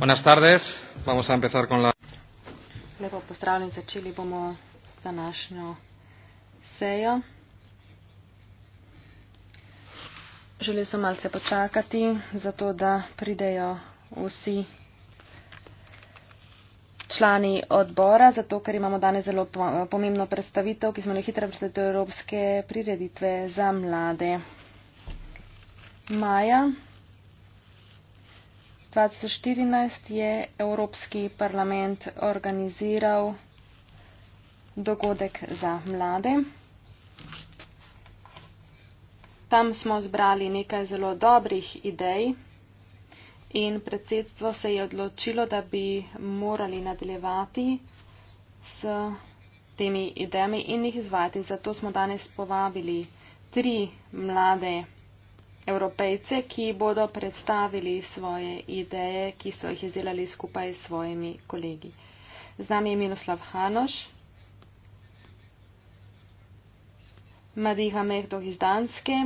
Buenas tardes. Vamos a empezar con la. Lepo pozdravljen, začeli bomo s današnjo sejo. Želel sem malce počakati, zato da pridejo vsi člani odbora, zato ker imamo danes zelo pomembno predstavitev, ki smo jo hitro predstavili Evropske prireditve za mlade. Maja. 2014 je Evropski parlament organiziral dogodek za mlade. Tam smo zbrali nekaj zelo dobrih idej in predsedstvo se je odločilo, da bi morali nadaljevati s temi idejami in jih izvajati. Zato smo danes povabili tri mlade evropejce, ki bodo predstavili svoje ideje, ki so jih izdelali skupaj s svojimi kolegi. Z nami je Miroslav Hanoš, Madiha Mehdog iz Danske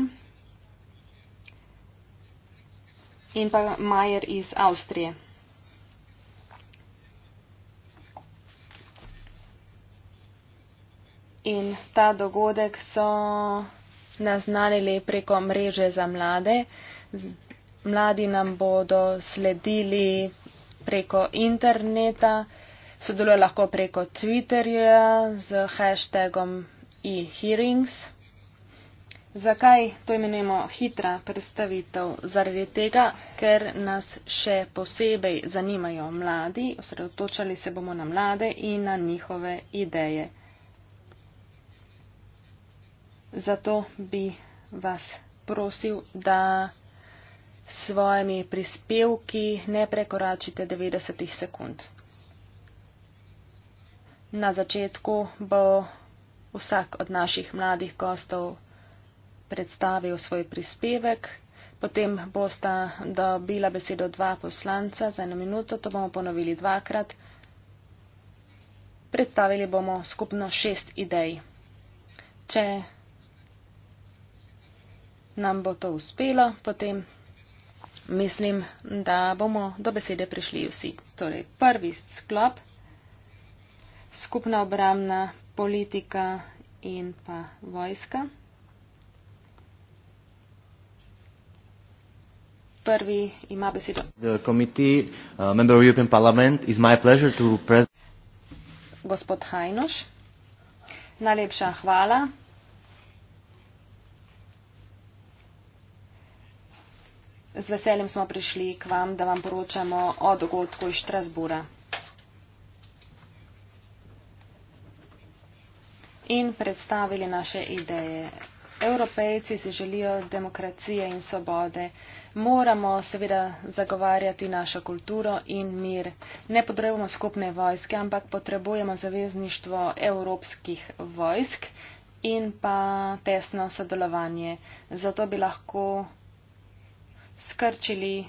in pa Majer iz Avstrije. In ta dogodek so naznanili preko mreže za mlade. Mladi nam bodo sledili preko interneta, sodelujo lahko preko Twitterja z hashtagom e-hearings. Zakaj to imenujemo hitra predstavitev? Zaradi tega, ker nas še posebej zanimajo mladi, osredotočali se bomo na mlade in na njihove ideje. Zato bi vas prosil, da s svojimi prispevki ne prekoračite 90 sekund. Na začetku bo vsak od naših mladih gostov predstavil svoj prispevek, potem bosta dobila besedo dva poslanca za eno minuto, to bomo ponovili dvakrat. Predstavili bomo skupno šest idej. Če nam bo to uspelo, potem mislim, da bomo do besede prišli vsi. Torej, prvi sklop, skupna obramna politika in pa vojska. Prvi ima besedo. Committee, uh, Gospod Hajnoš, najlepša hvala. Z veseljem smo prišli k vam, da vam poročamo o dogodku iz Štrasbura. In predstavili naše ideje. Evropejci si želijo demokracije in svobode. Moramo seveda zagovarjati našo kulturo in mir. Ne potrebujemo skupne vojske, ampak potrebujemo zavezništvo evropskih vojsk in pa tesno sodelovanje. Zato bi lahko skrčili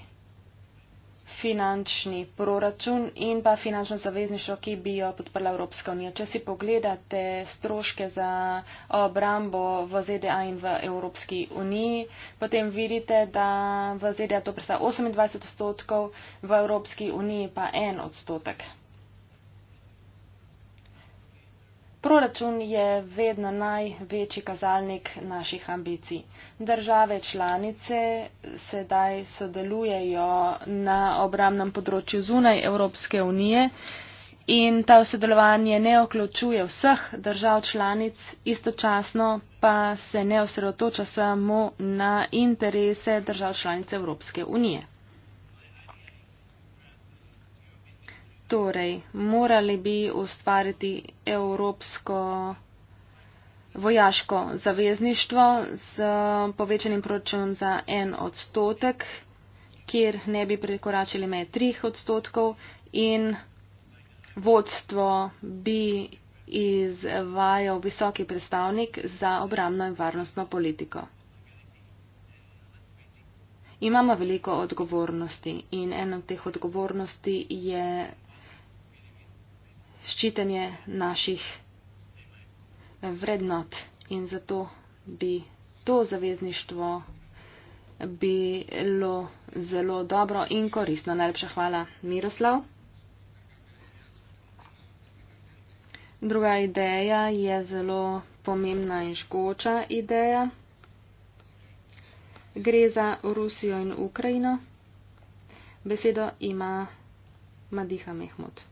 finančni proračun in pa finančno zavezništvo, ki bi jo podprla Evropska unija. Če si pogledate stroške za obrambo v ZDA in v Evropski uniji, potem vidite, da v ZDA to predstavlja 28 odstotkov, v Evropski uniji pa en odstotek. Proračun je vedno največji kazalnik naših ambicij. Države članice sedaj sodelujejo na obramnem področju zunaj Evropske unije in ta sodelovanje ne vključuje vseh držav članic, istočasno pa se ne osredotoča samo na interese držav članic Evropske unije. Torej, morali bi ustvariti evropsko vojaško zavezništvo z povečanim proračunom za en odstotek, kjer ne bi prekoračili meje trih odstotkov in vodstvo bi izvajal visoki predstavnik za obramno in varnostno politiko. Imamo veliko odgovornosti in eno od teh odgovornosti je ščitenje naših eh, vrednot in zato bi to zavezništvo bilo zelo dobro in koristno. Najlepša hvala, Miroslav. Druga ideja je zelo pomembna in škoča ideja. Gre za Rusijo in Ukrajino. Besedo ima Madiha Mehmud.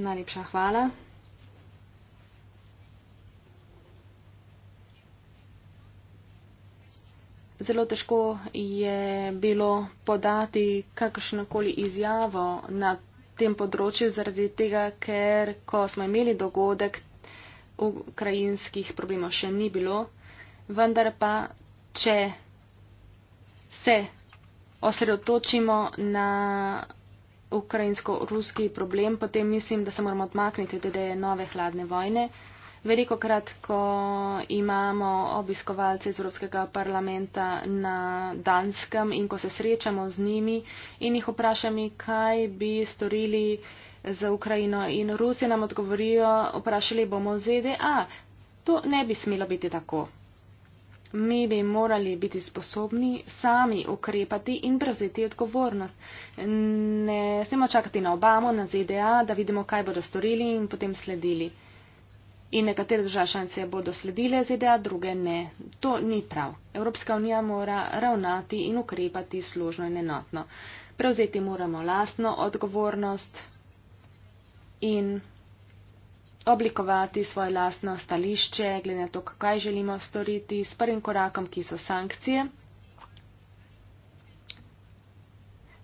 Najlepša hvala. Zelo težko je bilo podati kakršnokoli izjavo na tem področju, zaradi tega, ker ko smo imeli dogodek, ukrajinskih problemov še ni bilo, vendar pa, če se osredotočimo na ukrajinsko-ruski problem, potem mislim, da se moramo odmakniti od ideje nove hladne vojne. Veliko krat, ko imamo obiskovalce iz Evropskega parlamenta na Danskem in ko se srečamo z njimi in jih vprašamo, kaj bi storili za Ukrajino in Rusi nam odgovorijo, vprašali bomo ZDA. E to ne bi smelo biti tako. Mi bi morali biti sposobni sami ukrepati in prevzeti odgovornost. Ne smemo čakati na Obamo, na ZDA, da vidimo, kaj bodo storili in potem sledili. In nekatere države članice bodo sledile ZDA, druge ne. To ni prav. Evropska unija mora ravnati in ukrepati složno in enotno. Prevzeti moramo lastno odgovornost in oblikovati svoje lastno stališče, glede to, kaj želimo storiti s prvim korakom, ki so sankcije.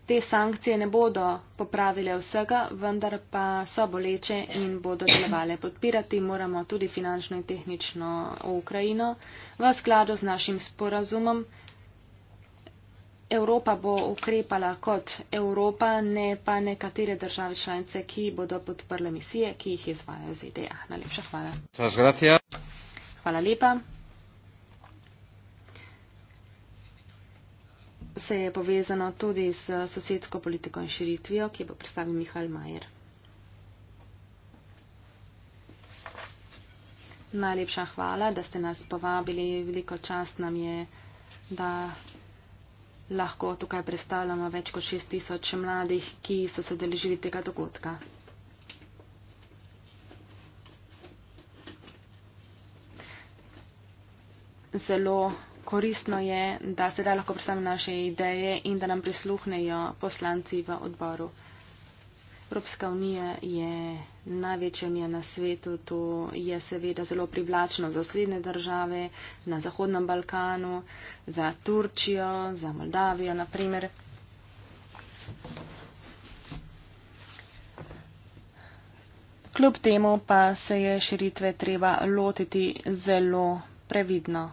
Te sankcije ne bodo popravile vsega, vendar pa so boleče in bodo delovale. Podpirati moramo tudi finančno in tehnično Ukrajino v skladu z našim sporazumom. Evropa bo ukrepala kot Evropa, ne pa nekatere države članice, ki bodo podprle misije, ki jih izvajajo ZDA. Najlepša hvala. Hvala lepa. Se je povezano tudi z sosedsko politiko in širitvijo, ki bo predstavil Mihajl Majer. Najlepša hvala, da ste nas povabili. Veliko čast nam je, da lahko tukaj predstavljamo več kot 6000 mladih, ki so se deležili tega dogodka. Zelo koristno je, da se da lahko predstavljamo naše ideje in da nam prisluhnejo poslanci v odboru. Evropska unija je največja unija na svetu, to je seveda zelo privlačno za osrednje države na Zahodnem Balkanu, za Turčijo, za Moldavijo naprimer. Kljub temu pa se je širitve treba lotiti zelo previdno.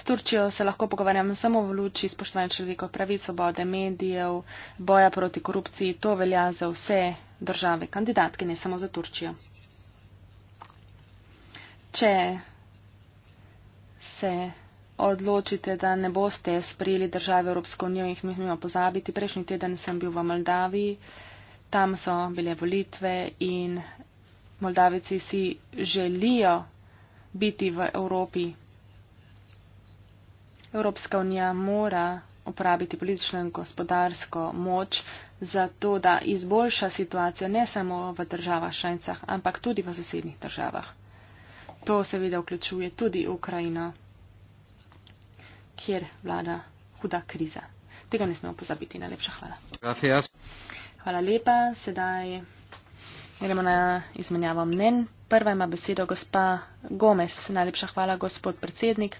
S Turčijo se lahko pogovarjam samo v luči spoštovanja človekov pravic, svobode medijev, boja proti korupciji. To velja za vse države kandidatke, ne samo za Turčijo. Če se odločite, da ne boste sprijeli države Evropske unije, jih ne smemo pozabiti. Prejšnji teden sem bil v Moldaviji, tam so bile volitve in Moldavici si želijo biti v Evropi Evropska unija mora uporabiti politično in gospodarsko moč za to, da izboljša situacijo ne samo v državah šanjcah, ampak tudi v sosednjih državah. To seveda vključuje tudi Ukrajino, kjer vlada huda kriza. Tega ne smemo pozabiti. Najlepša hvala. Gracias. Hvala lepa. Sedaj gremo na izmenjavo mnen. Prva ima besedo gospa Gomez. Najlepša hvala, gospod predsednik.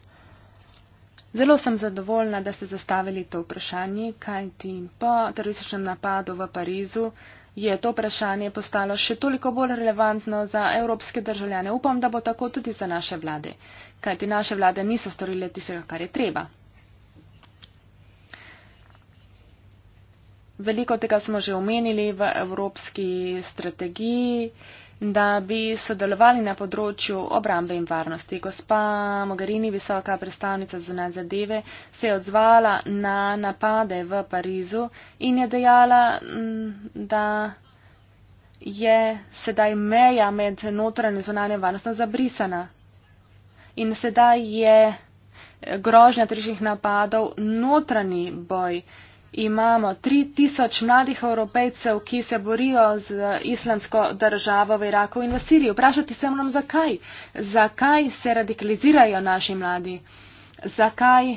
Zelo sem zadovoljna, da ste zastavili to vprašanje, kaj ti po terorističnem napadu v Parizu je to vprašanje postalo še toliko bolj relevantno za evropske državljane. Upam, da bo tako tudi za naše vlade, kaj ti naše vlade niso storile tistega, kar je treba. Veliko tega smo že omenili v evropski strategiji da bi sodelovali na področju obrambe in varnosti. Gospa Mogherini, visoka predstavnica zunanje zadeve, se je odzvala na napade v Parizu in je dejala, mm, da je sedaj meja med notranjo in zunanjo varnostjo zabrisana. In sedaj je grožnja trižjih napadov notranji boj imamo 3000 mladih evropejcev, ki se borijo z islamsko državo v Iraku in v Siriji. Vprašati se moram, zakaj? Zakaj se radikalizirajo naši mladi? Zakaj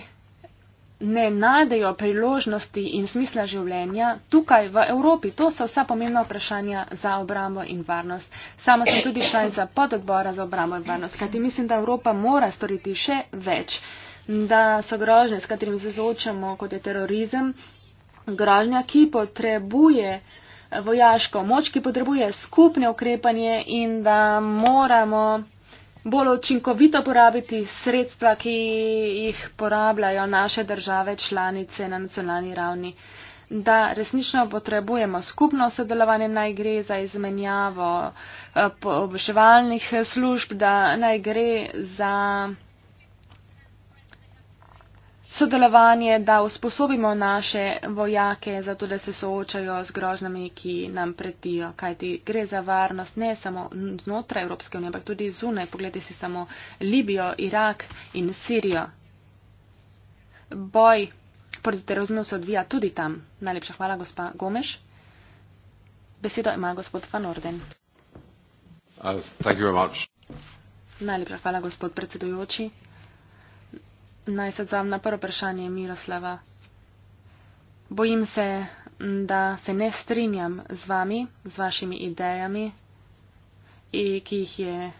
ne najdejo priložnosti in smisla življenja tukaj v Evropi? To so vsa pomembna vprašanja za obrambo in varnost. Sama sem tudi članica pododbora za obrambo in varnost, kajti mislim, da Evropa mora storiti še več da so grožnje, s katerimi se zočamo, kot je terorizem, grožnja, ki potrebuje vojaško moč, ki potrebuje skupne ukrepanje in da moramo bolj učinkovito porabiti sredstva, ki jih porabljajo naše države članice na nacionalni ravni. Da resnično potrebujemo skupno sodelovanje, naj gre za izmenjavo eh, obveševalnih služb, da naj gre za sodelovanje, da usposobimo naše vojake za to, da se soočajo z grožnami, ki nam pretijo. Kajti gre za varnost ne samo znotraj Evropske unije, ampak tudi zunaj. Poglejte si samo Libijo, Irak in Sirijo. Boj proti terorizmu se odvija tudi tam. Najlepša hvala, gospa Gomeš. Besedo ima gospod Van Orden. Uh, Najlepša hvala, gospod predsedujoči. Naj se odzovem na prvo vprašanje Miroslava. Bojim se, da se ne strinjam z vami, z vašimi idejami, eh, ki jih je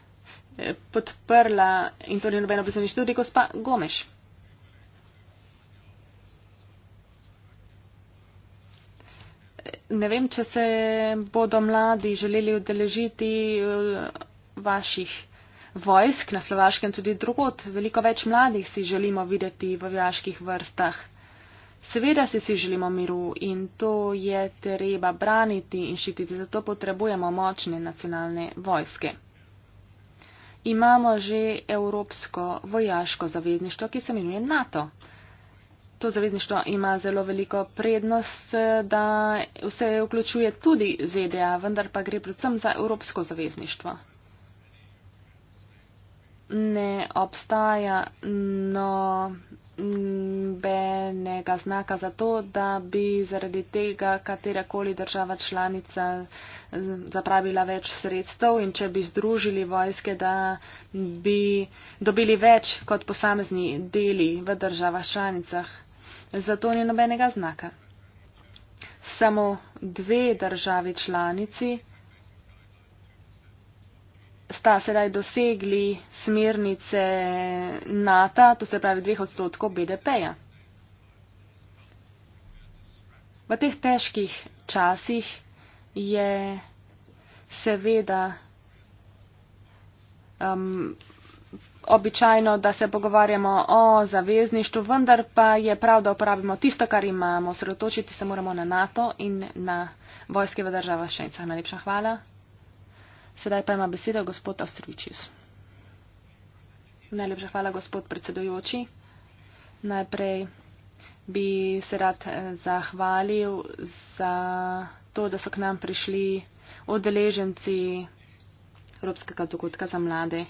eh, podprla in torej nobeno brezniš tudi gospa Gomeš. Ne vem, če se bodo mladi želeli udeležiti eh, vaših vojsk na Slovaškem tudi drugot, veliko več mladih si želimo videti v vojaških vrstah. Seveda si vsi želimo miru in to je treba braniti in ščititi, zato potrebujemo močne nacionalne vojske. Imamo že Evropsko vojaško zavezništvo, ki se imenuje NATO. To zavezništvo ima zelo veliko prednost, da vse vključuje tudi ZDA, vendar pa gre predvsem za Evropsko zavezništvo ne obstaja nobenega znaka za to, da bi zaradi tega katerakoli država članica eh, zapravila več sredstev in če bi združili vojske, da bi dobili več kot posamezni deli v državah članicah. Zato ni nobenega znaka. Samo dve državi članici sta sedaj dosegli smernice NATO, to se pravi dveh odstotkov BDP-ja. V teh težkih časih je seveda um, običajno, da se pogovarjamo o zavezništvu, vendar pa je prav, da uporabimo tisto, kar imamo. Sredotočiti se moramo na NATO in na vojske v državah Švica. Najlepša hvala. Sedaj pa ima besedo gospod Avstričis. Najlepša hvala, gospod predsedujoči. Najprej bi se rad eh, zahvalil za to, da so k nam prišli odeleženci Evropskega dogodka za mlade.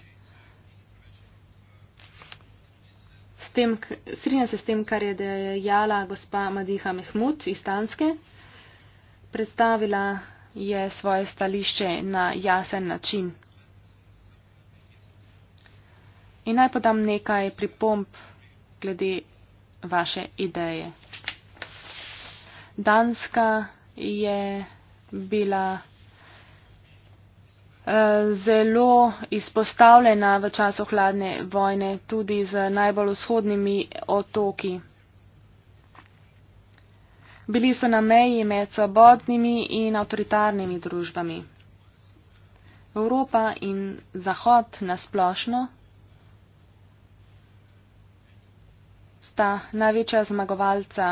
Tem, srinjam se s tem, kar je dejala gospa Madiha Mehmud iz Tanske. Predstavila je svoje stališče na jasen način. In naj podam nekaj pripomp glede vaše ideje. Danska je bila eh, zelo izpostavljena v času hladne vojne tudi z najbolj vzhodnimi otoki. Bili so na meji med svobodnimi in avtoritarnimi družbami. Evropa in Zahod nasplošno sta največja zmagovalca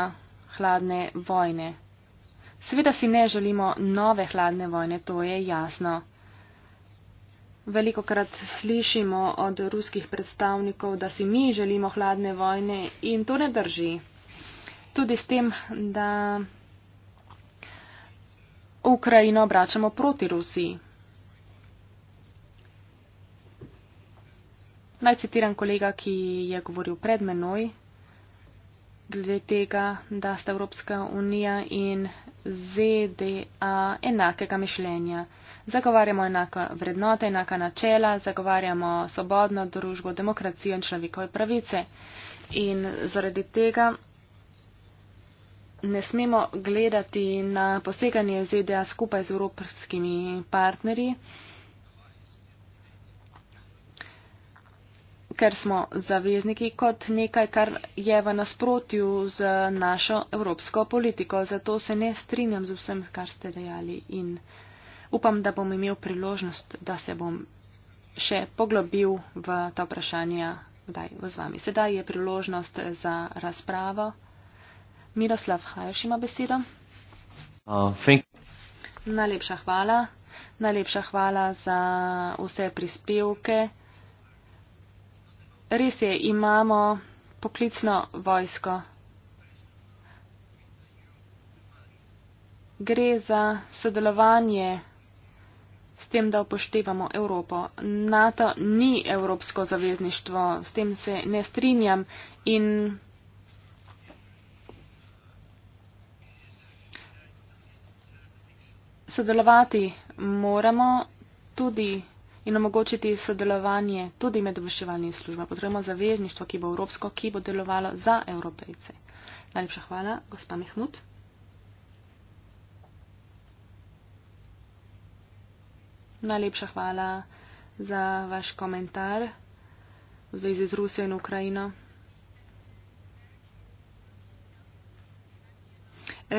hladne vojne. Seveda si ne želimo nove hladne vojne, to je jasno. Veliko krat slišimo od ruskih predstavnikov, da si mi želimo hladne vojne in to ne drži tudi s tem, da Ukrajino obračamo proti Rusiji. Naj citiram kolega, ki je govoril pred menoj, glede tega, da sta Evropska unija in ZDA enakega mišljenja. Zagovarjamo enaka vrednota, enaka načela, zagovarjamo svobodno družbo, demokracijo in človekove pravice. In zaradi tega ne smemo gledati na poseganje ZDA skupaj z evropskimi partnerji, ker smo zavezniki kot nekaj, kar je v nasprotju z našo evropsko politiko. Zato se ne strinjam z vsem, kar ste dejali in upam, da bom imel priložnost, da se bom še poglobil v ta vprašanja. Kdaj z vami? Sedaj je priložnost za razpravo. Miroslav Hajš ima besedo. Uh, Najlepša hvala. Najlepša hvala za vse prispevke. Res je, imamo poklicno vojsko. Gre za sodelovanje s tem, da upoštevamo Evropo. NATO ni evropsko zavezništvo, s tem se ne strinjam in sodelovati, moramo tudi in omogočiti sodelovanje tudi med obveščevalnimi službami. Potrebujemo zavezništvo, ki bo evropsko, ki bo delovalo za evropejce. Najlepša hvala, gospa Mehmut. Najlepša hvala za vaš komentar v zvezi z Rusijo in Ukrajino.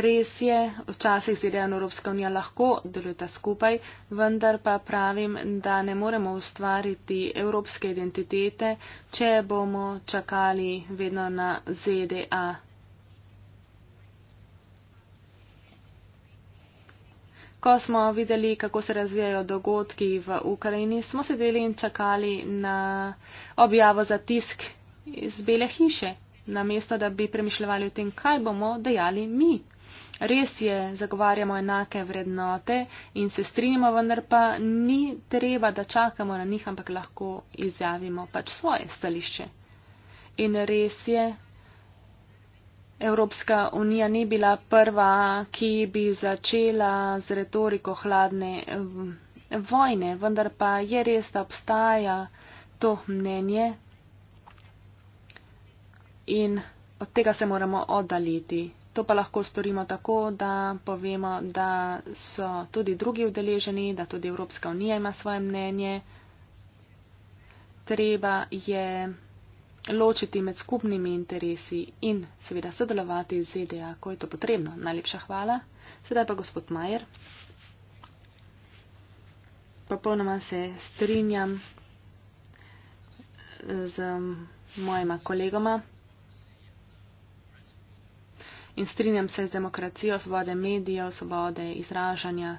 res je, včasih ZDA in Evropska unija lahko delujeta skupaj, vendar pa pravim, da ne moremo ustvariti evropske identitete, če bomo čakali vedno na ZDA. Ko smo videli, kako se razvijajo dogodki v Ukrajini, smo sedeli in čakali na objavo za tisk iz Bele hiše, namesto da bi premišljali o tem, kaj bomo dejali mi. Res je, zagovarjamo enake vrednote in se strinjamo, vendar pa ni treba, da čakamo na njih, ampak lahko izjavimo pač svoje stališče. In res je, Evropska unija ni bila prva, ki bi začela z retoriko hladne eh, vojne, vendar pa je res, da obstaja to mnenje in od tega se moramo oddaljiti. To pa lahko storimo tako, da povemo, da so tudi drugi udeleženi, da tudi Evropska unija ima svoje mnenje. Treba je ločiti med skupnimi interesi in seveda sodelovati z ZDA, ko je to potrebno. Najlepša hvala. Sedaj pa gospod Majer. Popolnoma se strinjam z mojima kolegoma in strinjam se z demokracijo, svobode medijev, svobode izražanja.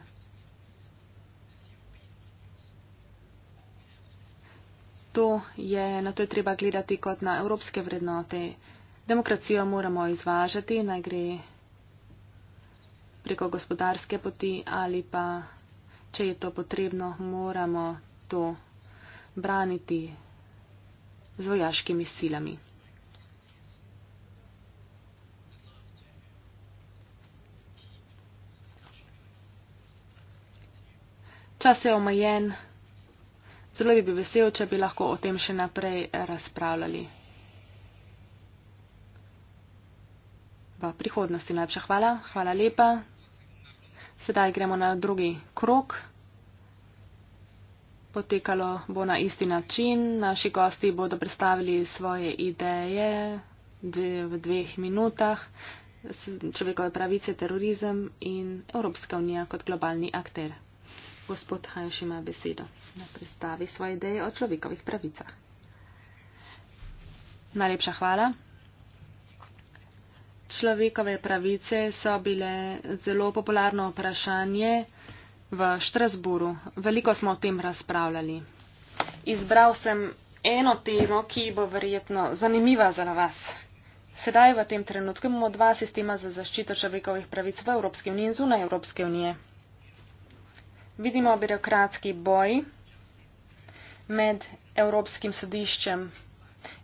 To je, na to je treba gledati kot na evropske vrednote. Demokracijo moramo izvažati, naj gre preko gospodarske poti ali pa, če je to potrebno, moramo to braniti z vojaškimi silami. Čas je omejen. Zelo bi bil vesel, če bi lahko o tem še naprej razpravljali. V prihodnosti najlepša hvala. Hvala lepa. Sedaj gremo na drugi krok. Potekalo bo na isti način. Naši gosti bodo predstavili svoje ideje v dveh minutah. Človekove pravice, terorizem in Evropska unija kot globalni akter. Gospod Hajuš ima besedo, da predstavi svoje ideje o človekovih pravicah. Najlepša hvala. Človekove pravice so bile zelo popularno vprašanje v Štrasburu. Veliko smo o tem razpravljali. Izbral sem eno temo, ki bo verjetno zanimiva za vas. Sedaj v tem trenutku imamo dva sistema za zaščito človekovih pravic v Evropski uniji in zunaj Evropske unije vidimo birokratski boj med Evropskim sodiščem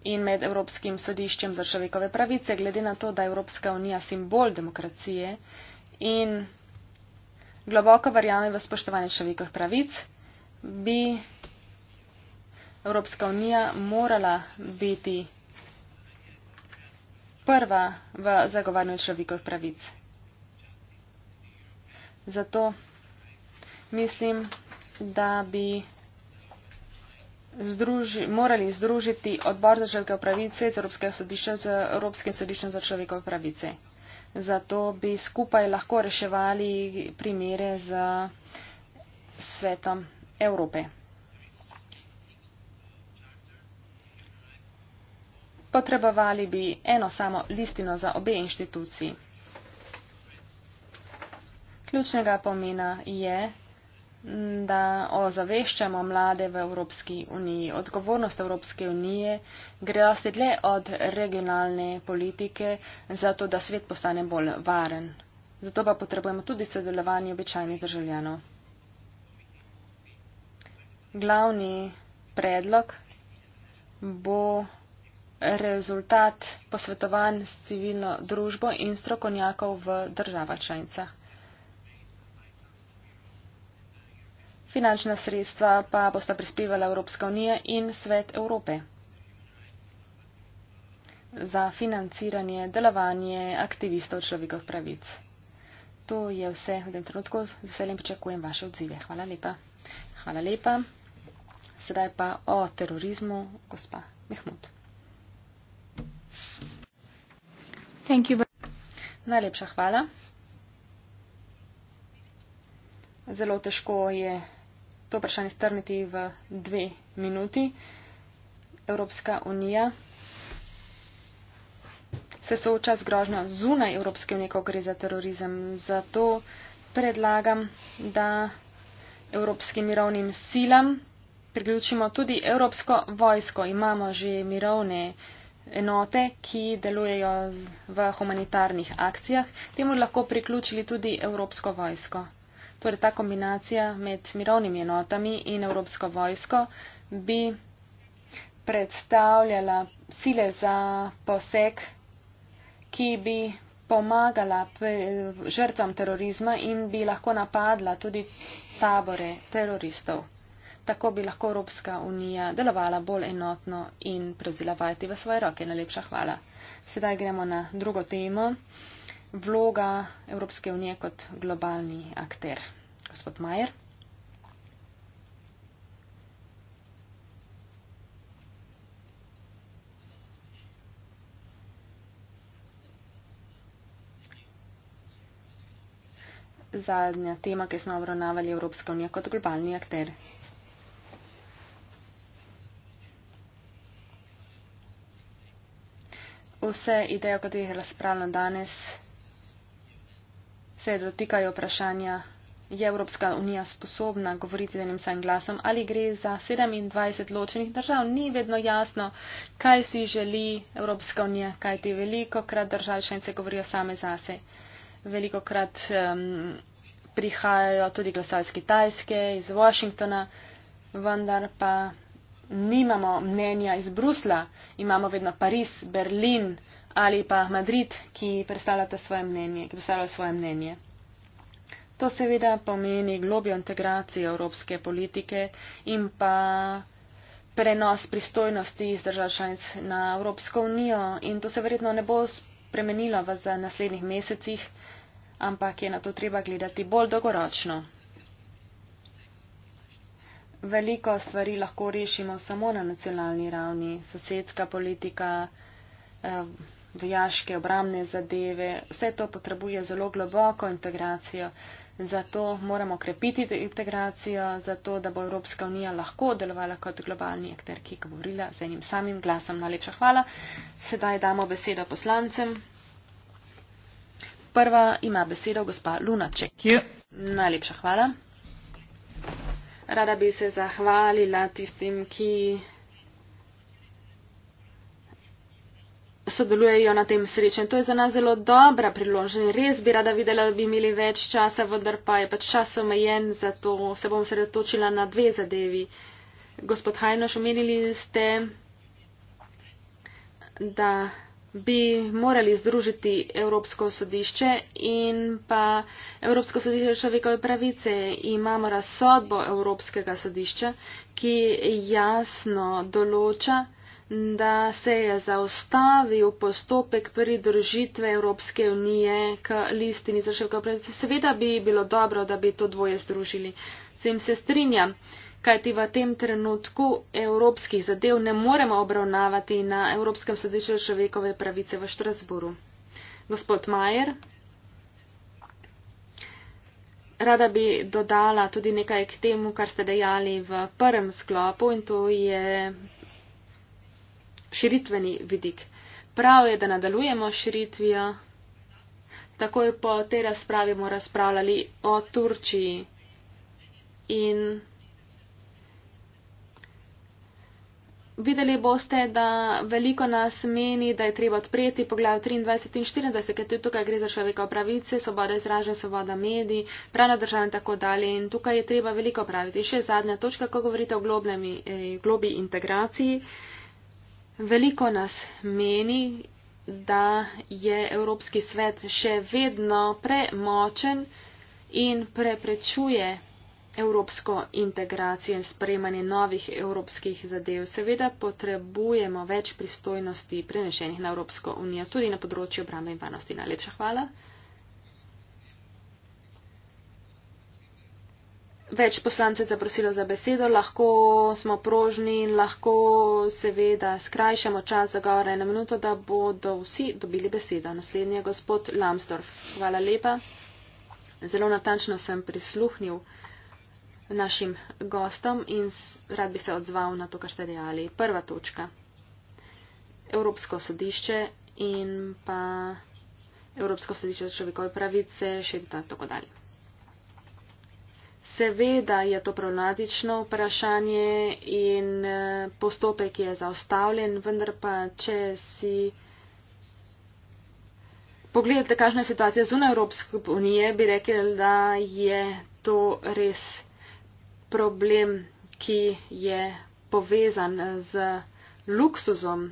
in med Evropskim sodiščem za človekove pravice, glede na to, da je Evropska unija simbol demokracije in globoko verjamem v spoštovanje človekovih pravic, bi Evropska unija morala biti prva v zagovarjanju človekovih pravic. Zato mislim, da bi združi, morali združiti odbor za človekove pravice z Evropskega sodišča z Evropskim sodiščem za človekove pravice. Zato bi skupaj lahko reševali primere z svetom Evrope. Potrebovali bi eno samo listino za obe inštituciji. Ključnega pomena je, da ozaveščamo mlade v Evropski uniji. Odgovornost Evropske unije gre asti dlje od regionalne politike, zato da svet postane bolj varen. Zato pa potrebujemo tudi sodelovanje običajnih državljanov. Glavni predlog bo rezultat posvetovanj s civilno družbo in strokovnjakov v državah članicah. finančna sredstva pa bosta prispevala Evropska unija in Svet Evrope za financiranje, delovanje aktivistov človekovih pravic. To je vse v tem trenutku. Veselim pričakujem vaše odzive. Hvala lepa. Hvala lepa. Sedaj pa o terorizmu, gospa Mehmud. Thank you. Najlepša hvala. Zelo težko je to vprašanje strniti v dve minuti. Evropska unija se sooča z grožnjo zunaj Evropske unije, ko gre za terorizem. Zato predlagam, da Evropskim mirovnim silam priključimo tudi Evropsko vojsko. Imamo že mirovne enote, ki delujejo v humanitarnih akcijah. Temu lahko priključili tudi Evropsko vojsko. Torej ta kombinacija med mirovnimi enotami in Evropsko vojsko bi predstavljala sile za poseg, ki bi pomagala žrtvam terorizma in bi lahko napadla tudi tabore teroristov. Tako bi lahko Evropska unija delovala bolj enotno in prevzela vajeti v svoje roke. Najlepša hvala. Sedaj gremo na drugo temo vloga Evropske unije kot globalni akter. Gospod Majer. Zadnja tema, ki smo obravnavali Evropska unija kot globalni akter. Vse ideje, o katerih razpravljamo danes, se dotikajo vprašanja, je Evropska unija sposobna govoriti z enim samim glasom ali gre za 27 ločenih držav. Ni vedno jasno, kaj si želi Evropska unija, kaj ti veliko krat države šence govorijo same zase. Veliko krat um, prihajajo tudi glasovi iz Kitajske, iz Washingtona, vendar pa nimamo mnenja iz Brusla, imamo vedno Pariz, Berlin ali pa Madrid, ki predstavljata svoje mnenje, ki predstavlja svoje mnenje. To seveda pomeni globjo integracijo evropske politike in pa prenos pristojnosti iz držav članic na Evropsko unijo in to se verjetno ne bo spremenilo v naslednjih mesecih, ampak je na to treba gledati bolj dolgoročno. Veliko stvari lahko rešimo samo na nacionalni ravni, sosedska politika, eh, vojaške, obramne zadeve. Vse to potrebuje zelo globoko integracijo. Zato moramo krepiti integracijo, zato da bo Evropska unija lahko delovala kot globalni akter, ki je govorila z enim samim glasom. Najlepša hvala. Sedaj damo besedo poslancem. Prva ima besedo gospa Lunaček. Najlepša hvala. Rada bi se zahvalila tistim, ki sodelujejo na tem srečanju. To je za nas zelo dobra priložnost. Res bi rada videla, da bi imeli več časa, vendar pa je pač čas omejen, zato se bom sredotočila na dve zadevi. Gospod Hajnoš, omenili ste, da bi morali združiti Evropsko sodišče in pa Evropsko sodišče človekove pravice. Imamo razsodbo Evropskega sodišča, ki jasno določa, da se je zaustavil postopek pridružitve Evropske unije k listini za šelko pravice. Seveda bi bilo dobro, da bi to dvoje združili. S tem se strinjam, kajti v tem trenutku evropskih zadev ne moremo obravnavati na Evropskem sodišču človekove pravice v Štrasburu. Gospod Majer. Rada bi dodala tudi nekaj k temu, kar ste dejali v prvem sklopu in to je širitveni vidik. Prav je, da nadaljujemo širitvijo. Takoj po tej razpravi bomo razpravljali o Turčiji in videli boste, da veliko nas meni, da je treba odpreti poglav 23 in 40, ker tudi tukaj gre za človekov pravice, svoboda izražen, svoboda medij, pravna država in tako dalje in tukaj je treba veliko praviti. Še zadnja točka, ko govorite o eh, globi integraciji. Eh, Veliko nas meni, da je Evropski svet še vedno premočen in preprečuje evropsko integracijo in sprejmanje novih evropskih zadev. Seveda potrebujemo več pristojnosti prenešenih na Evropsko unijo, tudi na področju obrambe in varnosti. Najlepša hvala. več poslancev zaprosilo za besedo, lahko smo prožni in lahko seveda skrajšamo čas za govor eno minuto, da bodo vsi dobili besedo. Naslednji je gospod Lamstorf. Hvala lepa. Zelo natančno sem prisluhnil našim gostom in rad bi se odzval na to, kar ste dejali. Prva točka. Evropsko sodišče in pa Evropsko sodišče za človekove pravice, še in tako dalje. Seveda je to problematično vprašanje in eh, postopek je zaustavljen, vendar pa, če si pogledate, kakšna je situacija zunaj Evropske unije, bi rekel, da je to res problem, ki je povezan z luksuzom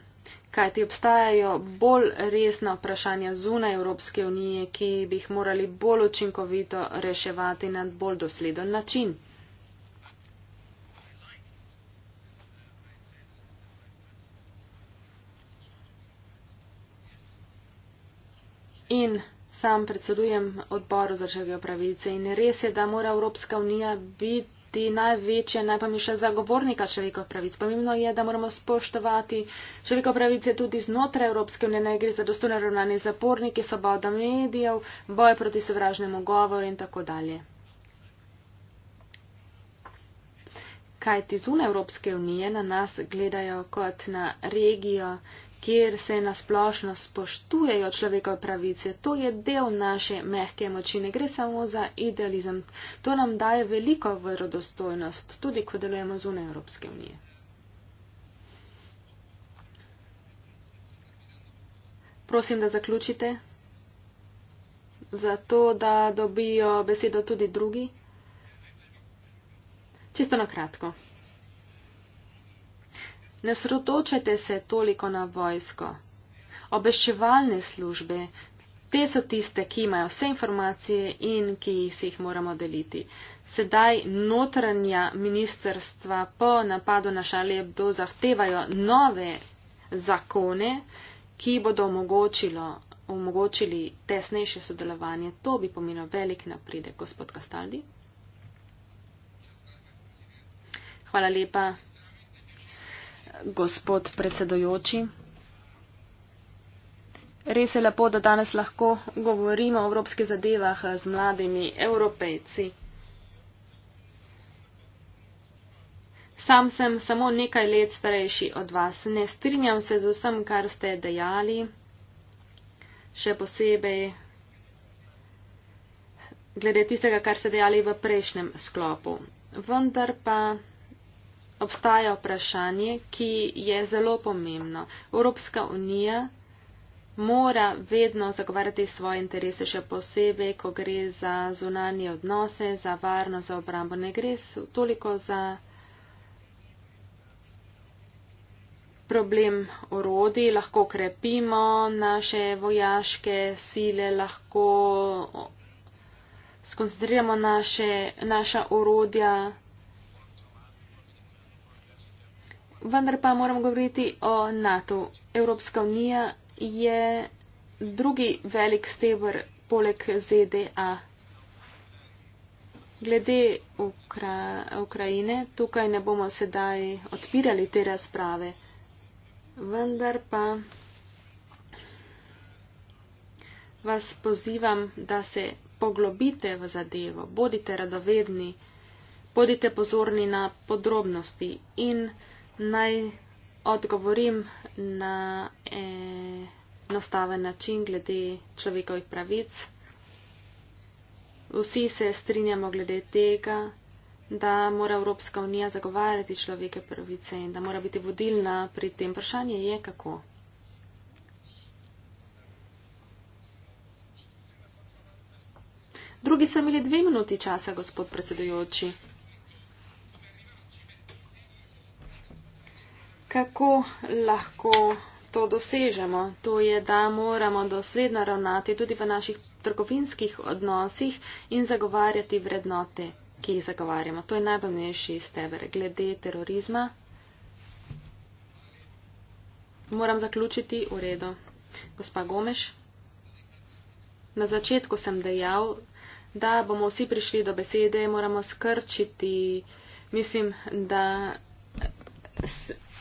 kaj ti obstajajo bolj resna vprašanja zunaj Evropske unije, ki bi jih morali bolj učinkovito reševati na bolj dosleden način. In sam predsedujem odboru za človekove pravice in res je, da mora Evropska unija biti biti največje, najpomembnejše zagovornika človekov pravic. Pomembno je, da moramo spoštovati človekov pravice tudi znotraj Evropske unije, ne gre za dostojno ravnanje zapornike, svoboda medijev, boj proti sovražnemu govoru in tako dalje. Kaj ti zunaj Evropske unije na nas gledajo kot na regijo, kjer se nasplošno spoštujejo človekove pravice. To je del naše mehke moči, ne gre samo za idealizem. To nam daje veliko verodostojnost, tudi ko delujemo zunaj Evropske unije. Prosim, da zaključite, zato da dobijo besedo tudi drugi. Čisto na kratko ne sredotočajte se toliko na vojsko. Obeščevalne službe, te so tiste, ki imajo vse informacije in ki jih si jih moramo deliti. Sedaj notranja ministerstva po napadu na Šalebdo zahtevajo nove zakone, ki bodo omogočilo, omogočili tesnejše sodelovanje. To bi pomenilo velik napredek, gospod Kastaldi. Hvala lepa gospod predsedojoči. Res je lepo, da danes lahko govorimo o evropskih zadevah z mladimi evropejci. Sam sem samo nekaj let starejši od vas. Ne strinjam se z vsem, kar ste dejali, še posebej glede tistega, kar ste dejali v prejšnjem sklopu. Vendar pa obstaja vprašanje, ki je zelo pomembno. Evropska unija mora vedno zagovarjati svoje interese, še posebej, ko gre za zunanje odnose, za varno, za obrambo. Ne gre toliko za problem orodi, lahko krepimo naše vojaške sile, lahko skoncentriramo naše, naša orodja vendar pa moramo govoriti o NATO. Evropska unija je drugi velik stebr poleg ZDA. Glede Ukra Ukrajine, tukaj ne bomo sedaj odpirali te razprave, vendar pa vas pozivam, da se poglobite v zadevo, bodite radovedni, bodite pozorni na podrobnosti in naj odgovorim na enostaven način glede človekovih pravic. Vsi se strinjamo glede tega, da mora Evropska unija zagovarjati človeke pravice in da mora biti vodilna pri tem vprašanju je kako. Drugi so imeli dve minuti časa, gospod predsedujoči. kako lahko to dosežemo. To je, da moramo dosledno ravnati tudi v naših trgovinskih odnosih in zagovarjati vrednote, ki jih zagovarjamo. To je najpomembnejši stebr glede terorizma. Moram zaključiti v redu. Gospa Gomeš, na začetku sem dejal, da bomo vsi prišli do besede, moramo skrčiti, mislim, da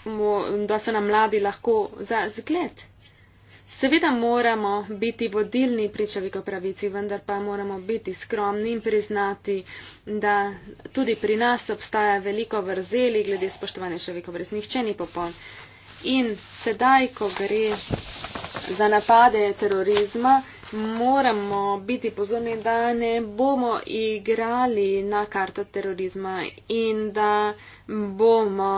smo, da so nam mladi lahko za zgled. Seveda moramo biti vodilni pri človekovi pravici, vendar pa moramo biti skromni in priznati, da tudi pri nas obstaja veliko vrzeli glede spoštovanja človekov, res nihče ni popoln. In sedaj, ko gre za napade terorizma, moramo biti pozorni, da ne bomo igrali na karto terorizma in da bomo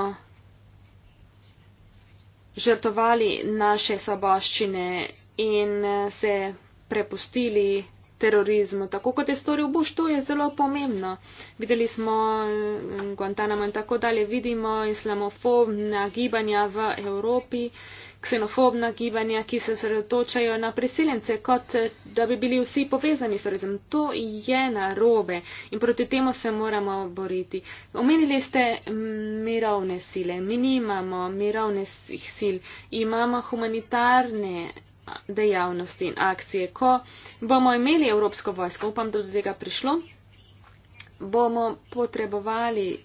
žrtovali naše svoboščine in eh, se prepustili terorizmu, tako kot je storil Bush. To je zelo pomembno. Videli smo eh, Guantanamo in tako dalje, vidimo islamofobna gibanja v Evropi ksenofobna gibanja, ki se sredotočajo na priseljence, kot eh, da bi bili vsi povezani s razum. To je narobe in proti temu se moramo boriti. Omenili ste mm, mirovne sile. Mi nimamo mirovnih sil. Imamo humanitarne dejavnosti in akcije. Ko bomo imeli Evropsko vojsko, upam, da do tega prišlo, bomo potrebovali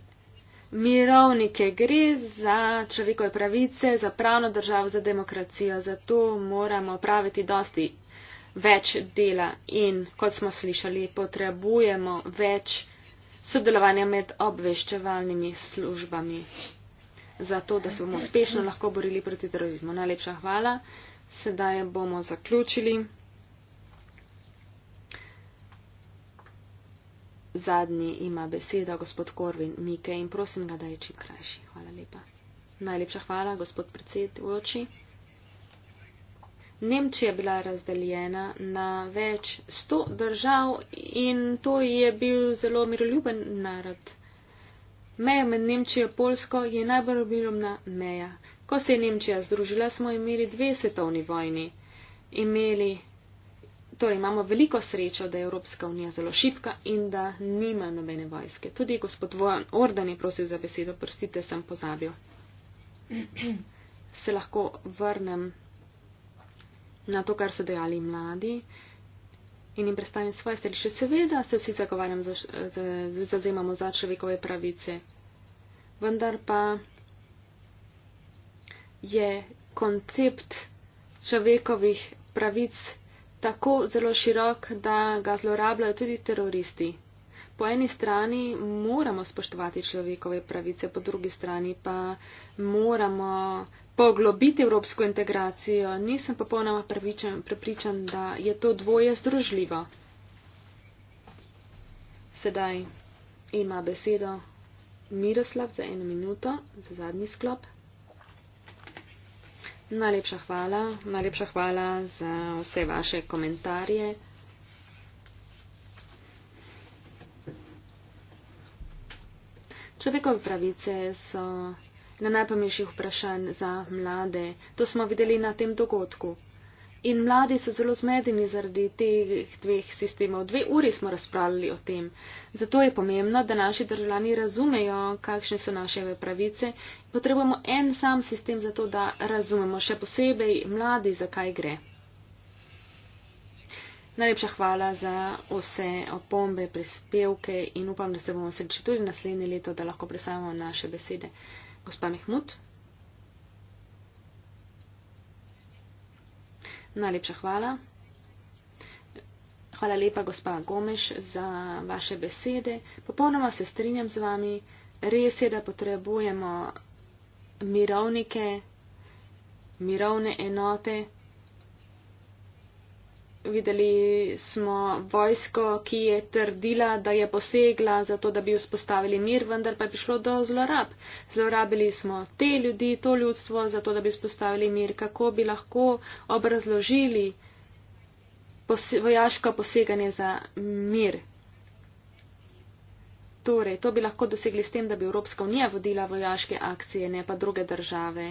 mirovnike, gre za človekove pravice, za pravno državo, za demokracijo. Zato moramo praviti dosti več dela in, kot smo slišali, potrebujemo več sodelovanja med obveščevalnimi službami, zato da se bomo uspešno lahko borili proti terorizmu. Najlepša hvala. Sedaj bomo zaključili. zadnji ima besedo gospod Korvin Mike in prosim ga, da je čim krajši. Hvala lepa. Najlepša hvala, gospod predsedujoči. Nemčija je bila razdeljena na več sto držav in to je bil zelo miroljuben narod. Meja med Nemčijo in Polsko je najbolj obiljubna meja. Ko se je Nemčija združila, smo imeli dve svetovni vojni. Imeli Torej imamo veliko srečo, da je Evropska unija zelo šipka in da nima nobene vojske. Tudi gospod Vojan Ordan je prosil za besedo, prosite, sem pozabil. Se lahko vrnem na to, kar so dejali mladi in jim predstavim svoje stališče. Seveda se vsi zagovarjamo, zazemamo za, za, za, za človekove pravice, vendar pa je koncept človekovih pravic tako zelo širok, da ga zlorabljajo tudi teroristi. Po eni strani moramo spoštovati človekove pravice, po drugi strani pa moramo poglobiti evropsko integracijo. Nisem popolnoma prepričan, da je to dvoje združljivo. Sedaj ima besedo Miroslav za eno minuto, za zadnji sklop. Najlepša hvala. Najlepša hvala za vse vaše komentarje. Človekove pravice so na najpomembnejših vprašanj za mlade. To smo videli na tem dogodku in mladi so zelo zmedeni zaradi teh dveh sistemov. Dve uri smo razpravljali o tem. Zato je pomembno, da naši državljani razumejo, kakšne so naše pravice. Potrebujemo en sam sistem za to, da razumemo še posebej mladi, zakaj gre. Najlepša hvala za vse opombe, prispevke in upam, da se bomo srečali tudi naslednje leto, da lahko predstavimo naše besede. Gospa Mehmut. Najlepša hvala. Hvala lepa, gospa Gomeš, za vaše besede. Popolnoma se strinjam z vami. Res je, da potrebujemo mirovnike, mirovne enote, videli smo vojsko, ki je trdila, da je posegla za to, da bi vzpostavili mir, vendar pa je prišlo do zlorab. Zlorabili smo te ljudi, to ljudstvo, za to, da bi vzpostavili mir. Kako bi lahko obrazložili pose vojaško poseganje za mir? Torej, to bi lahko dosegli s tem, da bi Evropska unija vodila vojaške akcije, ne pa druge države.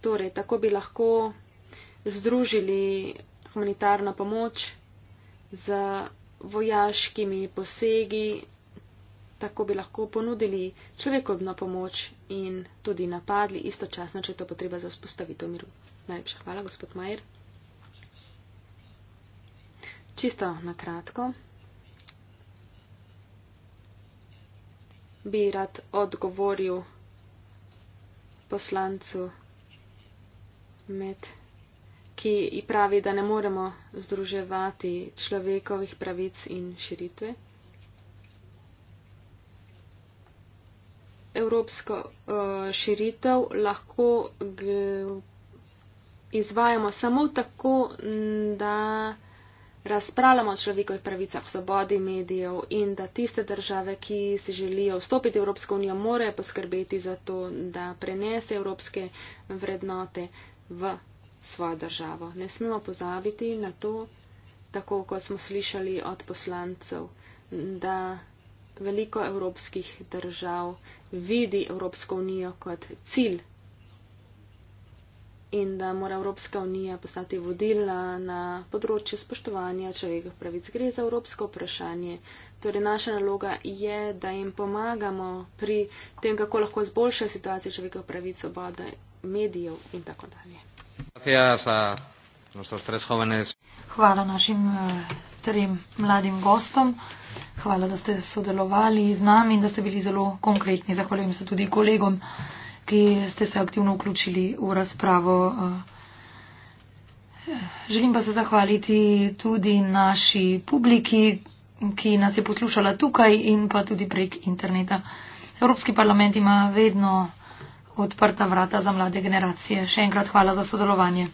Torej, tako bi lahko združili humanitarno pomoč, z vojaškimi posegi, tako bi lahko ponudili človekovno pomoč in tudi napadli istočasno, če je to potreba za vzpostavitev miru. Najlepša hvala, gospod Majer. Čisto na kratko. bi rad odgovoril poslancu med ki pravi, da ne moremo združevati človekovih pravic in širitve. Evropsko uh, širitev lahko g, izvajamo samo tako, da razpravljamo o človekovih pravicah, svobodi medijev in da tiste države, ki si želijo vstopiti v Evropsko unijo, morajo poskrbeti za to, da prenese evropske vrednote v svojo državo. Ne smemo pozabiti na to, tako kot smo slišali od poslancev, da veliko evropskih držav vidi Evropsko unijo kot cilj in da mora Evropska unija postati vodila na področju spoštovanja človekovih pravic. Gre za evropsko vprašanje. Torej, naša naloga je, da jim pomagamo pri tem, kako lahko izboljša situacijo človekovih pravic, svobode medijev in tako dalje. Hvala našim uh, trem mladim gostom. Hvala, da ste sodelovali z nami in da ste bili zelo konkretni. Zahvaljujem se tudi kolegom, ki ste se aktivno vključili v razpravo. Eh, eh, želim pa se zahvaliti tudi naši publiki, ki nas je poslušala tukaj in pa tudi prek interneta. Evropski parlament ima vedno odprta vrata za mlade generacije. Še enkrat hvala za sodelovanje.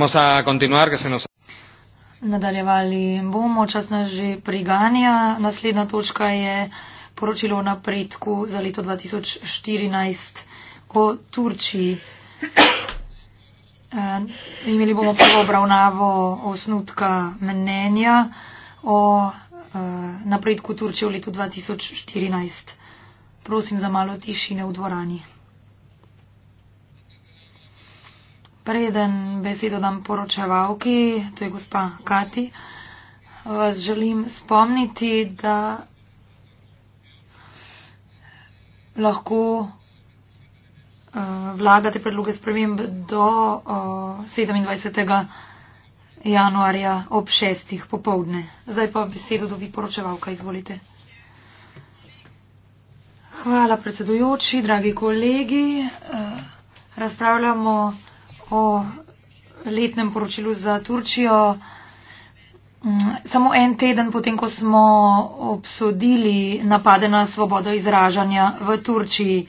Vamos a continuar, que se nos... Nadaljevali bomo, čas nas že priganja. Naslednja točka je poročilo o napredku za leto 2014 o Turčiji. E, imeli bomo prvo obravnavo osnutka mnenja o e, napredku Turčije v letu 2014. Prosim za malo tišine v dvorani. Preden besedo dam poročevalki, to je gospa Kati, vas želim spomniti, da lahko uh, eh, vlagate predloge sprememb do uh, eh, 27. januarja ob 6. popovdne. Zdaj pa besedo dobi poročevalka, izvolite. Hvala predsedujoči, dragi kolegi. Uh, razpravljamo o letnem poročilu za Turčijo. Mm, samo en teden potem, ko smo obsodili napade na svobodo izražanja v Turčiji.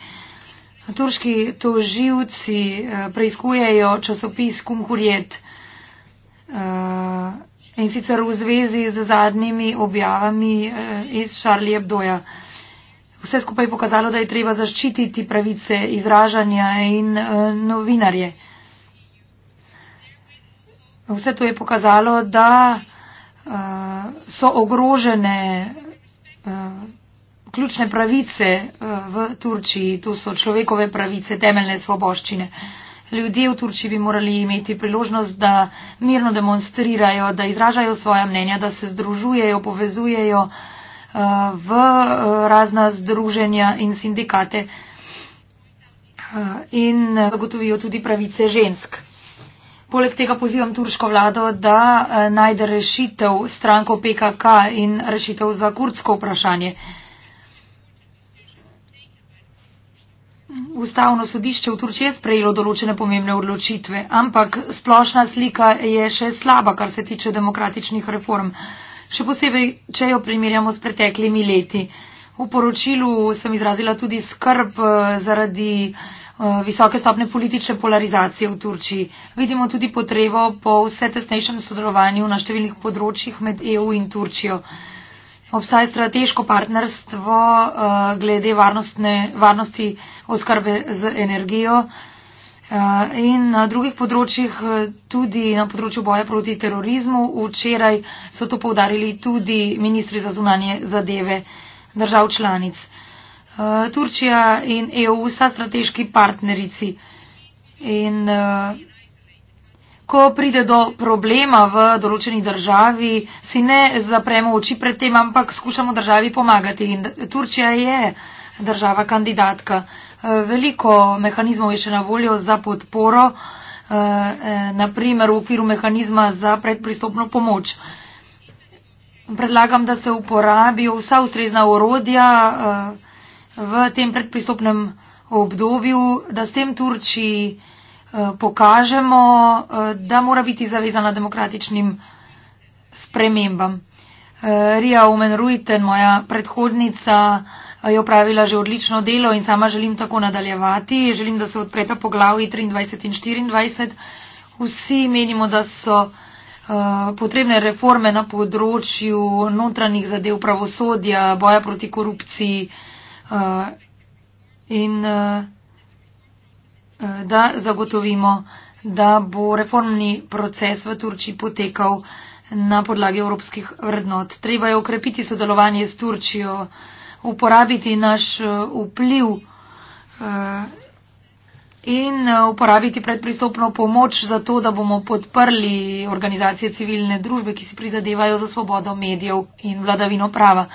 Turški toživci eh, preizkujejo časopis Kumhurjet eh, in sicer v zvezi z zadnjimi objavami eh, iz Charlie Hebdoja. Vse skupaj je pokazalo, da je treba zaščititi pravice izražanja in novinarje. Vse to je pokazalo, da uh, so ogrožene uh, ključne pravice uh, v Turčiji. To so človekove pravice, temeljne svoboščine. Ljudje v Turčiji bi morali imeti priložnost, da mirno demonstrirajo, da izražajo svoje mnenja, da se združujejo, povezujejo uh, v uh, razna združenja in sindikate uh, in zagotovijo tudi pravice žensk. Poleg tega pozivam turško vlado, da eh, najde rešitev stranko PKK in rešitev za kurdsko vprašanje. Ustavno sodišče v Turčiji je sprejelo določene pomembne odločitve, ampak splošna slika je še slaba, kar se tiče demokratičnih reform. Še posebej, če jo primerjamo s preteklimi leti. V poročilu sem izrazila tudi skrb eh, zaradi. Eh, visoke stopne politične polarizacije v Turčiji. Vidimo tudi potrebo po vse tesnejšem sodelovanju na številnih področjih med EU in Turčijo. Obstaja strateško partnerstvo eh, glede varnosti oskrbe z energijo eh, in na drugih področjih, tudi na področju boja proti terorizmu. Včeraj so to povdarili tudi ministri za zunanje zadeve držav članic. Eh, Turčija in EU sta strateški partnerici. In eh, ko pride do problema v določeni državi, si ne zapremo oči pred tem, ampak skušamo državi pomagati. In Turčija je država kandidatka. Eh, veliko mehanizmov je še na voljo za podporo, naprimer v okviru mehanizma za predpristopno pomoč. Predlagam, da se uporabijo vsa ustrezna urodja, uh, v tem predpristopnem obdobju, da s tem Turčiji eh, pokažemo, eh, da mora biti zavezana demokratičnim spremembam. Eh, Ria Umenruiten, moja predhodnica, je upravila že odlično delo in sama želim tako nadaljevati. Želim, da se odpreta poglavji 23 in 24. Vsi menimo, da so potrebne reforme na področju notranjih zadev pravosodja, boja proti korupciji, uh, in uh, uh, da zagotovimo, da bo reformni proces v Turčiji potekal na podlagi evropskih vrednot. Treba je okrepiti sodelovanje s Turčijo, uporabiti naš uh, vpliv uh, in uporabiti predpristopno pomoč za to, da bomo podprli organizacije civilne družbe, ki si prizadevajo za svobodo medijev in vladavino prava.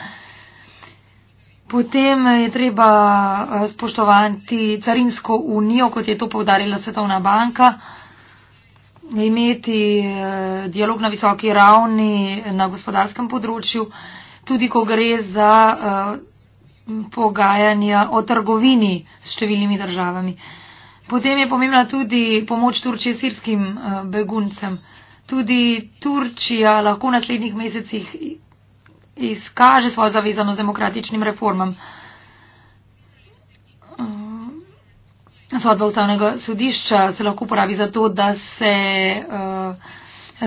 Potem je treba eh, spoštovati carinsko unijo, kot je to povdarila Svetovna banka, imeti eh, dialog na visoki ravni na gospodarskem področju, tudi ko gre za eh, pogajanja o trgovini s številnimi državami. Potem je pomembna tudi pomoč Turčije sirskim beguncem. Tudi Turčija lahko v naslednjih mesecih izkaže svojo zavezanost demokratičnim reformam. Eh, sodba ustavnega sodišča se lahko uporabi za to, da se eh,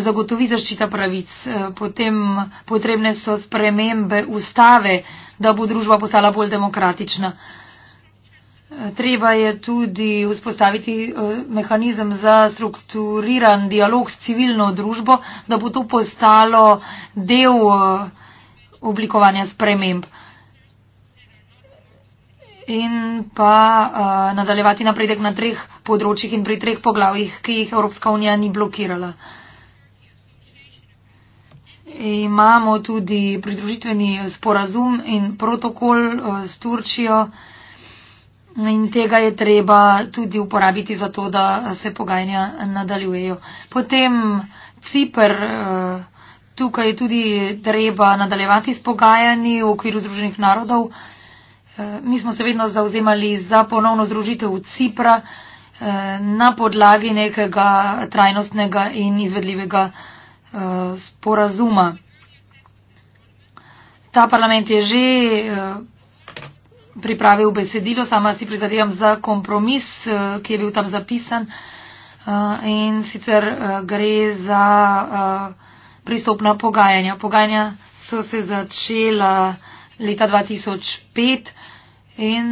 zagotovi zaščita pravic. Eh, potem potrebne so spremembe ustave, da bo družba postala bolj demokratična. Treba je tudi vzpostaviti mehanizem za strukturiran dialog s civilno družbo, da bo to postalo del oblikovanja sprememb in pa uh, nadaljevati napredek na treh področjih in pri treh poglavjih, ki jih Evropska unija ni blokirala. Imamo tudi pridružitveni sporazum in protokol uh, s Turčijo in tega je treba tudi uporabiti za to, da se pogajanja nadaljujejo. Potem Cipr. Uh, eh, tukaj je tudi treba nadaljevati s pogajanji v okviru Združenih narodov. Eh, mi smo se vedno zauzemali za ponovno združitev Cipra eh, na podlagi nekega trajnostnega in izvedljivega eh, sporazuma. Ta parlament je že pripravil besedilo, sama si prizadevam za kompromis, ki je bil tam zapisan in sicer gre za pristopna pogajanja. Pogajanja so se začela leta 2005 in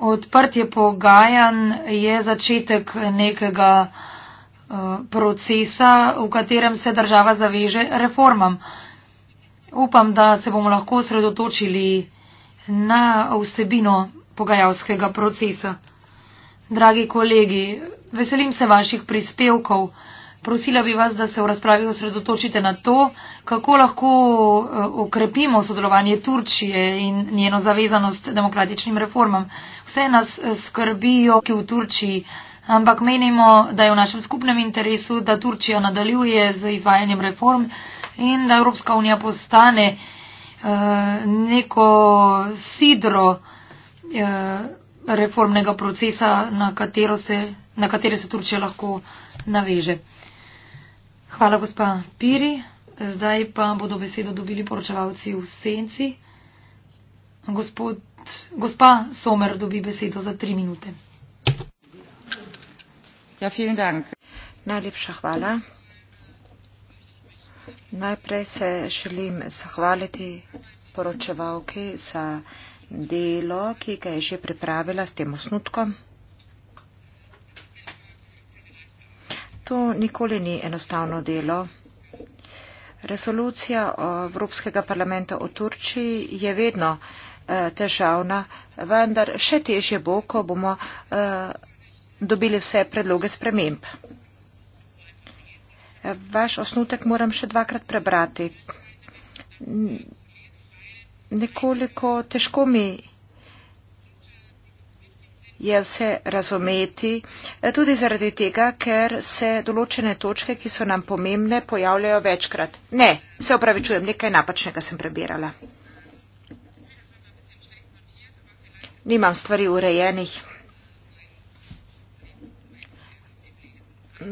odprtje pogajanj je začetek nekega eh, procesa, v katerem se država zaveže reformam. Upam, da se bomo lahko sredotočili na vsebino pogajalskega procesa. Dragi kolegi, veselim se vaših prispevkov. Prosila bi vas, da se v razpravi osredotočite na to, kako lahko eh, okrepimo sodelovanje Turčije in njeno zavezanost demokratičnim reformam. Vse nas eh, skrbijo, ki v Turčiji, ampak menimo, da je v našem skupnem interesu, da Turčija nadaljuje z izvajanjem reform in da Evropska unija postane eh, neko sidro reformnega procesa, na katero se, na katero se Turčija lahko naveže. Hvala, gospa Piri. Zdaj pa bodo besedo dobili poročevalci v senci. Gospod, gospa Somer dobi besedo za tri minute. Ja, vielen Dank. Najlepša hvala. Najprej se želim zahvaliti poročevalki za delo, ki ga je že pripravila s tem osnutkom. To nikoli ni enostavno delo. Resolucija Evropskega parlamenta o Turčiji je vedno eh, težavna, vendar še težje bo, ko bomo eh, dobili vse predloge sprememb. Vaš osnutek moram še dvakrat prebrati. Nekoliko težko mi je vse razumeti, eh, tudi zaradi tega, ker se določene točke, ki so nam pomembne, pojavljajo večkrat. Ne, se opravičujem, nekaj napačnega sem prebirala. Nimam stvari urejenih.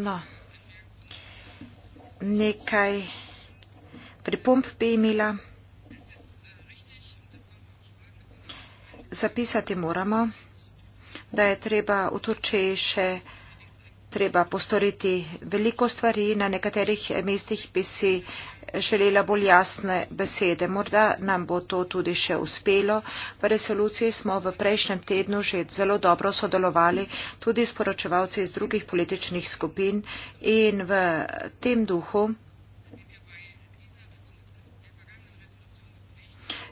No, nekaj pripomp bi imela. Zapisati moramo da je treba v Turčiji še treba postoriti veliko stvari. Na nekaterih mestih bi si želela bolj jasne besede. Morda nam bo to tudi še uspelo. V resoluciji smo v prejšnjem tednu že zelo dobro sodelovali tudi s poročevalci iz drugih političnih skupin in v tem duhu.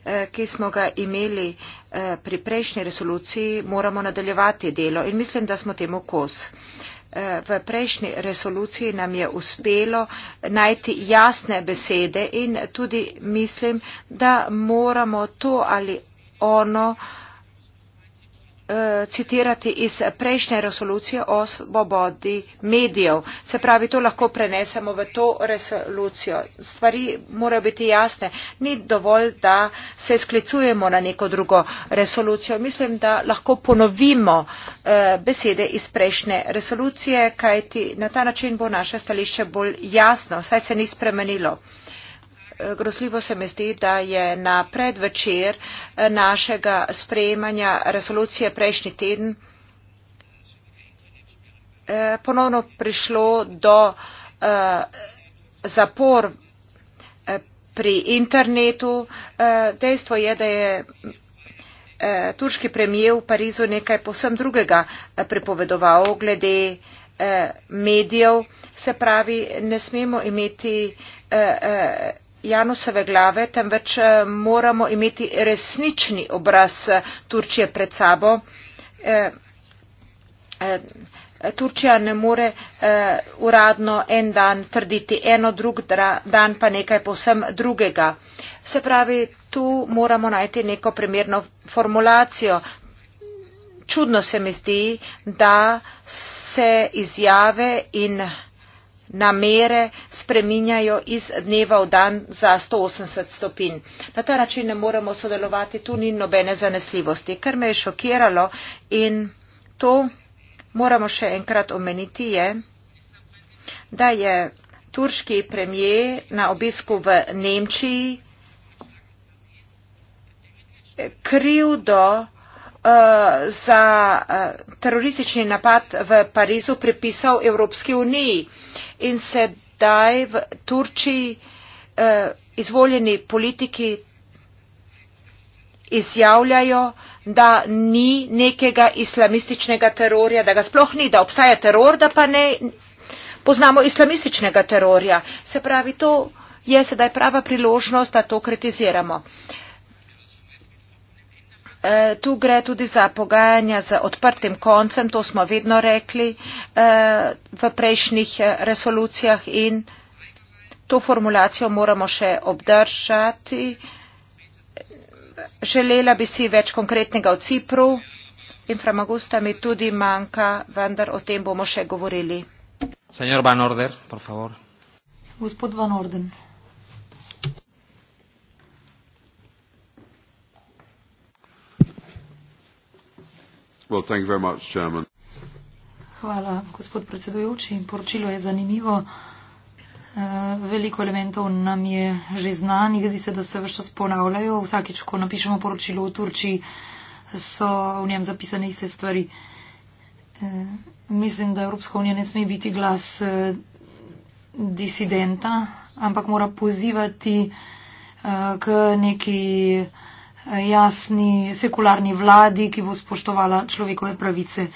Eh, ki smo ga imeli eh, pri prejšnji resoluciji, moramo nadaljevati delo in mislim, da smo temu kos. Eh, v prejšnji resoluciji nam je uspelo najti jasne besede in tudi mislim, da moramo to ali ono Eh, citirati iz prejšnje resolucije o svobodi medijev se pravi to lahko prenesemo v to resolucijo stvari morajo biti jasne ni dovolj da se sklicujemo na neko drugo resolucijo mislim da lahko ponovimo eh, besede iz prejšnje resolucije kajti na ta način bo naše stališče bolj jasno saj se ni spremenilo grozljivo se mi zdi, da je na predvečer eh, našega sprejemanja resolucije prejšnji teden eh, ponovno prišlo do eh, zapor pri internetu. Dejstvo je, da je turški premijer v Parizu nekaj posem drugega pripovedoval glede medijev. Se pravi, ne smemo imeti Janusove glave, temveč eh, moramo imeti resnični obraz eh, Turčije pred sabo. Eh, Turčija ne more uradno en dan trditi eno, drug dan pa nekaj povsem drugega. Se pravi, tu moramo najti neko primerno formulacijo. Čudno se mi zdi, da se izjave in namere spreminjajo iz dneva v dan za 180 stopinj. Na ta način ne moremo sodelovati, tu ni nobene zanesljivosti. Kar me je šokiralo in to moramo še enkrat omeniti je, da je turški premijer na obisku v Nemčiji kriv do eh, za eh, teroristični napad v Parizu pripisal Evropski uniji in sedaj v Turčiji eh, izvoljeni politiki izjavljajo, da ni nekega islamističnega terorja, da ga sploh ni, da obstaja teror, da pa ne poznamo islamističnega terorja. Se pravi, to je sedaj prava priložnost, da to kritiziramo. Eh, Eh, tu gre tudi za pogajanja z odprtim koncem, to smo vedno rekli eh, v prejšnjih eh, resolucijah in to formulacijo moramo še obdržati. Želela bi si več konkretnega v Cipru. Inframagusta mi tudi manjka, vendar o tem bomo še govorili. Gospod Van Orden, prosim. Well, thank you very much, Chairman. Hvala, gospod predsedujoči. Poročilo je zanimivo. Eh, veliko elementov nam je že znanih, zdi se, da se vse čas ponavljajo. Vsakič, ko napišemo poročilo v Turčiji, so v njem zapisane iste stvari. Eh, mislim, da Evropska unija ne sme biti glas eh, disidenta, ampak mora pozivati k neki jasni sekularni vladi, ki bo spoštovala človekove pravice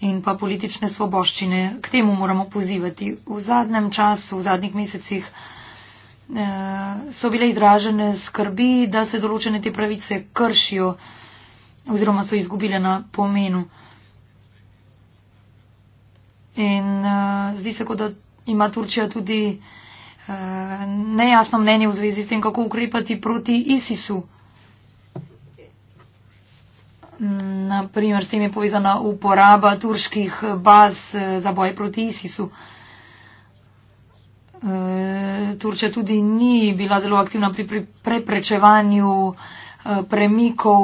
in pa politične svoboščine. K temu moramo pozivati. V zadnjem času, v zadnjih mesecih eh, so bile izražene skrbi, da se določene te pravice kršijo oziroma so izgubile na pomenu. In uh, zdi se, kot da ima Turčija tudi uh, nejasno mnenje v zvezi s tem, kako ukrepati proti ISIS-u. Uh, naprimer, s tem je povezana uporaba turških baz eh, za boj proti ISIS-u. Eh, Turčja tudi ni bila zelo aktivna pri preprečevanju eh, premikov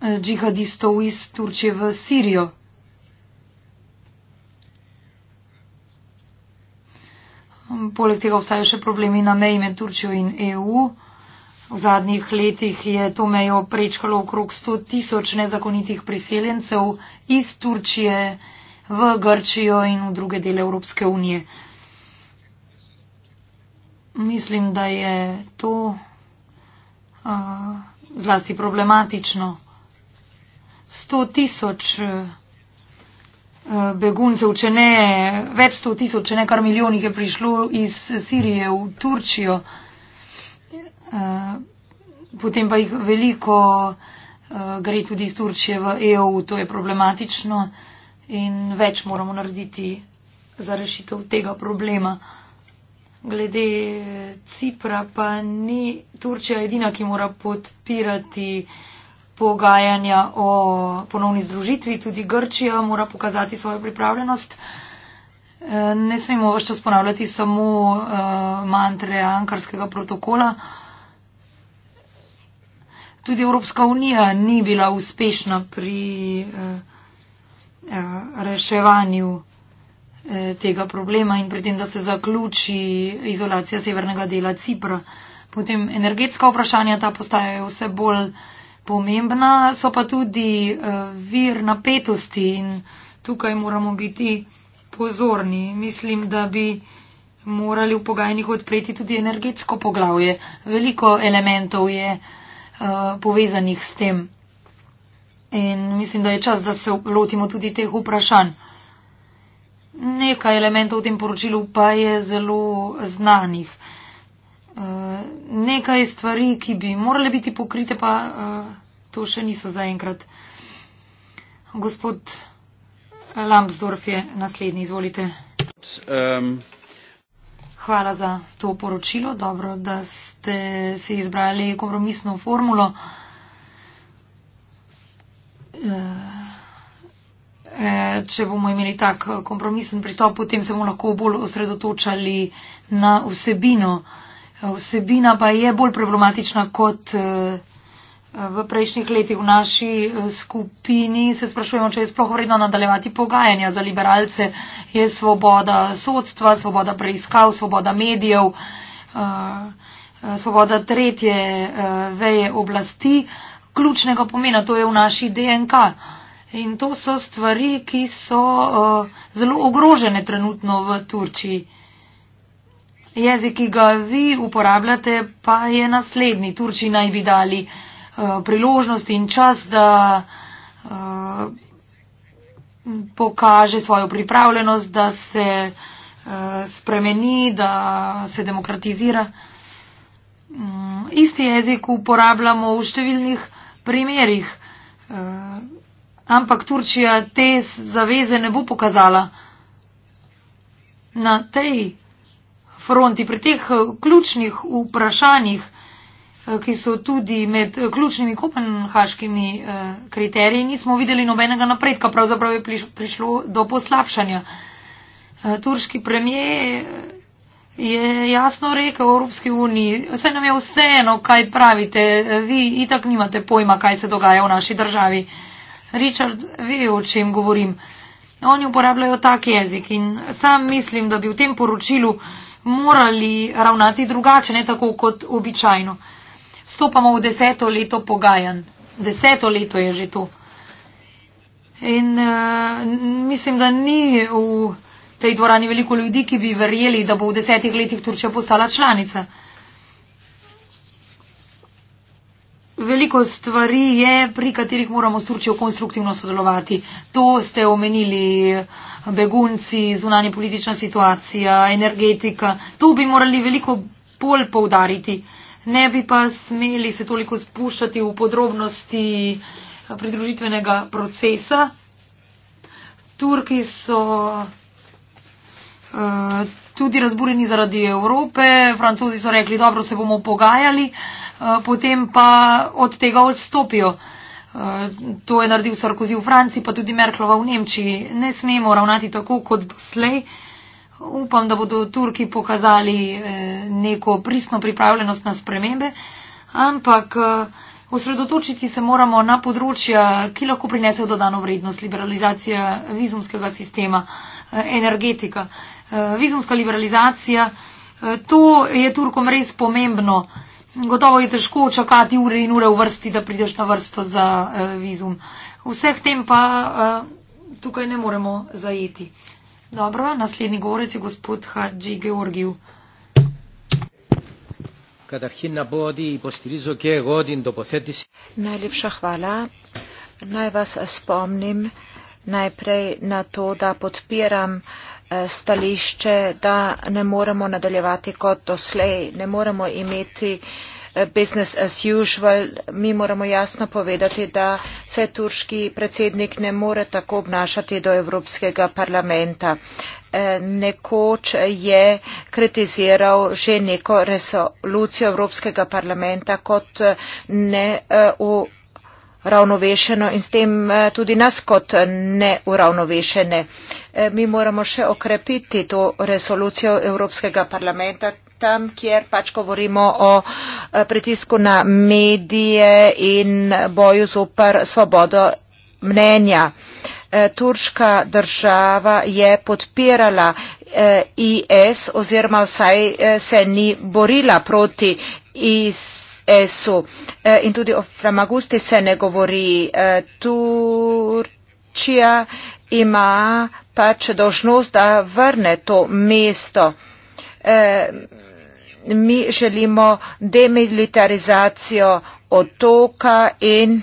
džihadistov iz Turčje v Sirijo. Poleg tega obstajajo še problemi na meji med Turčjo in EU. V zadnjih letih je to mejo prečkalo okrog 100 tisoč nezakonitih priseljencev iz Turčije v Grčijo in v druge dele Evropske unije. Mislim, da je to uh, zlasti problematično. 100 tisoč beguncev, če ne več 100 tisoč, če ne kar milijon jih je prišlo iz Sirije v Turčijo. Uh, Eh, potem pa jih veliko uh, gre tudi iz Turčije v EU, to je problematično in več moramo narediti za rešitev tega problema. Glede Cipra pa ni Turčija edina, ki mora podpirati pogajanja o ponovni združitvi, tudi Grčija mora pokazati svojo pripravljenost. Eh, ne smemo vse čas ponavljati samo mantre ankarskega protokola, tudi Evropska unija ni bila uspešna pri eh, eh, reševanju eh, tega problema in pri tem, da se zaključi izolacija severnega dela Cipra. Potem energetska vprašanja ta postajajo vse bolj pomembna, so pa tudi vir napetosti in tukaj moramo biti pozorni. Mislim, da bi morali v pogajnih odpreti tudi energetsko poglavje. Veliko elementov je. Eh, povezanih s tem. In mislim, da je čas, da se lotimo tudi teh vprašanj. Nekaj elementov v tem poročilu pa je zelo znanih. Eh, nekaj stvari, ki bi morale biti pokrite, pa eh, to še niso zaenkrat. Gospod Lambsdorf je naslednji, izvolite. Um. Hvala za to poročilo. Dobro, da ste se izbrali kompromisno formulo. Eh, eh, če bomo imeli tak kompromisen pristop, potem se bomo lahko bolj osredotočali na vsebino. Vsebina pa je bolj problematična kot eh, V prejšnjih letih v naši eh, skupini se sprašujemo, če je sploh vredno nadaljevati pogajanja za liberalce. Je svoboda sodstva, svoboda preiskav, svoboda medijev, eh, svoboda tretje eh, veje oblasti ključnega pomena. To je v naši DNK. In to so stvari, ki so zelo ogrožene trenutno v Turčiji. Jezik, ki ga vi uporabljate, pa je naslednji. Turčiji naj bi dali. Eh, priložnost in čas, da eh, pokaže svojo pripravljenost, da se eh, spremeni, da se demokratizira. Mm, isti jezik uporabljamo v številnih primerjih, ampak Turčija te zaveze ne bo pokazala. Na tej fronti, pri teh ključnih vprašanjih, Eh, ki so tudi med ključnimi kopenhaškimi eh, kriteriji, nismo videli nobenega napredka, pravzaprav je prišlo do poslabšanja. Eh, turški premijer je jasno rekel Evropski uniji, vse nam je vseeno, kaj pravite, vi itak nimate pojma, kaj se dogaja v naši državi. Richard ve, o čem govorim. Oni uporabljajo tak jezik in sam mislim, da bi v tem poročilu morali ravnati drugače, ne tako kot običajno stopamo v deseto leto pogajanj. Deseto leto je že to. In uh, mislim, da ni v tej dvorani veliko ljudi, ki bi verjeli, da bo v desetih letih Turčija postala članica. Veliko stvari je, pri katerih moramo s Turčijo konstruktivno sodelovati. To ste omenili, begunci, zunanje politična situacija, energetika. To bi morali veliko bolj poudariti. Uh, ne bi pa smeli se toliko spuščati v podrobnosti eh, pridružitvenega procesa. Turki so uh, tudi razburjeni zaradi Evrope, francozi so rekli, dobro se bomo pogajali, uh, potem pa od tega odstopijo. Uh, to je naredil Sarkozy v Franciji, pa tudi Merklova v Nemčiji. Ne smemo ravnati tako kot doslej. Uh, upam, da bodo Turki pokazali eh, neko pristno pripravljenost na spremembe, ampak eh, osredotočiti se moramo na področja, ki lahko prinesejo dodano vrednost, liberalizacija vizumskega sistema, eh, energetika. Vizumska liberalizacija, to je Turkom res pomembno. Gotovo je težko čakati ure in ure v vrsti, da prideš na vrsto za vizum. Vseh tem pa tukaj ne moremo zajeti. Dobro, naslednji govorec je gospod Hadži Georgiju. Kadar hinna bodi, boste rizo ge godin do posedi si. Najlepša hvala. Naj vas spomnim najprej na to, da podpiram eh, stališče, da ne moremo nadaljevati kot doslej, ne moremo imeti. Eh, business as usual. Mi moramo jasno povedati, da se turški predsednik ne more tako obnašati do Evropskega parlamenta. Eh, nekoč je kritiziral že neko resolucijo Evropskega parlamenta kot eh, ne v ravnovešeno in s tem tudi nas kot neuravnovešene. Mi moramo še okrepiti to resolucijo Evropskega parlamenta, tam, kjer pač govorimo o eh, pritisku na medije in boju zopr svobodo mnenja. Eh, turška država je podpirala eh, IS oziroma vsaj se ni borila proti IS. ESU. In tudi o Framagusti se ne govori. Turčija ima pač dožnost, da vrne to mesto mi želimo demilitarizacijo otoka in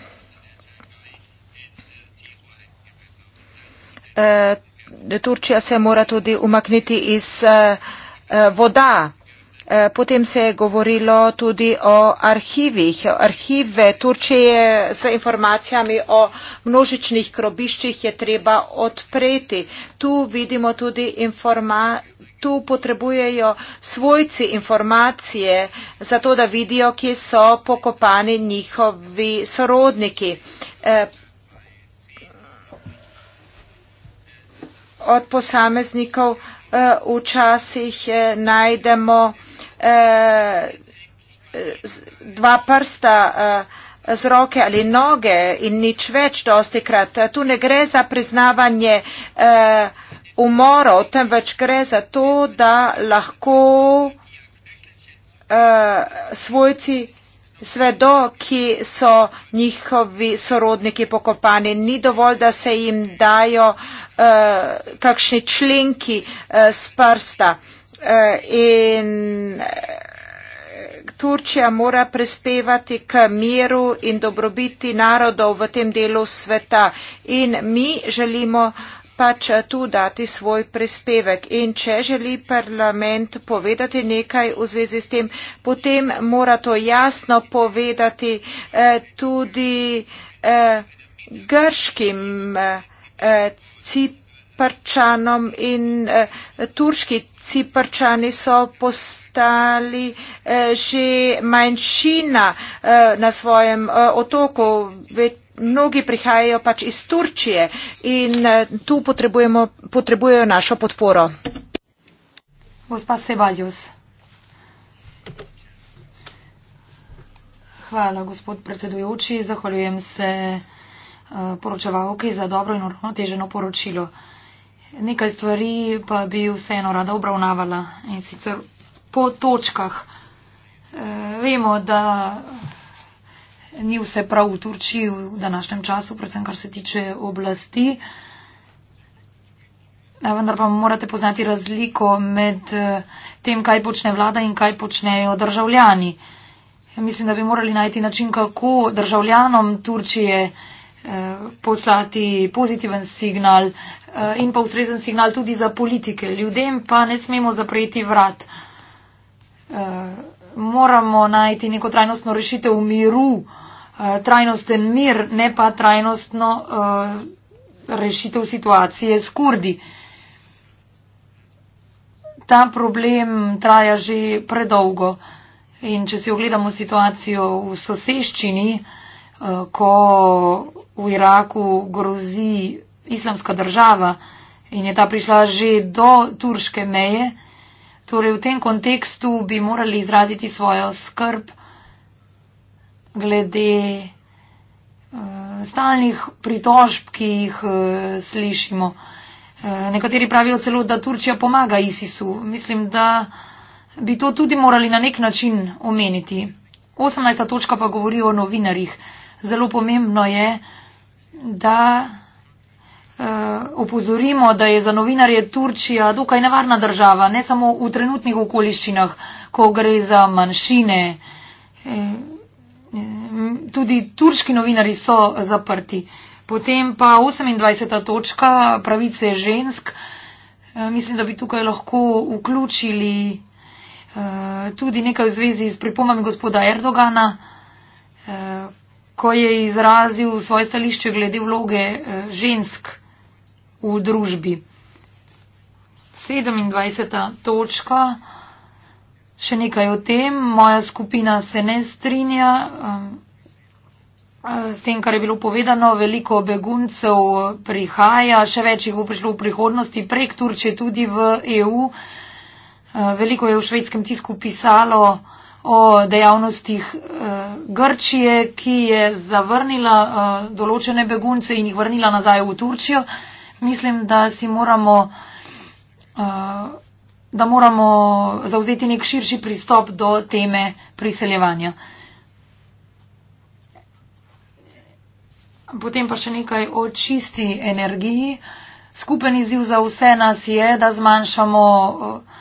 eh, Turčija se mora tudi umakniti iz eh, eh, voda. Eh, potem se je govorilo tudi o arhivih. Arhive Turčije s informacijami o množičnih krobiščih je treba odpreti. Tu vidimo tudi informacije. Tu potrebujejo svojci informacije, zato da vidijo, kje so pokopani njihovi sorodniki. Eh, od posameznikov eh, včasih najdemo eh, dva prsta eh, z roke ali noge in nič več dosti krat. Tu ne gre za priznavanje eh, umorov, temveč gre za to, da lahko eh, svojci svedo, ki so njihovi sorodniki pokopani. Ni dovolj, da se jim dajo eh, kakšni členki eh, s prsta. Eh, Eh, in eh, Turčija mora prispevati k miru in dobrobiti narodov v tem delu sveta. In mi želimo pač tu dati svoj prispevek. In če želi parlament povedati nekaj v zvezi s tem, potem mora to jasno povedati eh, tudi eh, grškim eh, cipom Ciprčanom in eh, turški Ciprčani so postali eh, že manjšina eh, na svojem eh, otoku. Ve, mnogi prihajajo pač iz Turčije in eh, tu potrebujejo našo podporo. Gospa Sevaljus. Hvala, gospod predsedujoči. Zahvaljujem se eh, poročevalki za dobro in uravnoteženo poročilo. Nekaj stvari pa bi vseeno rada obravnavala in sicer po točkah. E, vemo, da ni vse prav v Turčiji v današnjem času, predvsem kar se tiče oblasti. E, vendar pa morate poznati razliko med e, tem, kaj počne vlada in kaj počnejo državljani. Mislim, da bi morali najti način, kako državljanom Turčije. E, Eh, poslati pozitiven signal eh, in pa ustrezen signal tudi za politike. Ljudem pa ne smemo zapreti vrat. Eh, moramo najti neko trajnostno rešitev v miru, trajnosten mir, ne pa trajnostno rešitev situacije s kurdi. Ta problem traja že predolgo in če si ogledamo situacijo v soseščini, ko v Iraku grozi islamska država in je ta prišla že do turške meje. Torej v tem kontekstu bi morali izraziti svojo skrb glede eh, stalnih pritožb, ki jih eh, slišimo. Eh, nekateri pravijo celo, da Turčija pomaga ISIS-u. Mislim, da bi to tudi morali na nek način omeniti. 18. točka pa govori o novinarjih. Zelo pomembno je, da eh, opozorimo, da je za novinarje Turčija dokaj nevarna država, ne samo v trenutnih okoliščinah, ko gre za manjšine. Eh, eh, tudi turški novinari so zaprti. Potem pa 28. točka pravice žensk. Mislim, da bi tukaj lahko vključili tudi nekaj v zvezi s pripomami gospoda Erdogana, ko je izrazil svoje stališče glede vloge eh, žensk v družbi. 27. točka. Še nekaj o tem. Moja skupina se ne strinja ehm, eh, s tem, kar je bilo povedano. Veliko beguncev eh, prihaja, še več jih bo prišlo v prihodnosti prek Turčije tudi v EU. Veliko je v švedskem tisku pisalo, o dejavnostih eh, Grčije, ki je zavrnila eh, določene begunce in jih vrnila nazaj v Turčijo. Mislim, da si moramo, eh, da moramo zauzeti nek širši pristop do teme priseljevanja. Potem pa še nekaj o čisti energiji. Skupen izziv za vse nas je, da zmanjšamo uh,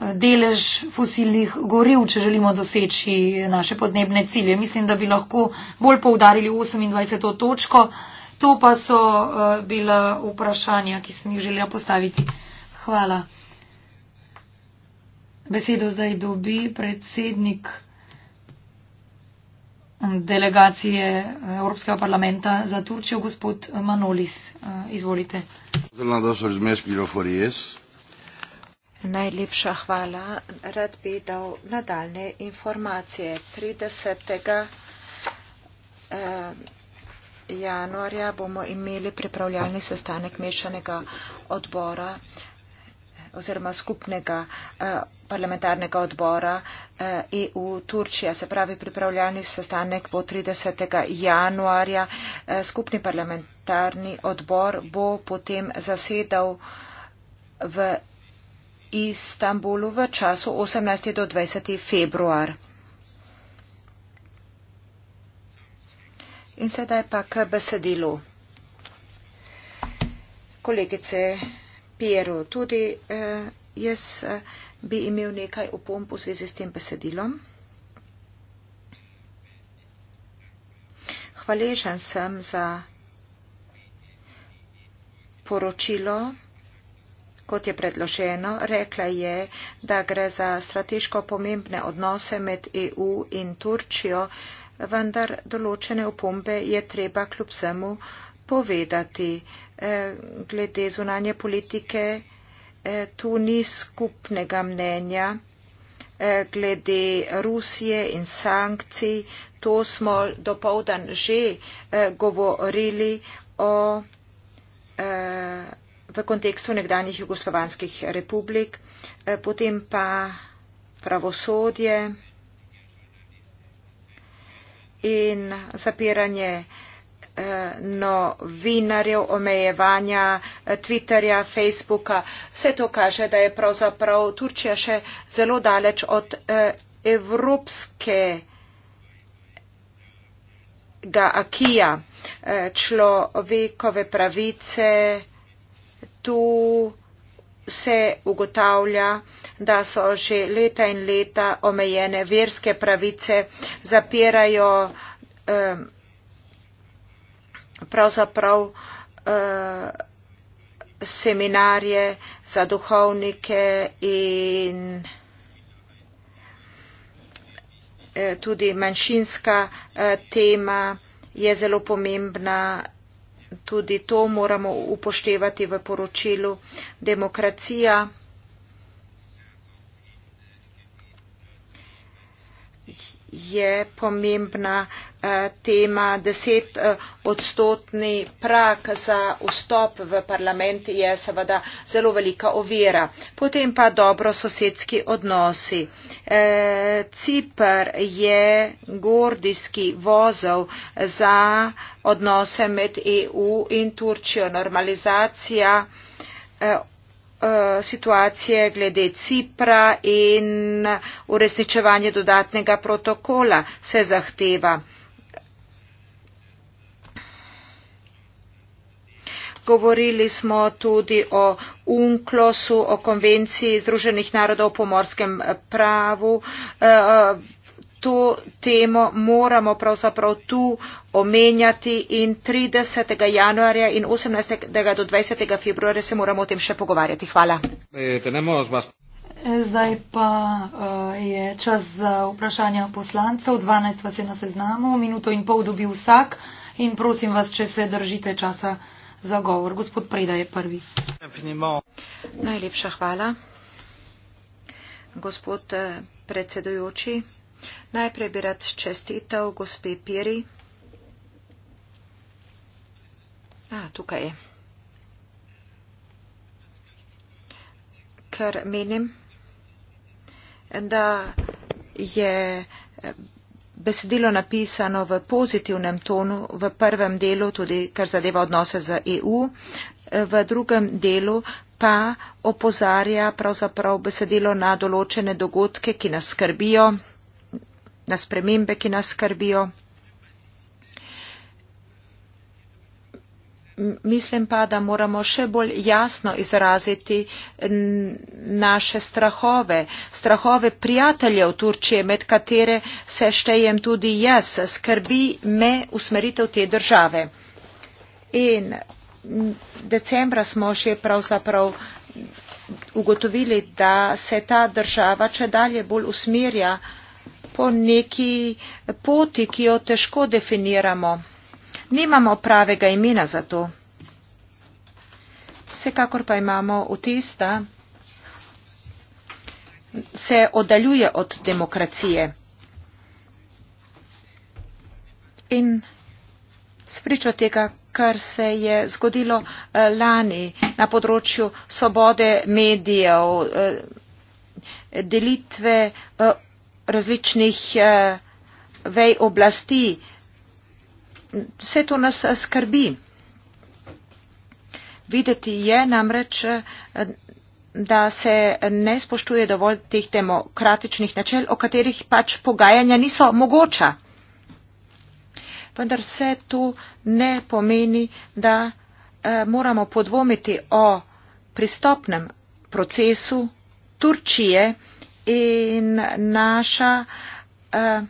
delež fosilnih goriv, če želimo doseči naše podnebne cilje. Mislim, da bi lahko bolj poudarili 28. točko. To pa so uh, bila vprašanja, ki sem jih želela postaviti. Hvala. Besedo zdaj dobi predsednik mm, delegacije eh, Evropskega parlamenta za Turčijo, gospod Manolis. Uh, izvolite. Najlepša hvala. Rad bi dal nadaljne informacije. 30. Eh, januarja bomo imeli pripravljalni sestanek mešanega odbora eh, oziroma skupnega eh, parlamentarnega odbora EU e Turčija. Se pravi, pripravljalni sestanek bo 30. januarja. Skupni parlamentarni odbor bo potem zasedal v Istanbulu v času 18. do 20. februar. In sedaj pa k besedilu. Kolegice Piero, tudi eh, jaz eh, bi imel nekaj opomb v zvezi s tem besedilom. Hvaležen sem za poročilo Kot je predloženo, rekla je, da gre za strateško pomembne odnose med EU in Turčijo, vendar določene opombe je treba kljub vsemu povedati. Eh, glede zunanje politike eh, tu ni skupnega mnenja. Eh, glede Rusije in sankcij, to smo dopovdan že govorili o v kontekstu nekdanjih jugoslovanskih republik, eh, potem pa pravosodje in zapiranje eh, novinarjev, omejevanja eh, Twitterja, Facebooka. Vse to kaže, da je pravzaprav Turčija še zelo daleč od evropske ga akija človekove pravice tu se ugotavlja, da so že leta in leta omejene verske pravice, zapirajo pravzaprav eh, seminarje za duhovnike in eh, tudi manjšinska eh, tema je zelo pomembna tudi to moramo upoštevati v poročilu demokracija je pomembna eh, tema. Deset eh, odstotni prak za vstop v parlament je seveda zelo velika ovira. Potem pa dobro sosedski odnosi. Eh, Cipr je gordijski vozel za odnose med EU in Turčijo. Normalizacija Eh, situacije glede Cipra in uresničevanje dodatnega protokola se zahteva. Govorili smo tudi o UNCLOS-u, o konvenciji Združenih narodov o pomorskem pravu. Uh, to temo moramo pravzaprav tu omenjati in 30. januarja in 18. do 20. februarja se moramo o tem še pogovarjati. Hvala. E, e, zdaj pa e, je čas za vprašanja poslancev. 12 vas je na seznamu, minuto in pol dobi vsak in prosim vas, če se držite časa za govor. Gospod Preda je prvi. Najlepša hvala. Gospod predsedujoči, Najprej bi rad čestitev gospe Piri. A, tukaj je. Ker menim, da je eh, besedilo napisano v pozitivnem tonu v prvem delu, tudi kar zadeva odnose z EU, eh, v drugem delu pa opozarja pravzaprav besedilo na določene dogodke, ki nas skrbijo na spremembe, ki nas skrbijo. Mislim pa, da moramo še bolj jasno izraziti naše strahove, strahove prijateljev Turčije, med katere se štejem tudi jaz. Skrbi me usmeritev te države. In decembra smo še pravzaprav ugotovili, da se ta država če dalje bolj usmerja po neki poti, ki jo težko definiramo. Nimamo pravega imena za to. Vsekakor pa imamo vtis, da se oddaljuje od demokracije. In spričo tega, kar se je zgodilo eh, lani na področju svobode medijev, eh, delitve eh, različnih eh, vej oblasti. Vse to nas eh, skrbi. Videti je namreč, eh, da se ne spoštuje dovolj teh demokratičnih načel, o katerih pač pogajanja niso mogoča. Vendar vse to ne pomeni, da moramo podvomiti o pristopnem procesu Turčije, in naša eh,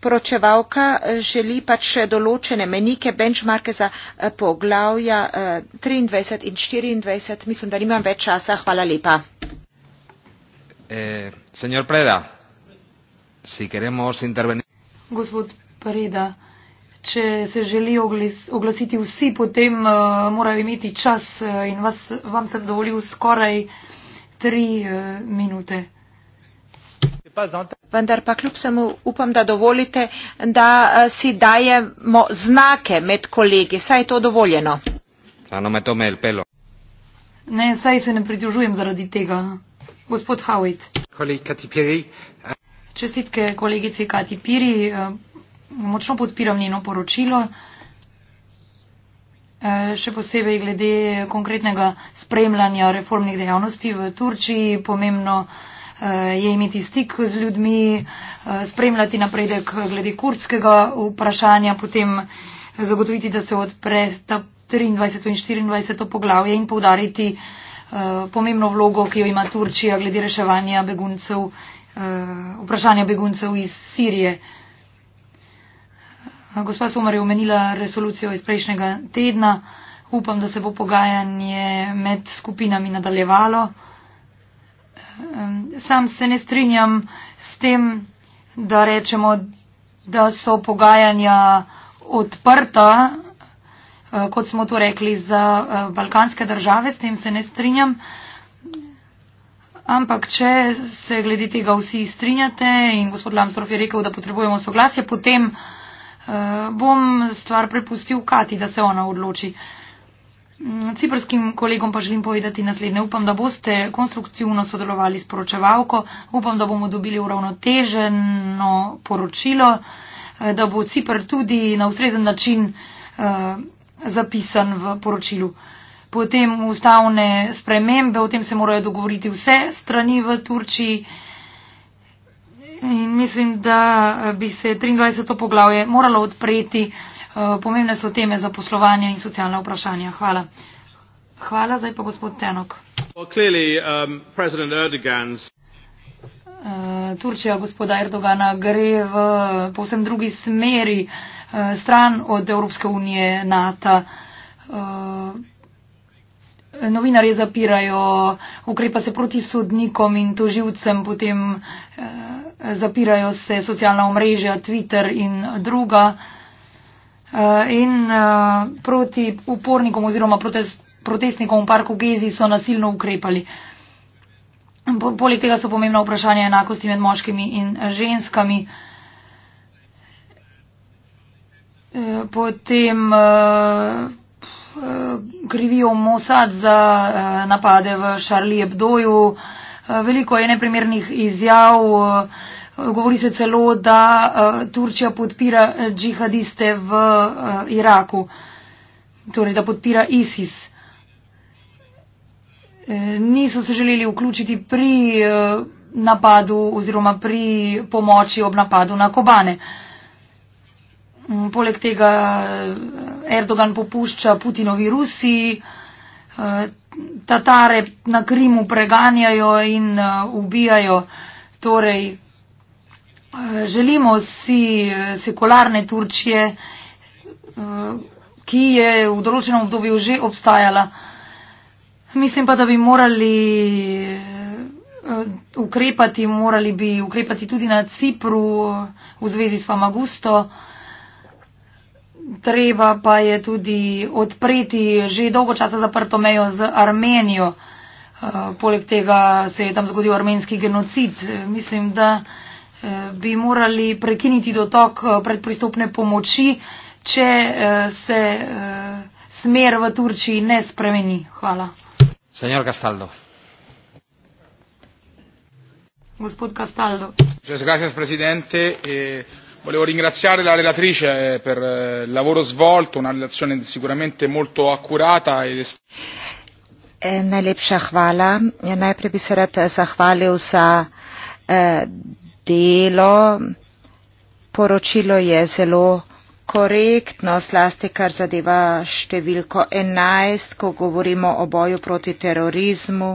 poročevalka želi pač še določene menike, benchmarke za eh, poglavja 23 eh, in 24. Mislim, da nimam več časa. Hvala lepa. Gospod Preda, če se želi oglasiti vsi, potem morajo imeti čas in vas, vam sem dovolil skoraj tri minute. Vendar pa kljub samo upam, da dovolite, da eh, si dajemo znake med kolegi. Saj je to dovoljeno. No ne, saj se ne pridružujem zaradi tega. Gospod Howitt. Čestitke kolegici Kati Piri. Eh, močno podpiram njeno poročilo. Eh, še posebej glede konkretnega spremljanja reformnih dejavnosti v Turčiji. Pomembno je. Eh, je imeti stik z ljudmi, eh, spremljati napredek glede kurdskega vprašanja, potem zagotoviti, da se odpre ta 23. in 24. poglavje in povdariti eh, pomembno vlogo, ki jo ima Turčija glede reševanja beguncev, vprašanja beguncev iz Sirije. Gospa Somar je omenila resolucijo iz prejšnjega tedna. Upam, da se bo pogajanje med skupinami nadaljevalo sam se ne strinjam s tem, da rečemo, da so pogajanja odprta, eh, kot smo to rekli, za eh, balkanske države, s tem se ne strinjam. Ampak, če se glede tega vsi strinjate in gospod Lamsrof je rekel, da potrebujemo soglasje, potem eh, bom stvar prepustil Kati, da se ona odloči. Mm, ciprskim kolegom pa želim povedati naslednje. Upam, da boste konstruktivno sodelovali s poročevalko, upam, da bomo dobili uravnoteženo poročilo, eh, da bo Cipr tudi na ustrezen način eh, zapisan v poročilu. Potem ustavne spremembe, o tem se morajo dogovoriti vse strani v Turčiji. In mislim, da bi se 23. poglavje moralo odpreti pomembne so teme za poslovanje in socialna vprašanja. Hvala. Hvala, zdaj pa gospod Tenok. Well, clearly, um, eh, Turčija gospoda Erdogana gre v povsem drugi smeri eh, stran od Evropske unije, NATO. Eh, novinarje zapirajo, ukrepa se proti sodnikom in toživcem, potem zapirajo se socialna omrežja Twitter in druga. Eh, in eh, proti upornikom oziroma protestnikom v parku Gezi so nasilno ukrepali. Poleg tega so pomembna vprašanja enakosti med moškimi in eh, ženskami. Potem krivijo Mossad za napade v Charlie Hebdoju. Veliko je neprimernih izjav. Govori se celo, da eh, Turčija podpira eh, džihadiste v eh, Iraku, torej da podpira ISIS. Niso se želeli vključiti pri napadu oziroma pri pomoči ob napadu na Kobane. Mm, poleg tega Erdogan popušča Putinovi Rusiji, Tatare na Krimu preganjajo in ubijajo. Torej, Želimo si eh, sekularne Turčije, eh, ki je v določenem obdobju že obstajala. Mislim pa, da bi morali eh, ukrepati, morali bi ukrepati tudi na Cipru v zvezi s Famagusto. Treba pa je tudi odpreti že dolgo časa zaprto mejo z Armenijo. Poleg tega se je tam zgodil armenski genocid. Mislim, da. Eh, bi morali prekiniti dotok eh, predpristopne pomoči, če eh, se smer v Turčiji ne spremeni. Hvala. Senjor Castaldo. Gospod Castaldo. Grazie, presidente. Volevo ringraziare la relatrice per il lavoro svolto, una relazione sicuramente molto accurata. Ed... Najlepša hvala. Ja, najprej bi se rad zahvalil za eh, delo. Poročilo je zelo korektno, slasti kar zadeva številko 11, ko govorimo o boju proti terorizmu.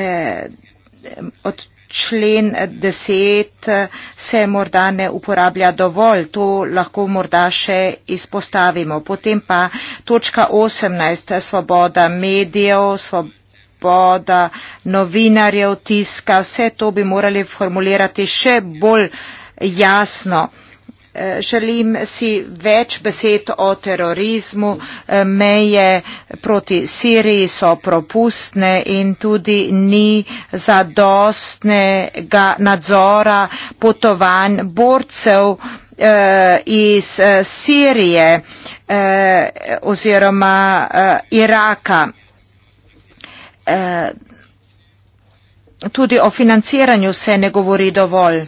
Eh, od člen 10 se morda ne uporablja dovolj, to lahko morda še izpostavimo. Potem pa točka 18, svoboda medijev, svoboda gospoda, novinarjev tiska, vse to bi morali formulirati še bolj jasno. E, želim si več besed o terorizmu, e, meje proti Siriji so propustne in tudi ni zadostnega nadzora potovanj borcev e, iz Sirije oziroma Iraka. Eh, tudi o financiranju se ne govori dovolj.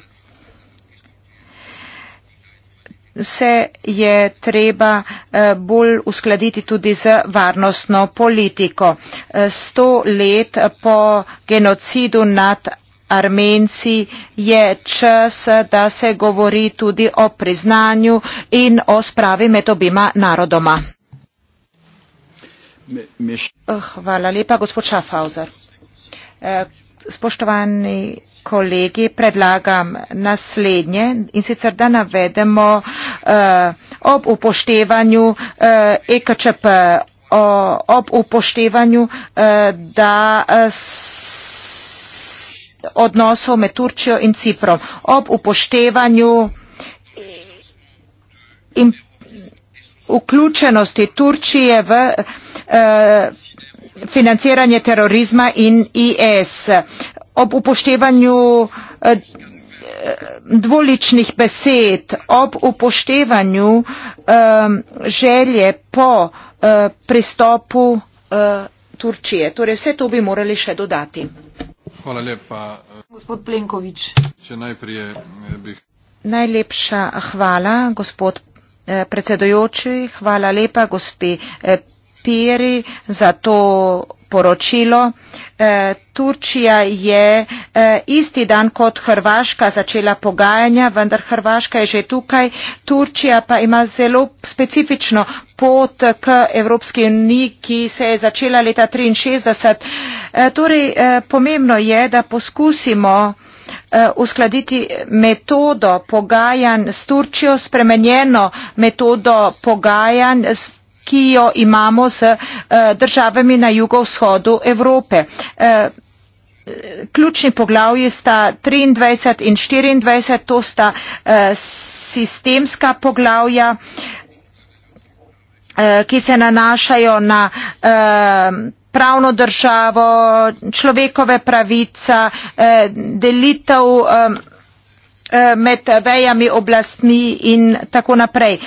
Vse je treba eh, bolj uskladiti tudi z varnostno politiko. Eh, sto let po genocidu nad Armenci je čas, da se govori tudi o priznanju in o spravi med obima narodoma. Eh, hvala lepa, gospod Šafauzer. Eh, spoštovani kolegi, predlagam naslednje in sicer, da navedemo eh, ob upoštevanju EKČP, e ob upoštevanju, da odnosov med Turčjo in Ciprom, ob upoštevanju in vključenosti Turčije v eh, financiranje terorizma in IS. E ob upoštevanju eh, dvoličnih besed, ob upoštevanju eh, želje po pristopu Turčije. Torej vse to bi morali še dodati. Hvala lepa. Gospod Plenković. Najlepša hvala, gospod Eh, predsedujoči, hvala lepa gospi eh, Piri za to poročilo. Eh, Turčija je isti dan kot Hrvaška začela pogajanja, vendar Hrvaška je že tukaj. Turčija pa ima zelo specifično pot k Evropski uniji, ki se je začela leta 1963. Torej, pomembno je, da poskusimo Eh, uskladiti metodo pogajanj s Turčijo, spremenjeno metodo pogajanj, ki jo imamo z eh, državami na jugovzhodu Evrope. Eh, ključni poglavji sta 23 in 24, to sta sistemska poglavja, ki se nanašajo na pravno državo, človekove pravica, eh, delitev eh, eh, med vejami oblastmi in tako naprej.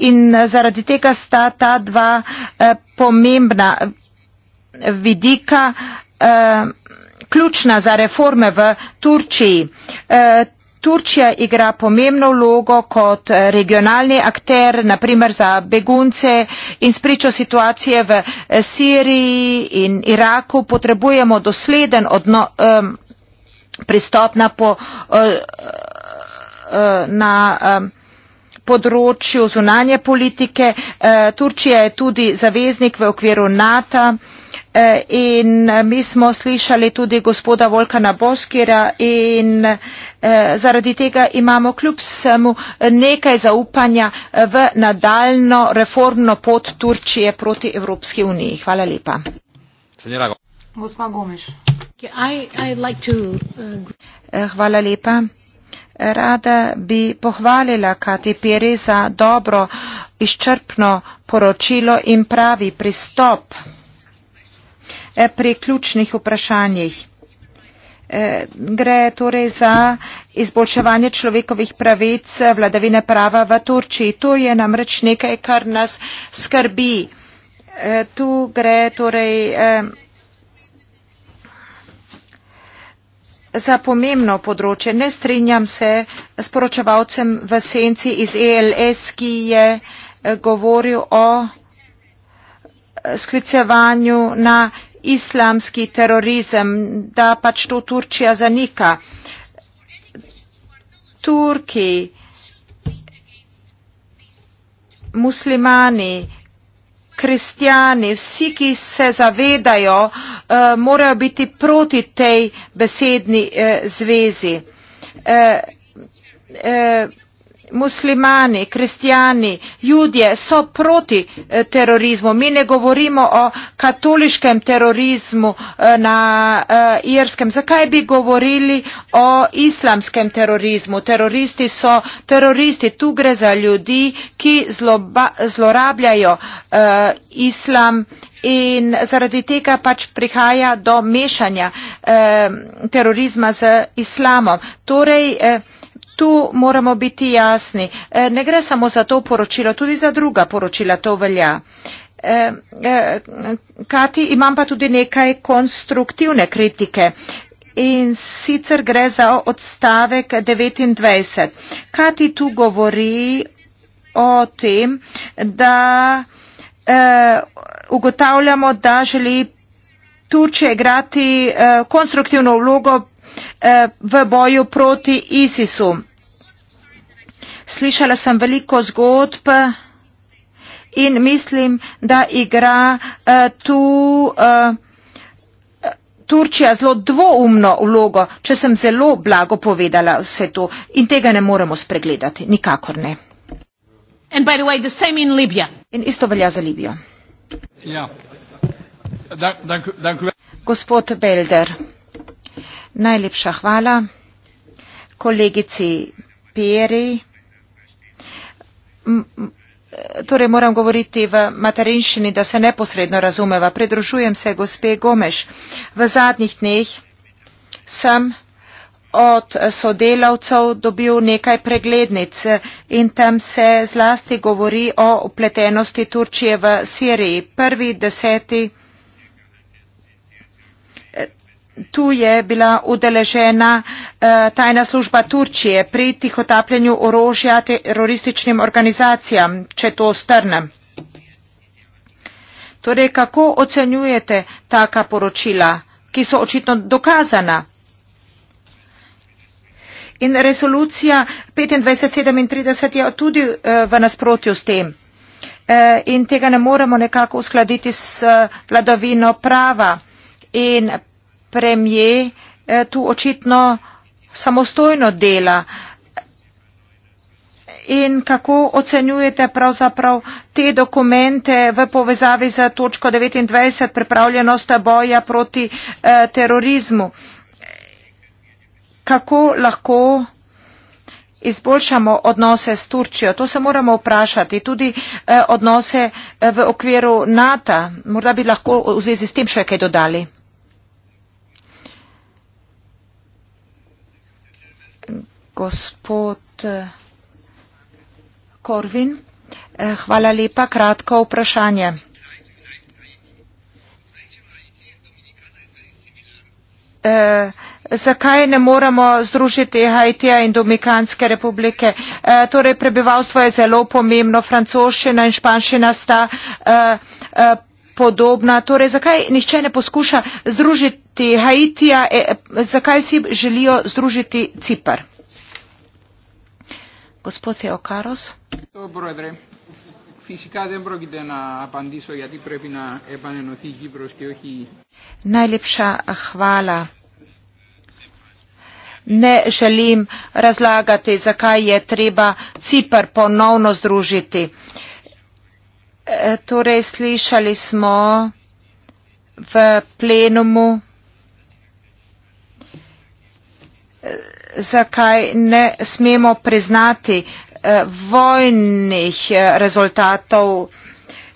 In zaradi tega sta ta dva pomembna vidika ključna za reforme v Turčiji. Turčija igra pomembno vlogo kot eh, regionalni akter, naprimer za begunce in spričo situacije v eh, Siriji in Iraku potrebujemo dosleden odno, um, pristop na, po, uh, uh, na um, področju zunanje politike. Uh, Turčija je tudi zaveznik v okviru NATO. Uh, Eh, in eh, mi smo slišali tudi gospoda Volkana Boskira in eh, zaradi tega imamo kljub vsemu nekaj zaupanja v nadaljno reformno pot Turčije proti Evropski uniji. Hvala lepa. Uh, hvala lepa. Rada bi pohvalila Kati Piri za dobro izčrpno poročilo in pravi pristop. Eh, pri ključnih vprašanjih. Eh, gre torej za izboljševanje človekovih pravic eh, vladavine prava v Turčiji. To je namreč nekaj, kar nas skrbi. Tu gre torej za pomembno področje. Ne strinjam se s poročevalcem v senci iz ELS, ki je govoril o sklicevanju na islamski terorizem, da pač to Turčija zanika. Turki, muslimani, kristjani, vsi, ki se zavedajo, eh, morajo biti proti tej besedni eh, zvezi. Eh, muslimani, kristijani, judje so proti eh, terorizmu. Mi ne govorimo o katoliškem terorizmu eh, na eh, Irskem. Zakaj bi govorili o islamskem terorizmu? Teroristi so teroristi. Tu gre za ljudi, ki zloba, zlorabljajo islam in zaradi tega pač prihaja do mešanja terorizma z islamom. Torej, tu moramo biti jasni e, ne gre samo za to poročilo tudi za druga poročila to velja e, e, kati imam pa tudi nekaj konstruktivne kritike in sicer gre za odstavek 29. Kati tu govori o tem, da eh, ugotavljamo, da želi Turčija igrati eh, konstruktivno vlogo Eh, v boju proti ISIS-u. Slišala sem veliko zgodb in mislim, da igra eh, tu eh, Turčija zelo dvoumno vlogo, če sem zelo blago povedala vse to. In tega ne moremo spregledati, nikakor ne. Way, in isto velja za Libijo. Ja. Dank, dank, dank. Gospod Belder. Najlepša hvala kolegici Peri. Torej moram govoriti v materinščini, da se neposredno razumeva. Pridružujem se gospe Gomeš. V zadnjih dneh sem od sodelavcev dobil nekaj preglednic in tam se zlasti govori o upletenosti Turčije v Siriji. Prvi deseti tu je bila udeležena eh, tajna služba Turčije pri tihotapljenju orožja terorističnim organizacijam, če to strnem. Torej, kako ocenjujete taka poročila, ki so očitno dokazana? In resolucija 2537 je tudi eh, v nasprotju s tem. Eh, in tega ne moremo nekako uskladiti s vladovino prava in premije eh, tu očitno samostojno dela. In kako ocenjujete pravzaprav te dokumente v povezavi za točko 29, pripravljenost boja proti eh, terorizmu? Kako lahko izboljšamo odnose s Turčijo? To se moramo vprašati. Tudi eh, odnose eh, v okviru NATO. Morda bi lahko v zvezi s tem še kaj dodali. Gospod eh, Korvin, eh, hvala lepa, kratko vprašanje. Eh, zakaj ne moremo združiti Haitija in Dominikanske republike? Torej, prebivalstvo je zelo pomembno, francoščina in španščina sta podobna. Torej, zakaj nihče ne poskuša združiti Haitija, zakaj si želijo združiti Cipar? Gospod Theokaros. Φυσικά δεν πρόκειται να απαντήσω γιατί πρέπει να επανενωθεί η Κύπρος και όχι... Najlepša hvala. Ne želim razlagati zakaj je treba Cipar ponovno združiti. E, torej slišali smo v plenumu zakaj ne smemo priznati eh, vojnih eh, rezultatov,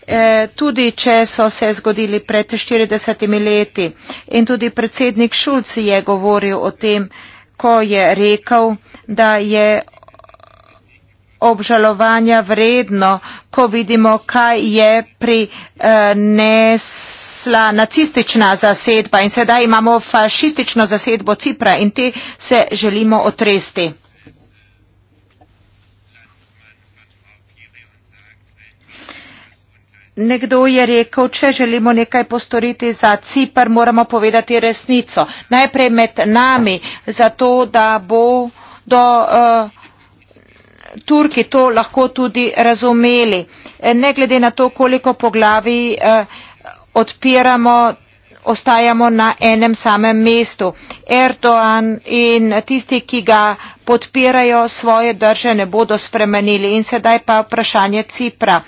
eh, tudi če so se zgodili pred 40 leti. In tudi predsednik Šulc je govoril o tem, ko je rekel, da je obžalovanja vredno, ko vidimo, kaj je prinesla nacistična zasedba in sedaj imamo fašistično zasedbo Cipra in te se želimo otresti. Nekdo je rekel, če želimo nekaj postoriti za Cipr, moramo povedati resnico. Najprej med nami, zato da bo do. Uh, eh, Turki to lahko tudi razumeli. Eh, ne glede na to, koliko poglavi eh, odpiramo, ostajamo na enem samem mestu. Erdoan in tisti, ki ga podpirajo, svoje drže ne bodo spremenili. In sedaj pa vprašanje Cipra.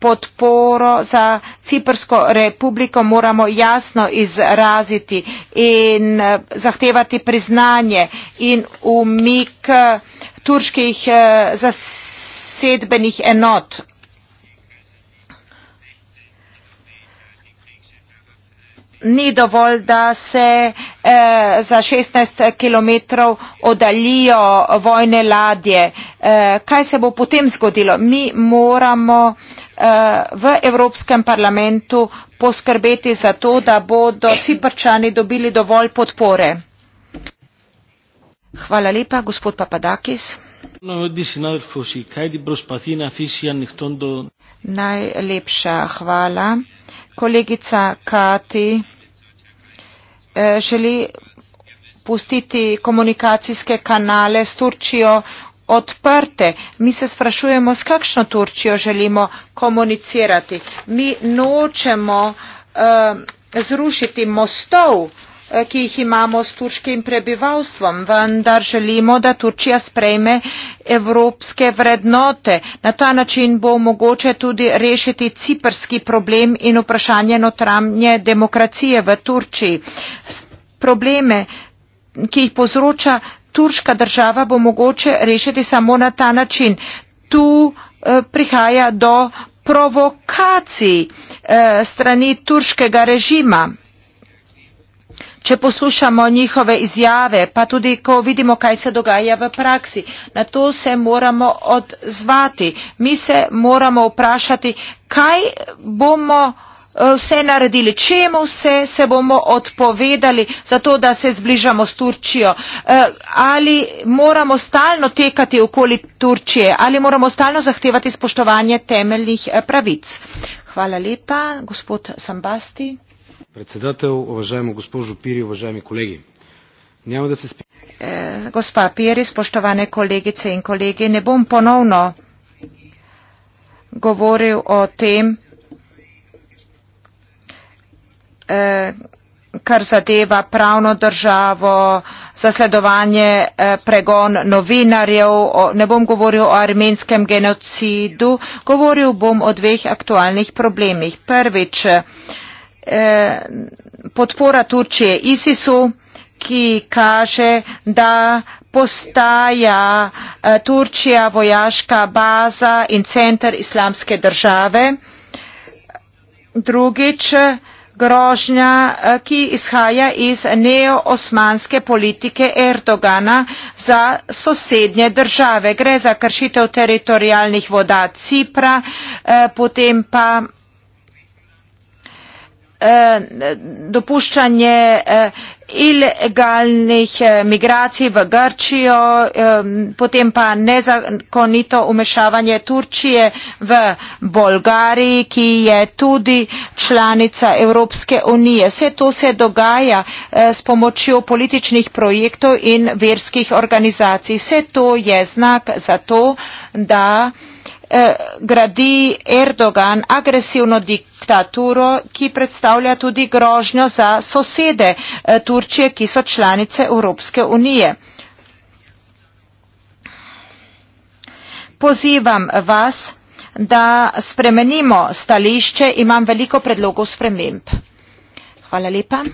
Podporo za Ciprsko republiko moramo jasno izraziti in eh, zahtevati priznanje in umik turških eh, zasedbenih enot. Ni dovolj, da se eh, za 16 km oddaljijo vojne ladje. Eh, kaj se bo potem zgodilo? Mi moramo eh, v Evropskem parlamentu poskrbeti za to, da bodo ciprčani dobili dovolj podpore. Hvala lepa, gospod Papadakis. Najlepša hvala. Kolegica Kati želi pustiti komunikacijske kanale s Turčijo odprte. Mi se sprašujemo, s kakšno Turčijo želimo komunicirati. Mi nočemo uh, zrušiti mostov. Eh, ki jih imamo s turškim prebivalstvom vendar želimo da turčija sprejme evropske vrednote na ta način bo mogoče tudi rešiti ciprski problem in vprašanje notranje demokracije v turčiji probleme ki jih povzroča turška država bo mogoče rešiti samo na ta način tu eh, prihaja do provokacij eh, strani turškega režima če poslušamo njihove izjave pa tudi ko vidimo kaj se dogaja v praksi na to se moramo odzvati mi se moramo vprašati kaj bomo eh, vse naredili, čemu vse se bomo odpovedali za to, da se zbližamo s Turčijo, eh, ali moramo stalno tekati okoli Turčije, ali moramo stalno zahtevati spoštovanje temeljnih eh, pravic. Hvala lepa, gospod Sambasti predsedatev uvaženemu gospodu župirju uvaženi kolegi njemu da se spet eh, gospa piri spoštovane kolegice in kolegi ne bom ponovno govoril o tem eh, kar zadeva pravno državo zasledovanje eh, pregon novinarjev ne bom govoril o armenskem genocidu govoril bom o dveh aktualnih problemih prvič Eh, podpora Turčije ISIS-u, ki kaže, da postaja eh, Turčija vojaška baza in centar islamske države. Drugič, grožnja, eh, ki izhaja iz neoosmanske politike Erdogana za sosednje države. Gre za kršitev teritorijalnih voda Cipra, potem pa Eh, dopuščanje eh, ilegalnih eh, migracij v Grčijo, potem pa nezakonito umešavanje Turčije v Bolgariji, ki je tudi članica Evropske unije. Vse to se dogaja s pomočjo političnih projektov in verskih organizacij. Vse to je znak za to, da Eh, gradi Erdogan agresivno diktaturo, ki predstavlja tudi grožnjo za sosede eh, Turčije, ki so članice Evropske unije. Pozivam vas, da spremenimo stališče. Imam veliko predlogov sprememb. Hvala lepa.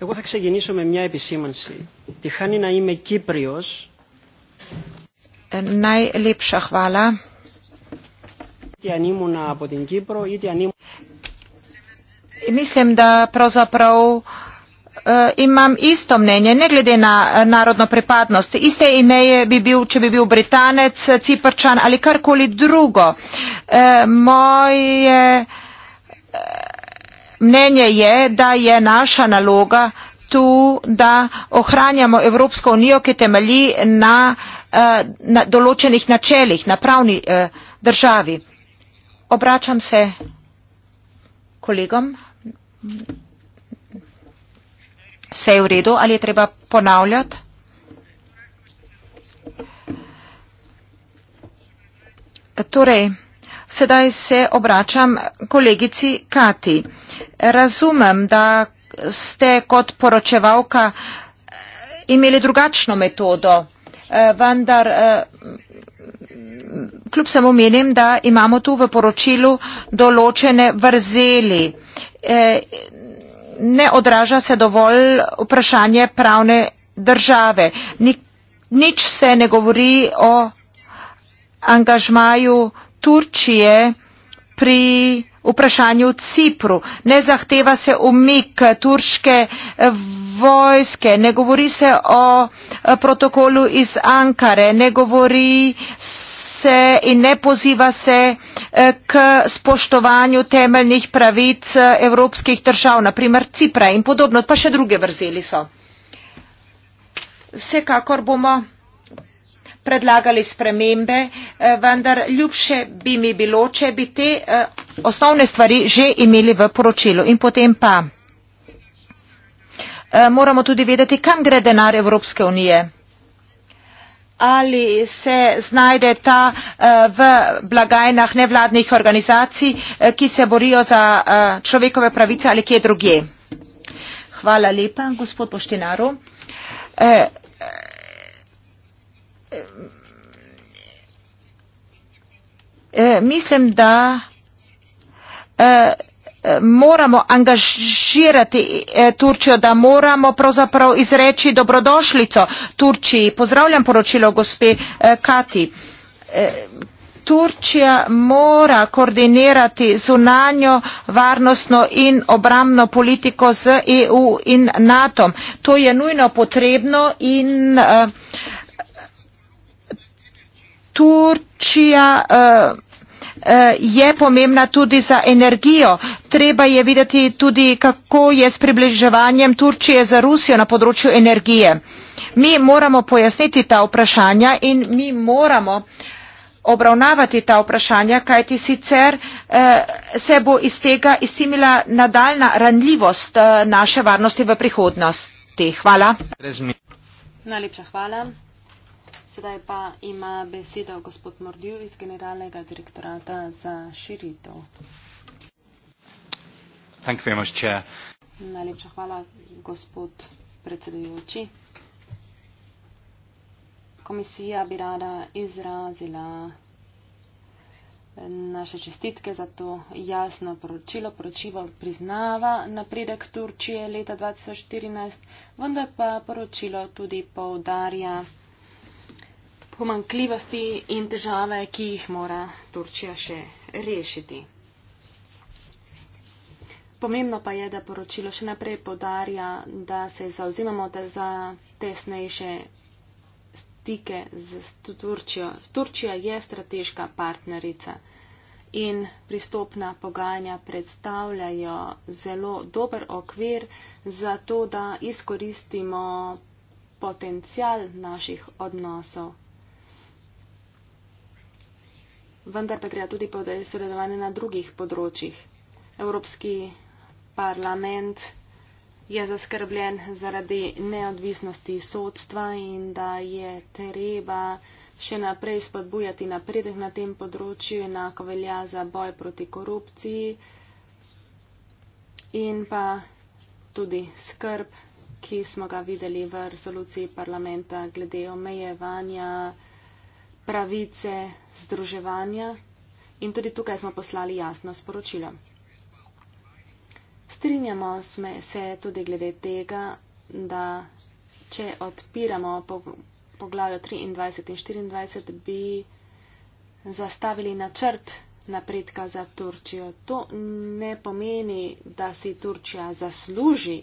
Εγώ θα ξεκινήσω με μια επισήμανση. Τυχάνει να είμαι Κύπριος Najlepša hvala. Mislim, da pravzaprav eh, imam isto mnenje, ne glede na eh, narodno pripadnost. Iste ime bi bil, če bi bil Britanec, Ciprčan ali karkoli drugo. Eh, moje mnenje je, da je naša naloga tu, da ohranjamo Evropsko unijo, ki temelji na Eh, na določenih načelih na pravni eh, državi. Obračam se kolegom. Vse je v redu, ali je treba ponavljati? Torej, sedaj se obračam kolegici Kati. Razumem, da ste kot poročevalka imeli drugačno metodo Eh, vendar eh, kljub samo menim, da imamo tu v poročilu določene vrzeli. Eh, ne odraža se dovolj vprašanje pravne države. Nič se ne govori o angažmaju Turčije pri vprašanju Cipru. Ne zahteva se umik turške eh, vojske, ne govori se o eh, protokolu iz Ankare, ne govori se in ne poziva se eh, k spoštovanju temeljnih pravic evropskih držav, naprimer Cipra in podobno, pa še druge vrzeli so. Vsekakor bomo predlagali spremembe, eh, vendar ljubše bi mi bilo, če bi te eh, osnovne stvari že imeli v poročilu. In potem pa eh, moramo tudi vedeti, kam gre denar Evropske unije. Ali se znajde ta v blagajnah nevladnih organizacij, ki se borijo za človekove pravice ali kje drugje. Hvala lepa, gospod Poštinaru. Eh, eh, mislim, da eh, moramo angažirati Turčijo, da moramo pravzaprav izreči dobrodošlico Turčiji. Pozdravljam poročilo gospe Kati. Turčija mora koordinirati zunanjo varnostno in obramno politiko z EU in NATO. To je nujno potrebno in uh, Turčija eh, eh, je pomembna tudi za energijo. Treba je videti tudi, kako je s približevanjem Turčije za Rusijo na področju energije. Mi moramo pojasniti ta vprašanja in mi moramo obravnavati ta vprašanja, kajti sicer eh, se bo iz tega izsimila nadaljna ranljivost naše varnosti v prihodnosti. Hvala. Najlepša hvala. Sedaj pa ima besedo gospod Mordiju iz Generalnega direktorata za širitev. Najlepša hvala, gospod predsedujoči. Komisija bi rada izrazila naše čestitke za to jasno poročilo. Poročivo priznava napredek Turčije leta 2014, vendar pa poročilo tudi povdarja pomankljivosti in težave, ki jih mora Turčija še rešiti. Pomembno pa je, da poročilo še naprej podarja, da se zauzimamo za tesnejše stike z Turčijo. Turčija je strateška partnerica in pristopna pogajanja predstavljajo zelo dober okvir za to, da izkoristimo potencial naših odnosov vendar pa treba tudi sodelovanje na drugih področjih. Evropski parlament je zaskrbljen zaradi neodvisnosti sodstva in da je treba še naprej spodbujati napredek na tem področju, enako velja za boj proti korupciji in pa tudi skrb, ki smo ga videli v resoluciji parlamenta glede omejevanja pravice združevanja in tudi tukaj smo poslali jasno sporočilo. Strinjamo se tudi glede tega, da če odpiramo poglavje 23 in 24, bi zastavili načrt napredka za Turčijo. To ne pomeni, da si Turčija zasluži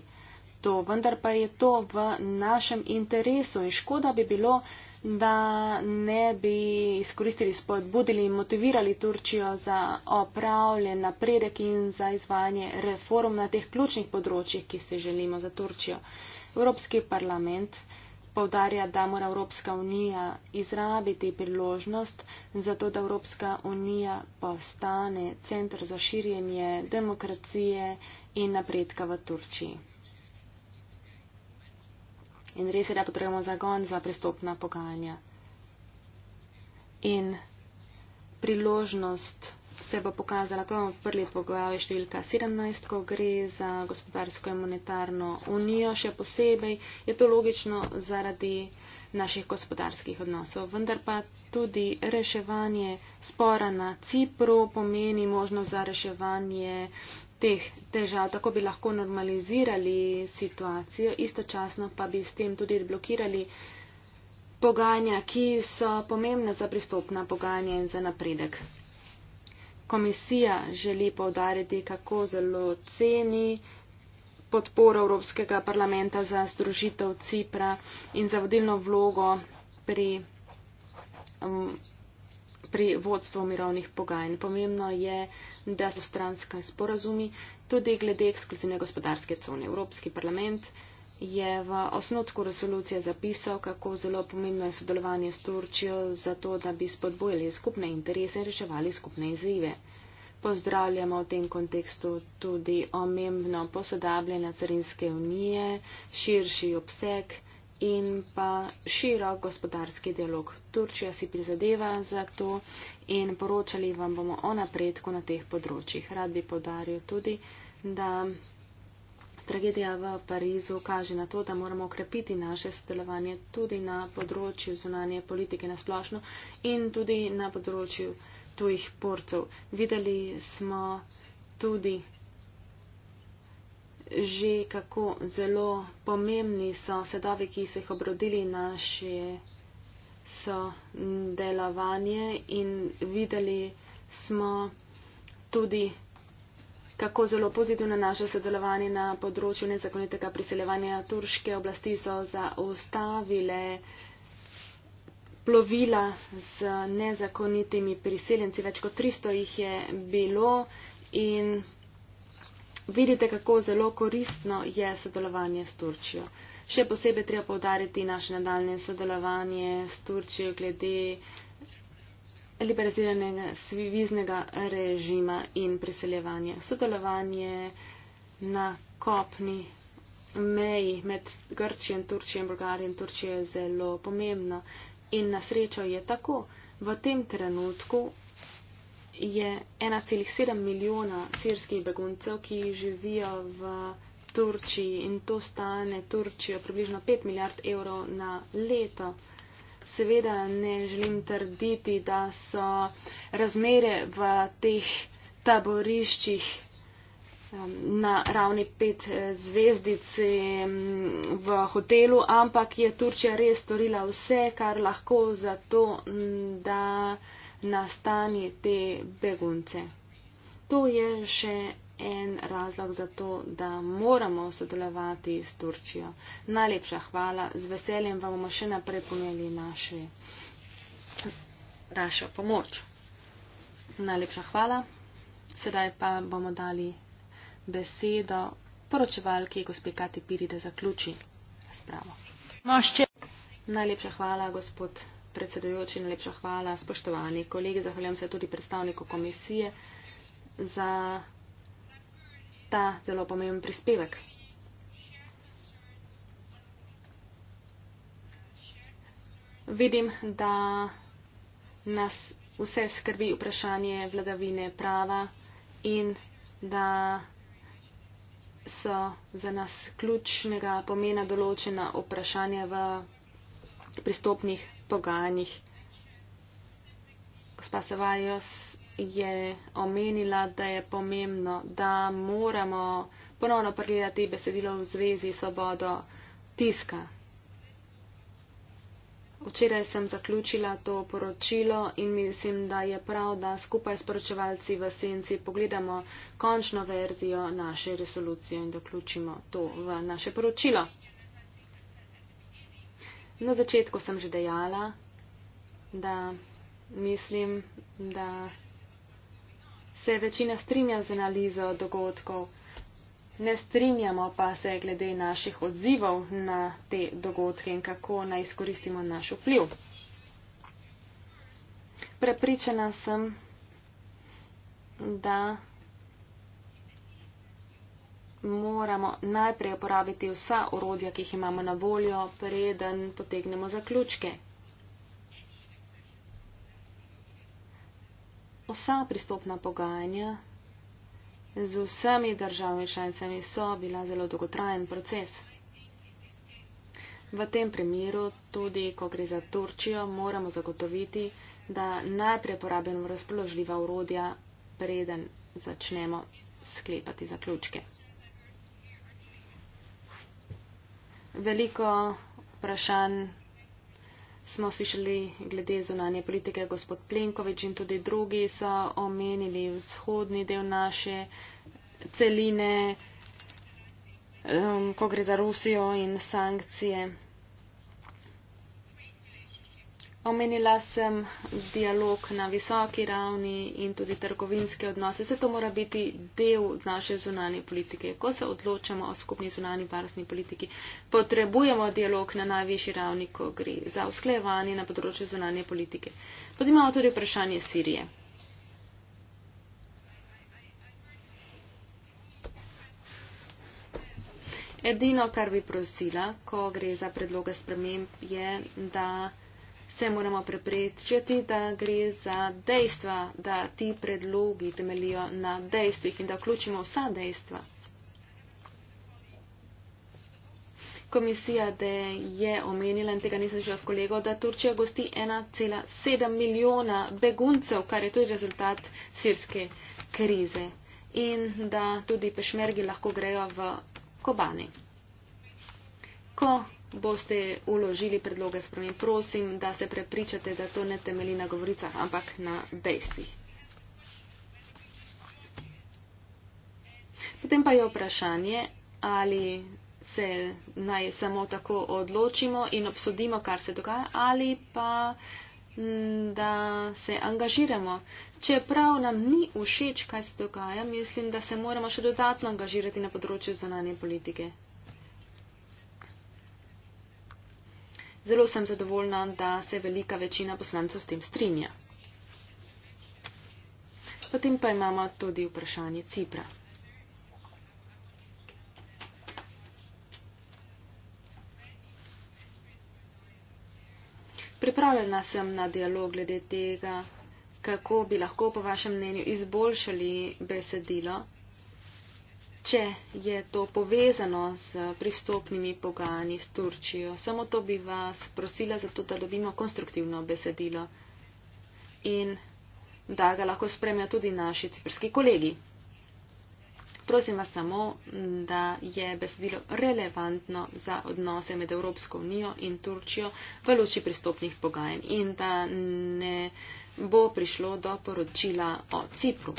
to, vendar pa je to v našem interesu in škoda bi bilo, da ne bi izkoristili spodbudili in motivirali Turčijo za opravljen napredek in za izvajanje reform na teh ključnih področjih, ki se želimo za Turčijo. Evropski parlament povdarja, da mora Evropska unija izrabiti priložnost za to, da Evropska unija postane centr za širjenje demokracije in napredka v Turčiji. In res je, da potrebujemo zagon za prestopna pogajanja. In priložnost se bo pokazala, to bomo prvi pogajal številka 17, ko gre za gospodarsko in monetarno unijo, še posebej je to logično zaradi naših gospodarskih odnosov. Vendar pa tudi reševanje spora na Cipru pomeni možnost za reševanje teh težav, tako bi lahko normalizirali situacijo, istočasno pa bi s tem tudi blokirali pogajanja, ki so pomembna za pristopna pogajanja in za napredek. Komisija želi povdariti, kako zelo ceni podporo Evropskega parlamenta za združitev Cipra in za vodilno vlogo pri um, pri vodstvu mirovnih pogajanj. Pomembno je, da so stranske sporazumi tudi glede ekskluzivne gospodarske cone. Evropski parlament je v osnotku resolucije zapisal, kako zelo pomembno je sodelovanje s Turčijo za to, da bi spodbojili skupne interese in reševali skupne izzive. Pozdravljamo v tem kontekstu tudi omembno posodabljanje carinske unije, širši obseg, in pa širok gospodarski dialog. Turčija si prizadeva za to in poročali vam bomo o napredku na teh področjih. Rad bi podaril tudi, da. Tragedija v Parizu kaže na to, da moramo okrepiti naše sodelovanje tudi na področju zunanje politike na splošno in tudi na področju tujih porcev. Videli smo tudi že kako zelo pomembni so sedovi, ki so jih obrodili naše sodelovanje in videli smo tudi, kako zelo pozitivno naše sodelovanje na področju nezakonitega priseljevanja turške oblasti so zaustavile plovila z nezakonitimi priseljenci. Več kot 300 jih je bilo in vidite, kako zelo koristno je sodelovanje s Turčijo. Še posebej treba povdariti naše nadaljne sodelovanje s Turčijo glede liberaliziranega sviviznega režima in priseljevanja. Sodelovanje na kopni meji med Grčijo in Turčijo in Bolgarijo in Turčijo je zelo pomembno. In na srečo je tako. V tem trenutku je 1,7 milijona sirskih beguncev, ki živijo v Turčiji in to stane Turčijo približno 5 milijard evrov na leto. Seveda ne želim trditi, da so razmere v teh taboriščih na ravni pet zvezdice v hotelu, ampak je Turčija res storila vse, kar lahko za to, da nastani te begunce. To je še en razlog za to, da moramo sodelovati s Turčijo. Najlepša hvala, z veseljem vam bomo še naprej pomeli naše, našo pomoč. Najlepša hvala. Sedaj pa bomo dali besedo poročevalki gospe Kati Piri, da zaključi razpravo. Najlepša hvala, gospod predsedujoči, najlepša hvala. Spoštovani kolegi, zahvaljujem se tudi predstavniku komisije za ta zelo pomemben prispevek. Vidim, da nas vse skrbi vprašanje vladavine prava in da so za nas ključnega pomena določena vprašanja v pristopnih pogajanjih. Gospa Sevajos je omenila, da je pomembno, da moramo ponovno pregledati besedilo v zvezi s svobodo tiska. Včeraj sem zaključila to poročilo in mislim, da je prav, da skupaj s poročevalci v senci pogledamo končno verzijo naše resolucije in doključimo to v naše poročilo. Na začetku sem že dejala, da mislim, da se večina strinja z analizo dogodkov, ne strinjamo pa se glede naših odzivov na te dogodke in kako naj izkoristimo naš vpliv. Prepričana sem, da moramo najprej uporabiti vsa orodja, ki jih imamo na voljo, preden potegnemo zaključke. Vsa pristopna pogajanja z vsemi državami članicami so bila zelo dolgotrajen proces. V tem primeru, tudi ko gre za Turčijo, moramo zagotoviti, da najprej porabimo razpoložljiva urodja, preden začnemo sklepati zaključke. veliko vprašanj smo slišali glede zunanje politike. Gospod Plenkovič in tudi drugi so omenili vzhodni del naše celine, um, ko gre za Rusijo in sankcije. Omenila sem dialog na visoki ravni in tudi trgovinske odnose. Vse to mora biti del naše zunanje politike. Ko se odločamo o skupni zunanji varstni politiki, potrebujemo dialog na najvišji ravni, ko gre za usklejevanje na področju zunanje politike. Potem imamo tudi vprašanje Sirije. Edino, kar bi prosila, ko gre za predloge sprememb, je, da se moramo preprečiti, da gre za dejstva, da ti predlogi temelijo na dejstvih in da vključimo vsa dejstva. Komisija de je omenila in tega nisem žal kolego, da Turčija gosti 1,7 milijona beguncev, kar je tudi rezultat sirske krize in da tudi pešmergi lahko grejo v Kobani. Ko boste uložili predloge spremen. Prosim, da se prepričate, da to ne temeli na govoricah, ampak na dejstvih. Potem pa je vprašanje, ali se naj samo tako odločimo in obsodimo, kar se dogaja, ali pa da se angažiramo. Čeprav nam ni všeč, kaj se dogaja, mislim, da se moramo še dodatno angažirati na področju zonanje politike. Zelo sem zadovoljna, da se velika večina poslancev s tem strinja. Potem pa imamo tudi vprašanje Cipra. Pripravljena sem na dialog glede tega, kako bi lahko po vašem mnenju izboljšali besedilo če je to povezano z pristopnimi pogajanji s Turčijo. Samo to bi vas prosila zato, da dobimo konstruktivno besedilo in da ga lahko spremljajo tudi naši ciprski kolegi. Prosim vas samo, da je besedilo relevantno za odnose med Evropsko unijo in Turčijo v luči pristopnih pogajanj in da ne bo prišlo do poročila o Cipru.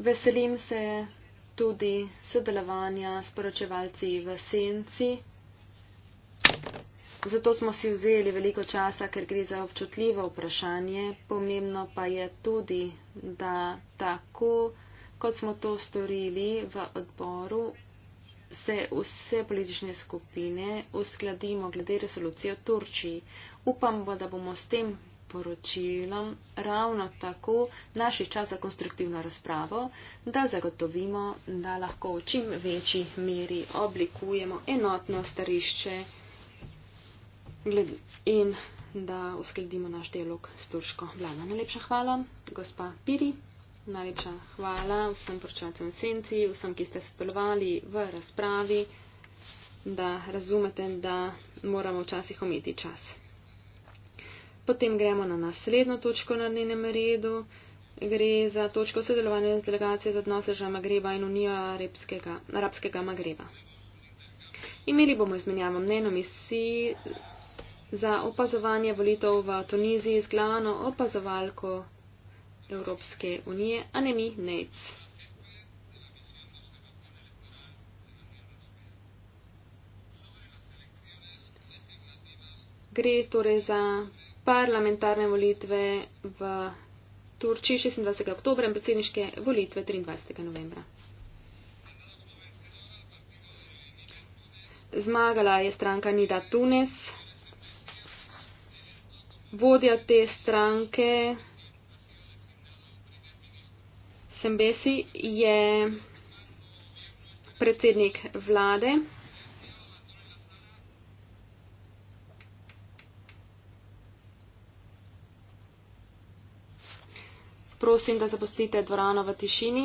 Veselim se tudi sodelovanja s poročevalci v senci. Zato smo si vzeli veliko časa, ker gre za občutljivo vprašanje. Pomembno pa je tudi, da tako, kot smo to storili v odboru, se vse politične skupine uskladimo glede resolucije v Turčiji. Upam, bo, da bomo s tem priporočilom ravno tako naši čas za konstruktivno razpravo, da zagotovimo, da lahko v čim večji meri oblikujemo enotno starišče in da uskladimo naš delok s turško vlado. Najlepša hvala, gospa Piri. Najlepša hvala vsem poročevalcem senci, vsem, ki ste sodelovali v razpravi, da razumete, da moramo včasih ometi čas. Potem gremo na naslednjo točko na dnevnem redu. Gre za točko sodelovanja z delegacijo z odnose že Magreba in Unijo arabskega, arabskega Magreba. Imeli bomo izmenjavo mnen o misiji za opazovanje volitev v Tuniziji z glavno opazovalko Evropske unije Anemi Nec. Gre torej za parlamentarne volitve v Turčiji 26. oktober in predsedniške volitve 23. novembra. Zmagala je stranka Nida Tunes. Vodja te stranke Sembesi je predsednik vlade. prosim, da zapustite dvorano v tišini.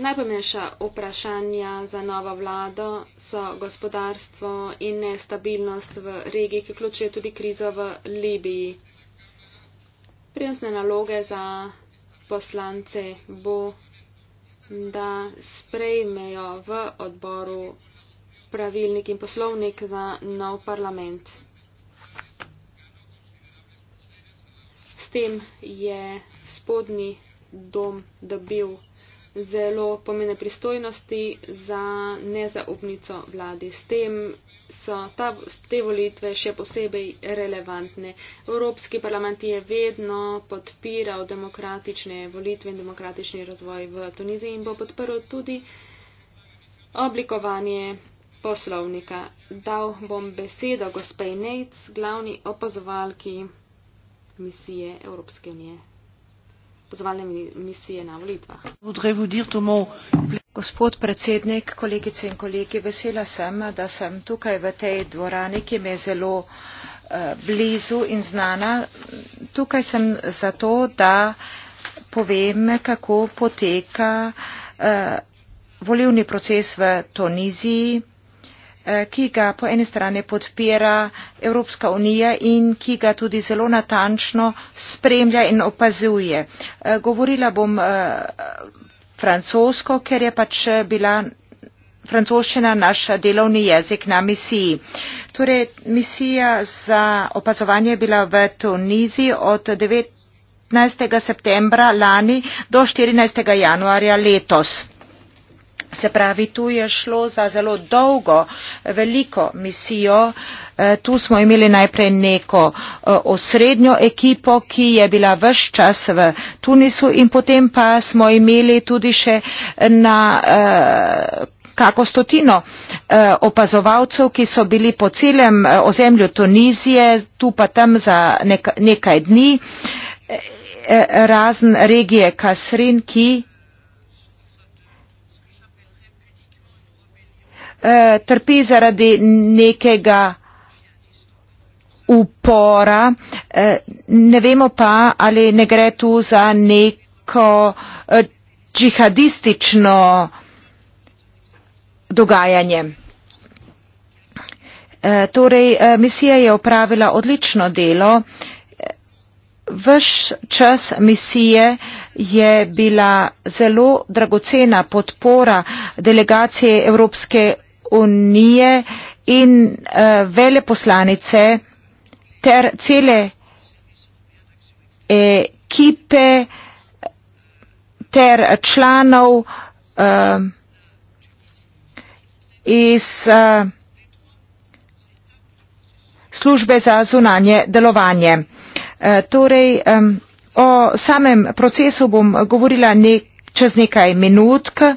Najpomembnejša vprašanja za novo vlado so gospodarstvo in nestabilnost v regiji, ki vključuje tudi krizo v Libiji. Prijemne naloge za poslance bo, da sprejmejo v odboru pravilnik in poslovnik za nov parlament. tem je spodnji dom dobil zelo pomene pristojnosti za nezaupnico vladi. S tem so ta, te volitve še posebej relevantne. Evropski parlament je vedno podpiral demokratične volitve in demokratični razvoj v Tuniziji in bo podprl tudi oblikovanje poslovnika. Dal bom besedo gospej Nates, glavni opazovalki misije Evropske unije. Pozvalne misije na volitvah. Gospod predsednik, kolegice in kolegi, vesela sem, da sem tukaj v tej dvorani, ki me je zelo eh, blizu in znana. Tukaj sem zato, da povem, kako poteka uh, eh, volivni proces v Tuniziji. Eh, ki ga po eni strani podpira Evropska unija in ki ga tudi zelo natančno spremlja in opazuje. Eh, govorila bom eh, francosko, ker je pač bila francoščina naš delovni jezik na misiji. Torej, misija za opazovanje je bila v Tuniziji od 19. septembra lani do 14. januarja letos. Se pravi, tu je šlo za zelo dolgo, veliko misijo. E, tu smo imeli najprej neko e, osrednjo ekipo, ki je bila vse čas v Tunisu in potem pa smo imeli tudi še na e, kako stotino opazovalcev, ki so bili po celem ozemlju Tunizije, tu pa tam za nekaj dni, razen regije Kasrin, ki eh, trpi zaradi nekega upora, eh, ne vemo pa, ali ne gre tu za neko eh, džihadistično dogajanje. Eh, torej, eh, misija je opravila odlično delo. Eh, Vš čas misije je bila zelo dragocena podpora delegacije Evropske unije in uh, veleposlanice ter cele eh, ekipe ter članov uh, iz uh, službe za zunanje delovanje. Uh, torej, um, o samem procesu bom govorila ne, čez nekaj minutk. Uh,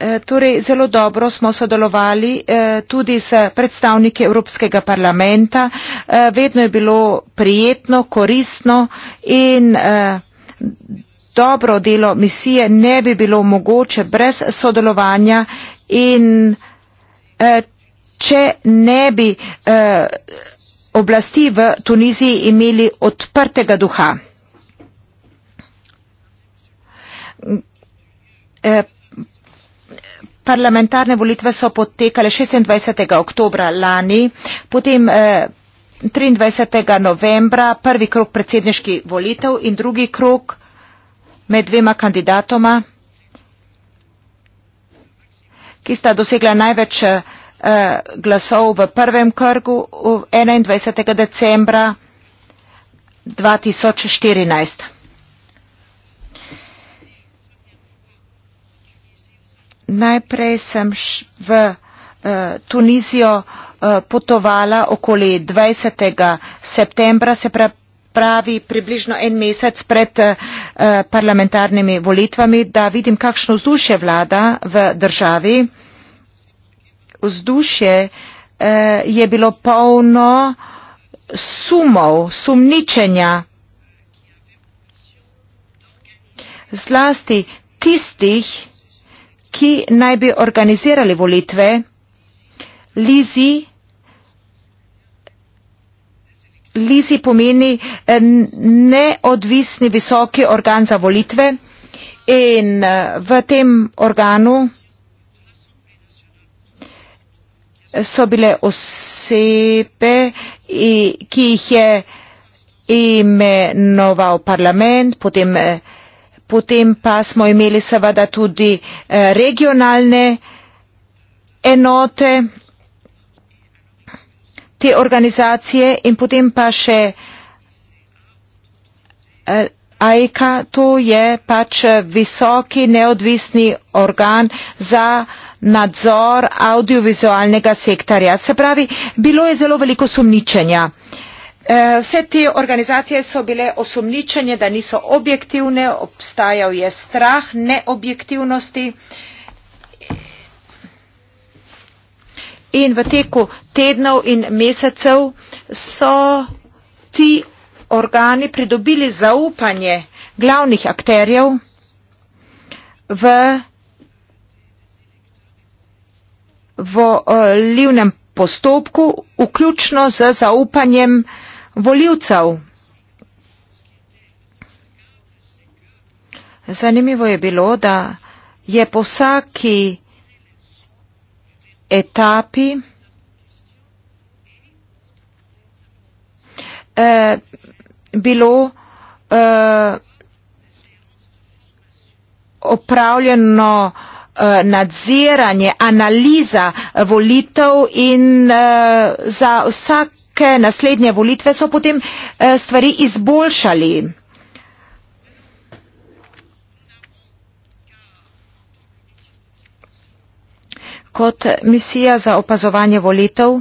Eh, torej, zelo dobro smo sodelovali eh, tudi s predstavniki Evropskega parlamenta. Eh, vedno je bilo prijetno, koristno in dobro delo misije ne bi bilo mogoče brez sodelovanja in če ne bi oblasti v Tuniziji imeli odprtega duha parlamentarne volitve so potekale šestindvajset oktobra lani potem eh, triindvajset novembra prvi krog predsedniških volitev in drugi krog med dvema kandidatoma ki sta dosegla največ eh, glasov v prvem krgu enaindvajset decembra dva tisoč štirinajst najprej sem š, v uh, Tunizijo uh, potovala okoli 20. septembra, se pravi približno en mesec pred uh, parlamentarnimi volitvami, da vidim, kakšno vzdušje vlada v državi. Vzdušje uh, je bilo polno sumov, sumničenja. Zlasti tistih, ki naj bi organizirali volitve, Lizi, Lizi pomeni eh, neodvisni visoki organ za volitve in eh, v tem organu so bile osebe, ki jih je imenoval parlament, potem eh, potem pa smo imeli seveda tudi eh, regionalne enote te organizacije in potem pa še AIKA, eh, e to je pač visoki neodvisni organ za nadzor audiovizualnega sektorja. Se pravi, bilo je zelo veliko sumničenja. Eh, vse te organizacije so bile osumničene, da niso objektivne, obstajal je strah neobjektivnosti. In v teku tednov in mesecev so ti organi pridobili zaupanje glavnih akterjev v volivnem postopku, vključno z zaupanjem voljivcev. Zanimivo je bilo, da je po vsaki etapi eh, bilo eh, opravljeno eh, nadziranje, analiza volitev in eh, za vsak volivke, naslednje volitve so potem eh, stvari izboljšali. Kot misija za opazovanje volitev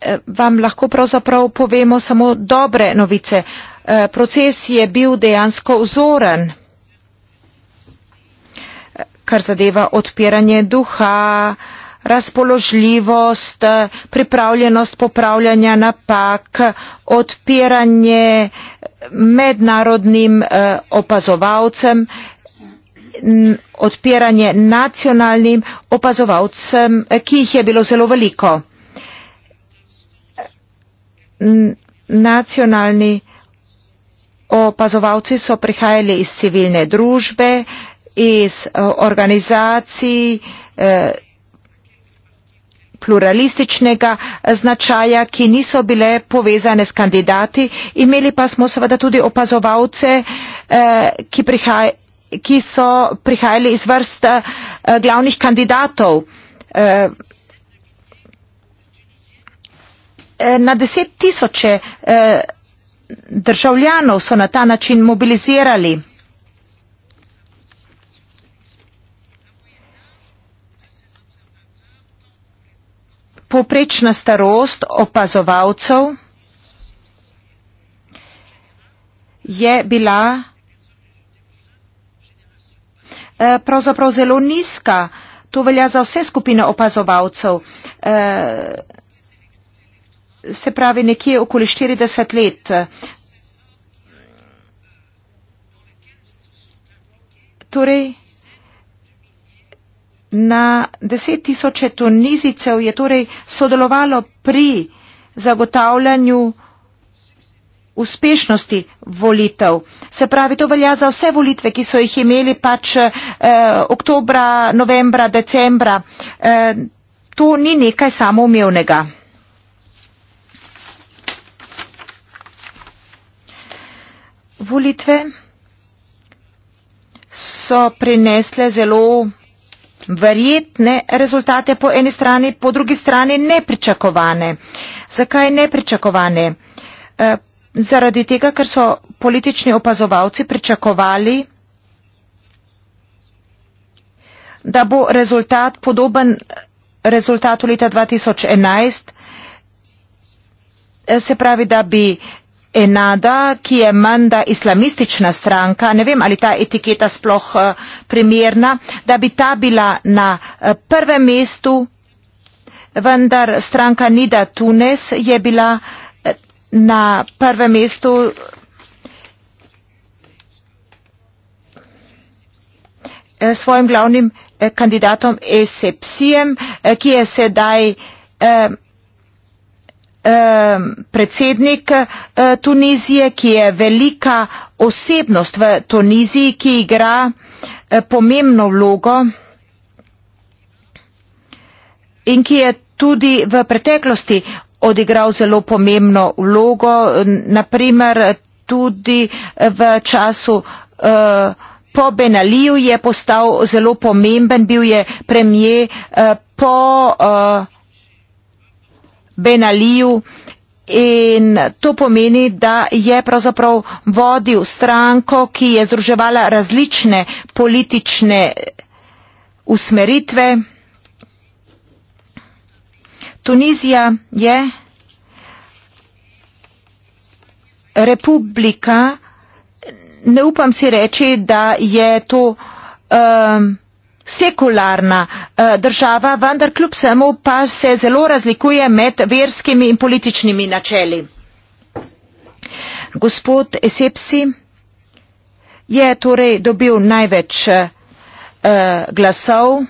eh, vam lahko pravzaprav povemo samo dobre novice. Eh, proces je bil dejansko vzoren, kar zadeva odpiranje duha, razpoložljivost, pripravljenost popravljanja napak, odpiranje mednarodnim eh, opazovalcem, odpiranje nacionalnim opazovalcem, eh, ki jih je bilo zelo veliko. Nacionalni opazovalci so prihajali iz civilne družbe, iz eh, organizacij, pluralističnega eh, značaja, ki niso bile povezane s kandidati. Imeli pa smo seveda tudi opazovalce, eh, ki, prihaj, ki so prihajali iz vrsta eh, glavnih kandidatov. Na deset tisoče državljanov so na ta način mobilizirali. povprečna starost opazovalcev je bila eh, pravzaprav zelo nizka. To velja za vse skupine opazovalcev. Eh, se pravi, nekje okoli 40 let. Torej, na deset tisoče tunizicev je torej sodelovalo pri zagotavljanju uspešnosti volitev. Se pravi, to velja za vse volitve, ki so jih imeli pač eh, oktobra, novembra, decembra. Eh, to ni nekaj samoumevnega. Volitve so prinesle zelo verjetne rezultate po eni strani, po drugi strani nepričakovane. Zakaj nepričakovane? Eh, zaradi tega, ker so politični opazovalci pričakovali, da bo rezultat podoben rezultatu leta 2011, eh, se pravi, da bi Enada, ki je menda islamistična stranka, ne vem, ali ta etiketa sploh eh, primerna, da bi ta bila na eh, prvem mestu, vendar stranka Nida Tunes je bila eh, na prvem mestu. svojim glavnim kandidatom Esepsijem, ki je sedaj eh, predsednik eh, Tunizije, ki je velika osebnost v Tuniziji, ki igra eh, pomembno vlogo in ki je tudi v preteklosti odigral zelo pomembno vlogo, eh, naprimer tudi v času po Benaliju je postal zelo pomemben, bil je premije po Benaliju in to pomeni, da je pravzaprav vodil stranko, ki je združevala različne politične usmeritve. Tunizija je republika, ne upam si reči, da je to um, sekularna eh, država, vendar kljub vsemu pa se zelo razlikuje med verskimi in političnimi načeli. Gospod Esepsi je torej dobil največ eh, glasov.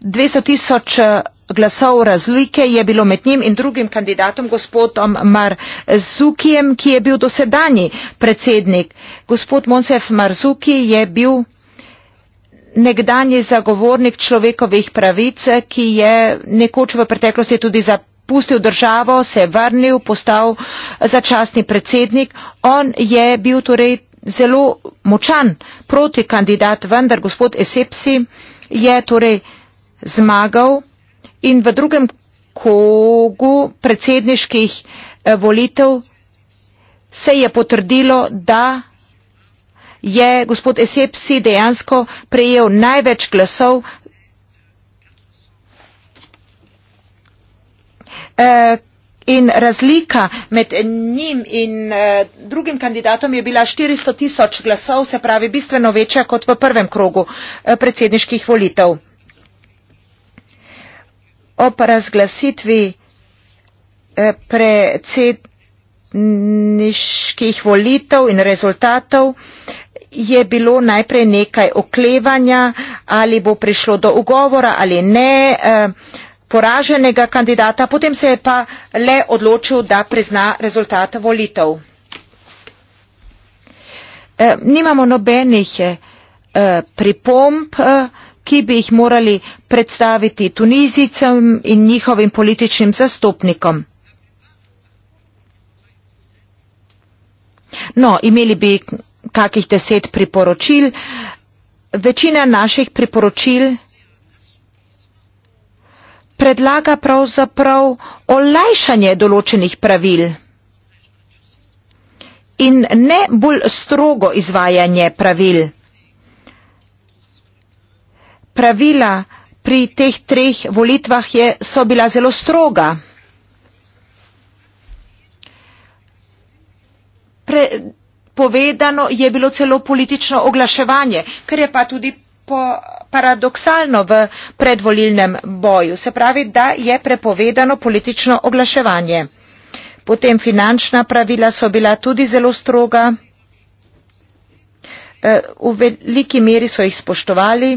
200 tisoč eh, glasov razlike je bilo med njim in drugim kandidatom, gospodom Marzukijem, ki je bil dosedanji predsednik. Gospod Monsef Marzuki je bil nekdanji zagovornik človekovih pravic ki je nekoč v preteklosti tudi zapustil državo se je vrnil postal začasni predsednik on je bil torej zelo močan protikandidat vendar gospod esepsi je torej zmagal in v drugem kogu predsedniških eh, volitev se je potrdilo da je gospod esep si dejansko prejel največ glasov eh, in razlika med njim in eh, drugim kandidatom je bila štiristo tisoč glasov se pravi bistveno večja kot v prvem krogu eh, predsedniških volitev ob razglasitvi predsedniških volitev in rezultatov je bilo najprej nekaj oklevanja, ali bo prišlo do ugovora ali ne eh, poraženega kandidata, potem se je pa le odločil, da prizna rezultat volitev. Eh, nimamo nobenih eh, pripomb, ki bi jih morali predstaviti tunizicam in njihovim političnim zastopnikom. No, imeli bi kakih deset priporočil. Večina naših priporočil predlaga pravzaprav olajšanje določenih pravil in ne bolj strogo izvajanje pravil. Pravila pri teh treh volitvah je, so bila zelo stroga. Pre, povedano je bilo celo politično oglaševanje kar je pa tudi po paradoksalno v predvolilnem boju se pravi da je prepovedano politično oglaševanje potem finančna pravila so bila tudi zelo stroga e, v veliki meri so jih spoštovali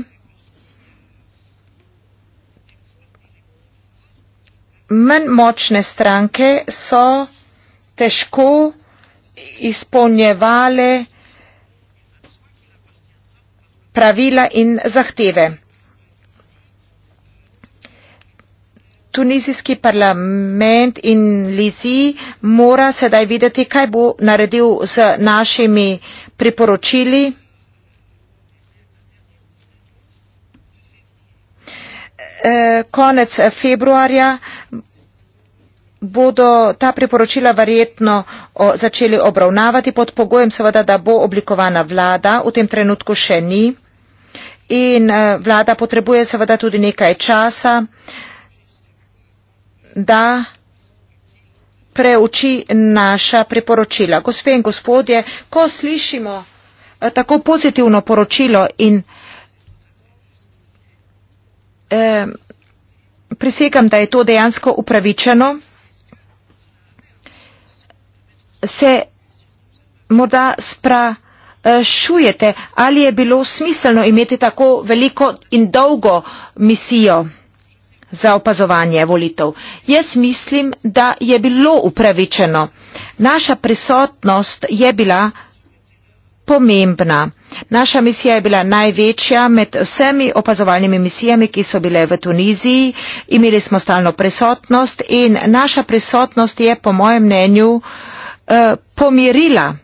manj močne stranke so težko izpolnjevale pravila in zahteve. Tunizijski parlament in Liziji mora sedaj videti, kaj bo naredil z našimi priporočili. Eh, konec februarja bodo ta priporočila verjetno začeli obravnavati pod pogojem seveda, da bo oblikovana vlada, v tem trenutku še ni in e, vlada potrebuje seveda tudi nekaj časa, da preuči naša priporočila. Gospe in gospodje, ko slišimo e, tako pozitivno poročilo in eh, prisegam, da je to dejansko upravičeno, se morda sprašujete, ali je bilo smiselno imeti tako veliko in dolgo misijo za opazovanje volitev. Jaz mislim, da je bilo upravičeno. Naša prisotnost je bila pomembna. Naša misija je bila največja med vsemi opazovalnimi misijami, ki so bile v Tuniziji. Imeli smo stalno prisotnost in naša prisotnost je, po mojem mnenju, uh, Eh, pomirila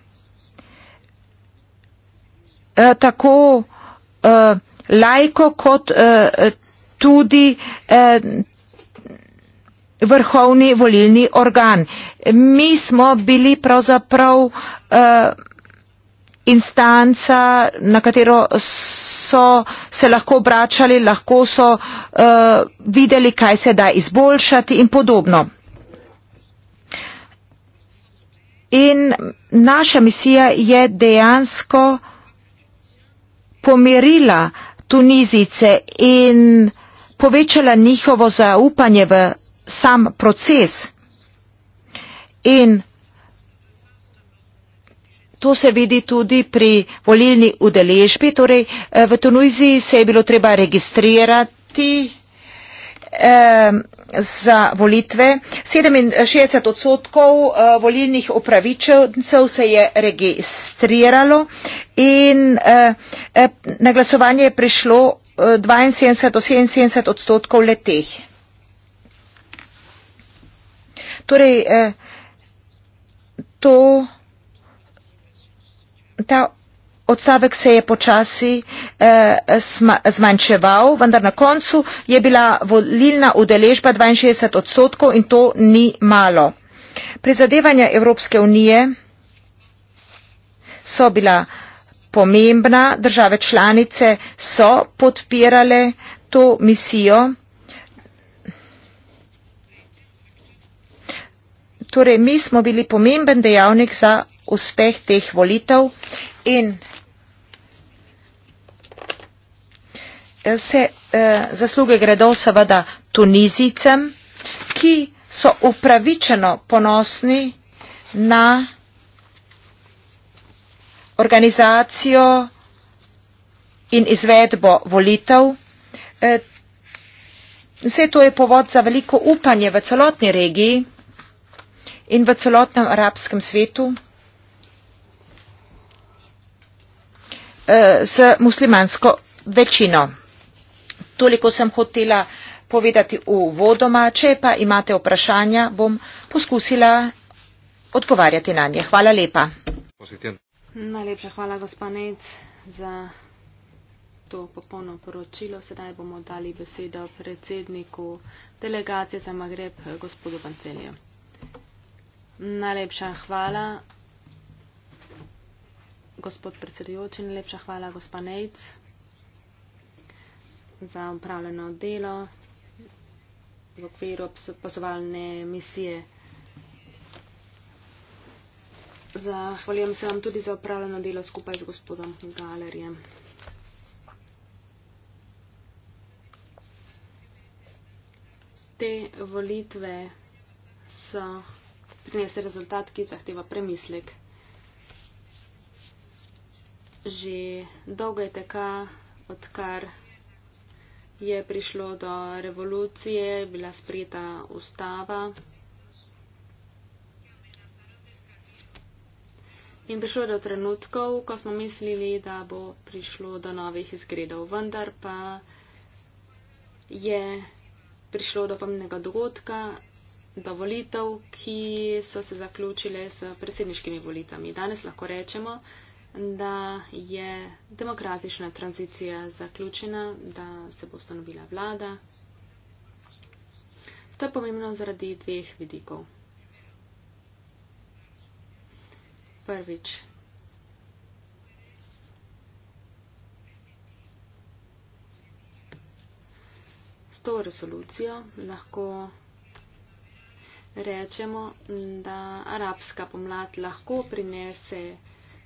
eh, tako eh, lajko kot tudi vrhovni volilni organ. Mi smo bili pravzaprav instanca, na katero so se lahko obračali, lahko so uh, videli, kaj se da izboljšati in podobno. In naša misija je dejansko pomirila Tunizice in povečala njihovo zaupanje v sam proces. In to se vidi tudi pri volilni udeležbi. Torej, eh, v Tuniziji se je bilo treba registrirati. Eh, za volitve šestdeset odstotkov eh, volilnih upravičencev se je registriralo in eh, eh, na glasovanje je prišlo dvainsedemdeset do sedeminsedemdeset odstotkov le teh torej to ta odstavek se je počasi eh, sma, zmanjševal, vendar na koncu je bila volilna udeležba 62 odstotkov in to ni malo. Prizadevanja Evropske unije so bila pomembna, države članice so podpirale to misijo. Torej, mi smo bili pomemben dejavnik za uspeh teh volitev in vse eh, zasluge gredo seveda tunizicem, ki so upravičeno ponosni na organizacijo in izvedbo volitev. Eh, vse to je povod za veliko upanje v celotni regiji in v celotnem arabskem svetu eh, z muslimansko večino. Toliko sem hotela povedati uvodoma, če pa imate vprašanja, bom poskusila odgovarjati na nje. Hvala lepa. Najlepša hvala, gospanec, za to popolno poročilo. Sedaj bomo dali besedo predsedniku delegacije za Magreb, gospodu Pancelju. Najlepša hvala, gospod predsedujoči, najlepša hvala, gospa Nejc, za upravljeno delo v okviru posovalne misije. Zahvaljujem se vam tudi za upravljeno delo skupaj z gospodom Galerjem. Te volitve so prinesli rezultat, ki zahteva premislek. Že dolgo je teka, odkar je prišlo do revolucije, bila sprejeta ustava in prišlo do trenutkov, ko smo mislili, da bo prišlo do novih izgredov, vendar pa je prišlo do pomnega dogodka, do volitev, ki so se zaključile s predsedniškimi volitami. Danes lahko rečemo, da da je demokratična tranzicija zaključena, da se bo ustanovila vlada. To je pomembno zaradi dveh vidikov. Prvič. S to resolucijo lahko rečemo, da arabska pomlad lahko prinese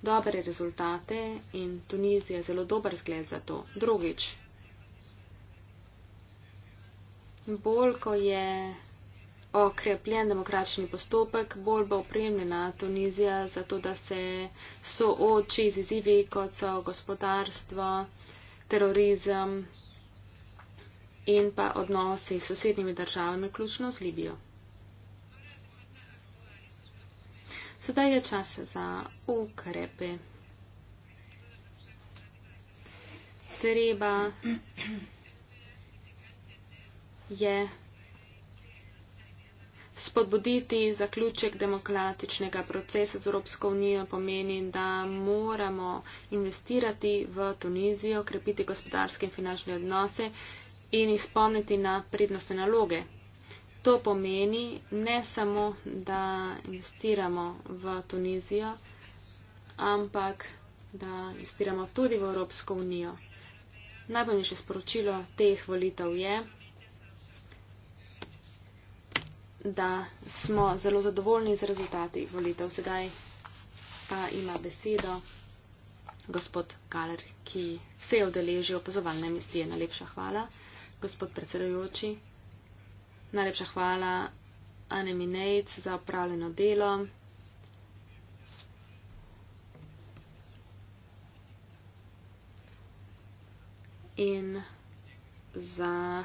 dobre rezultate in Tunizija je zelo dober zgled za to. Drugič, bolj ko je okrepljen demokratični postopek, bolj bo opremljena Tunizija za to, da se sooči z izzivi, kot so gospodarstvo, terorizem in pa odnosi s sosednjimi državami, vključno z Libijo. Sedaj je čas za ukrepe. Treba je spodbuditi zaključek demokratičnega procesa z Evropsko unijo, pomeni, da moramo investirati v Tunizijo, krepiti gospodarske in finančne odnose in jih spomniti na prednostne naloge to pomeni ne samo, da investiramo v Tunizijo, ampak da investiramo tudi v Evropsko unijo. Najpomembnejše sporočilo teh volitev je, da smo zelo zadovoljni z rezultati volitev. Sedaj pa ima besedo gospod Kaler, ki se je odeležil opazovalne misije. Najlepša hvala, gospod predsedujoči. Najlepša hvala Aneminejc za upravljeno delo. In za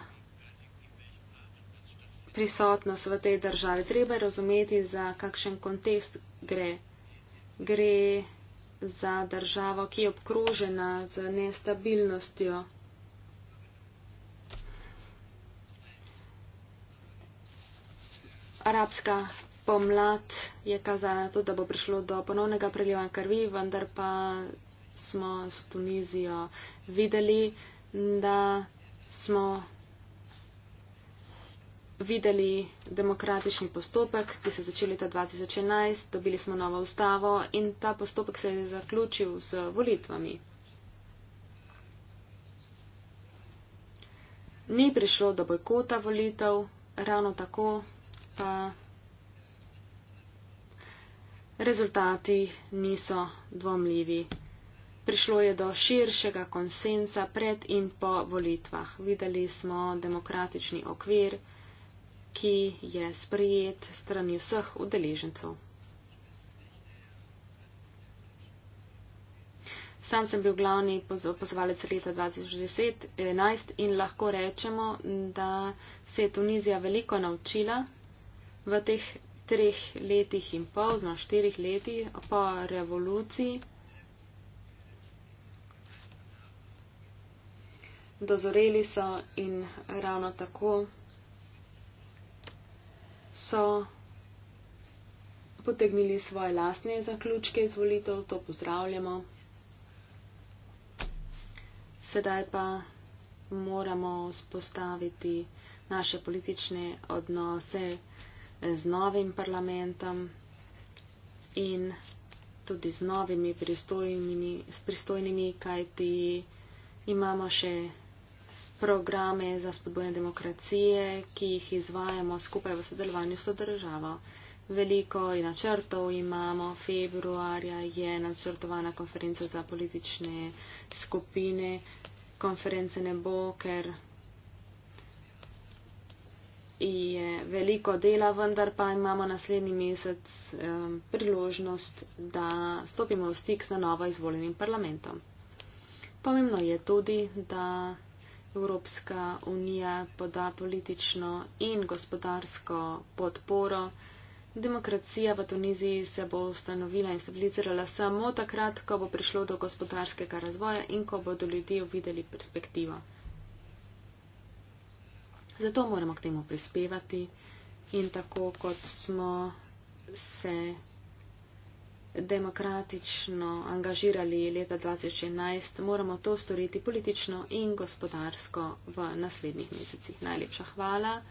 prisotnost v tej državi. Treba je razumeti, za kakšen kontekst gre. Gre za državo, ki je obkrožena z nestabilnostjo. arabska pomlad je kazala tudi, da bo prišlo do ponovnega preljeva krvi, vendar pa smo s Tunizijo videli, da smo videli demokratični postopek, ki se je začel leta 2011, dobili smo novo ustavo in ta postopek se je zaključil z volitvami. Ni prišlo do bojkota volitev, ravno tako pa rezultati niso dvomljivi. Prišlo je do širšega konsensa pred in po volitvah. Videli smo demokratični okvir, ki je sprejet strani vseh udeležencev. Sam sem bil glavni opozovalec leta 2011 in lahko rečemo, da se je Tunizija veliko naučila v teh treh letih in pol, oziroma štirih letih, pa revoluciji, dozoreli so in ravno tako so potegnili svoje lasne zaključke iz volitev, to pozdravljamo. Sedaj pa moramo spostaviti naše politične odnose z novim parlamentom in tudi z novimi pristojnimi, s pristojnimi, kajti imamo še programe za spodbojne demokracije, ki jih izvajamo skupaj v sodelovanju s to državo. Veliko načrtov imamo, februarja je načrtovana konferenca za politične skupine, konference ne bo, ker je veliko dela, vendar pa imamo naslednji mesec um, priložnost, da stopimo v stik z novo izvoljenim parlamentom. Pomembno je tudi, da Evropska unija poda politično in gospodarsko podporo. Demokracija v Tuniziji se bo ustanovila in stabilizirala samo takrat, ko bo prišlo do gospodarskega razvoja in ko bodo ljudje uvideli perspektivo. Zato moramo k temu prispevati in tako kot smo se demokratično angažirali leta 2011, moramo to storiti politično in gospodarsko v naslednjih mesecih. Najlepša hvala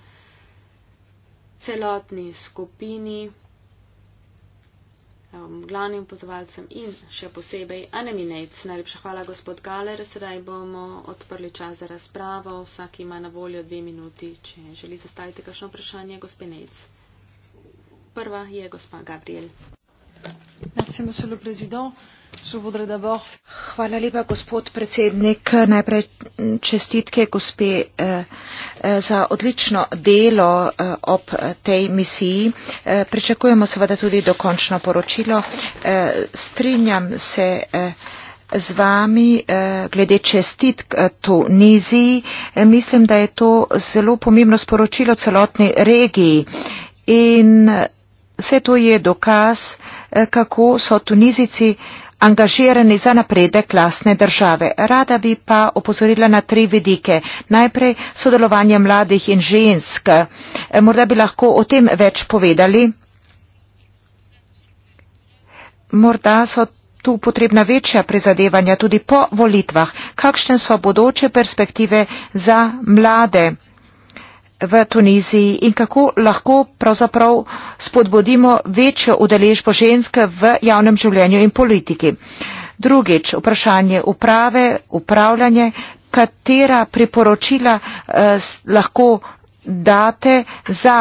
celotni skupini um, glavnim pozvalcem in še posebej Anemineic. Najlepša hvala, gospod Galer. Sedaj bomo odprli čas za razpravo. Vsak ima na voljo dve minuti, če želi zastaviti kakšno vprašanje, gospod Neic. Prva je gospa Gabriel gospod predsednik najprej čestitke gospe eh, eh, za odlično delo eh, ob tej misiji pričakujemo seveda tudi dokončno poročilo strinjam se z vami glede čestitk Tuniziji. Mislim, da je to zelo pomembno sporočilo celotni regiji in vse to je dokaz, Eh, kako so Tunizici angažirani za napredek lastne države. Rada bi pa opozorila na tri vidike. Najprej sodelovanje mladih in žensk. Eh, morda bi lahko o tem več povedali. Morda so tu potrebna večja prizadevanja tudi po volitvah. Kakšne so bodoče perspektive za mlade? v Tuniziji in kako lahko pravzaprav spodbudimo večjo udeležbo ženske v javnem življenju in politiki. Drugič, vprašanje uprave, upravljanje, katera priporočila eh, lahko date za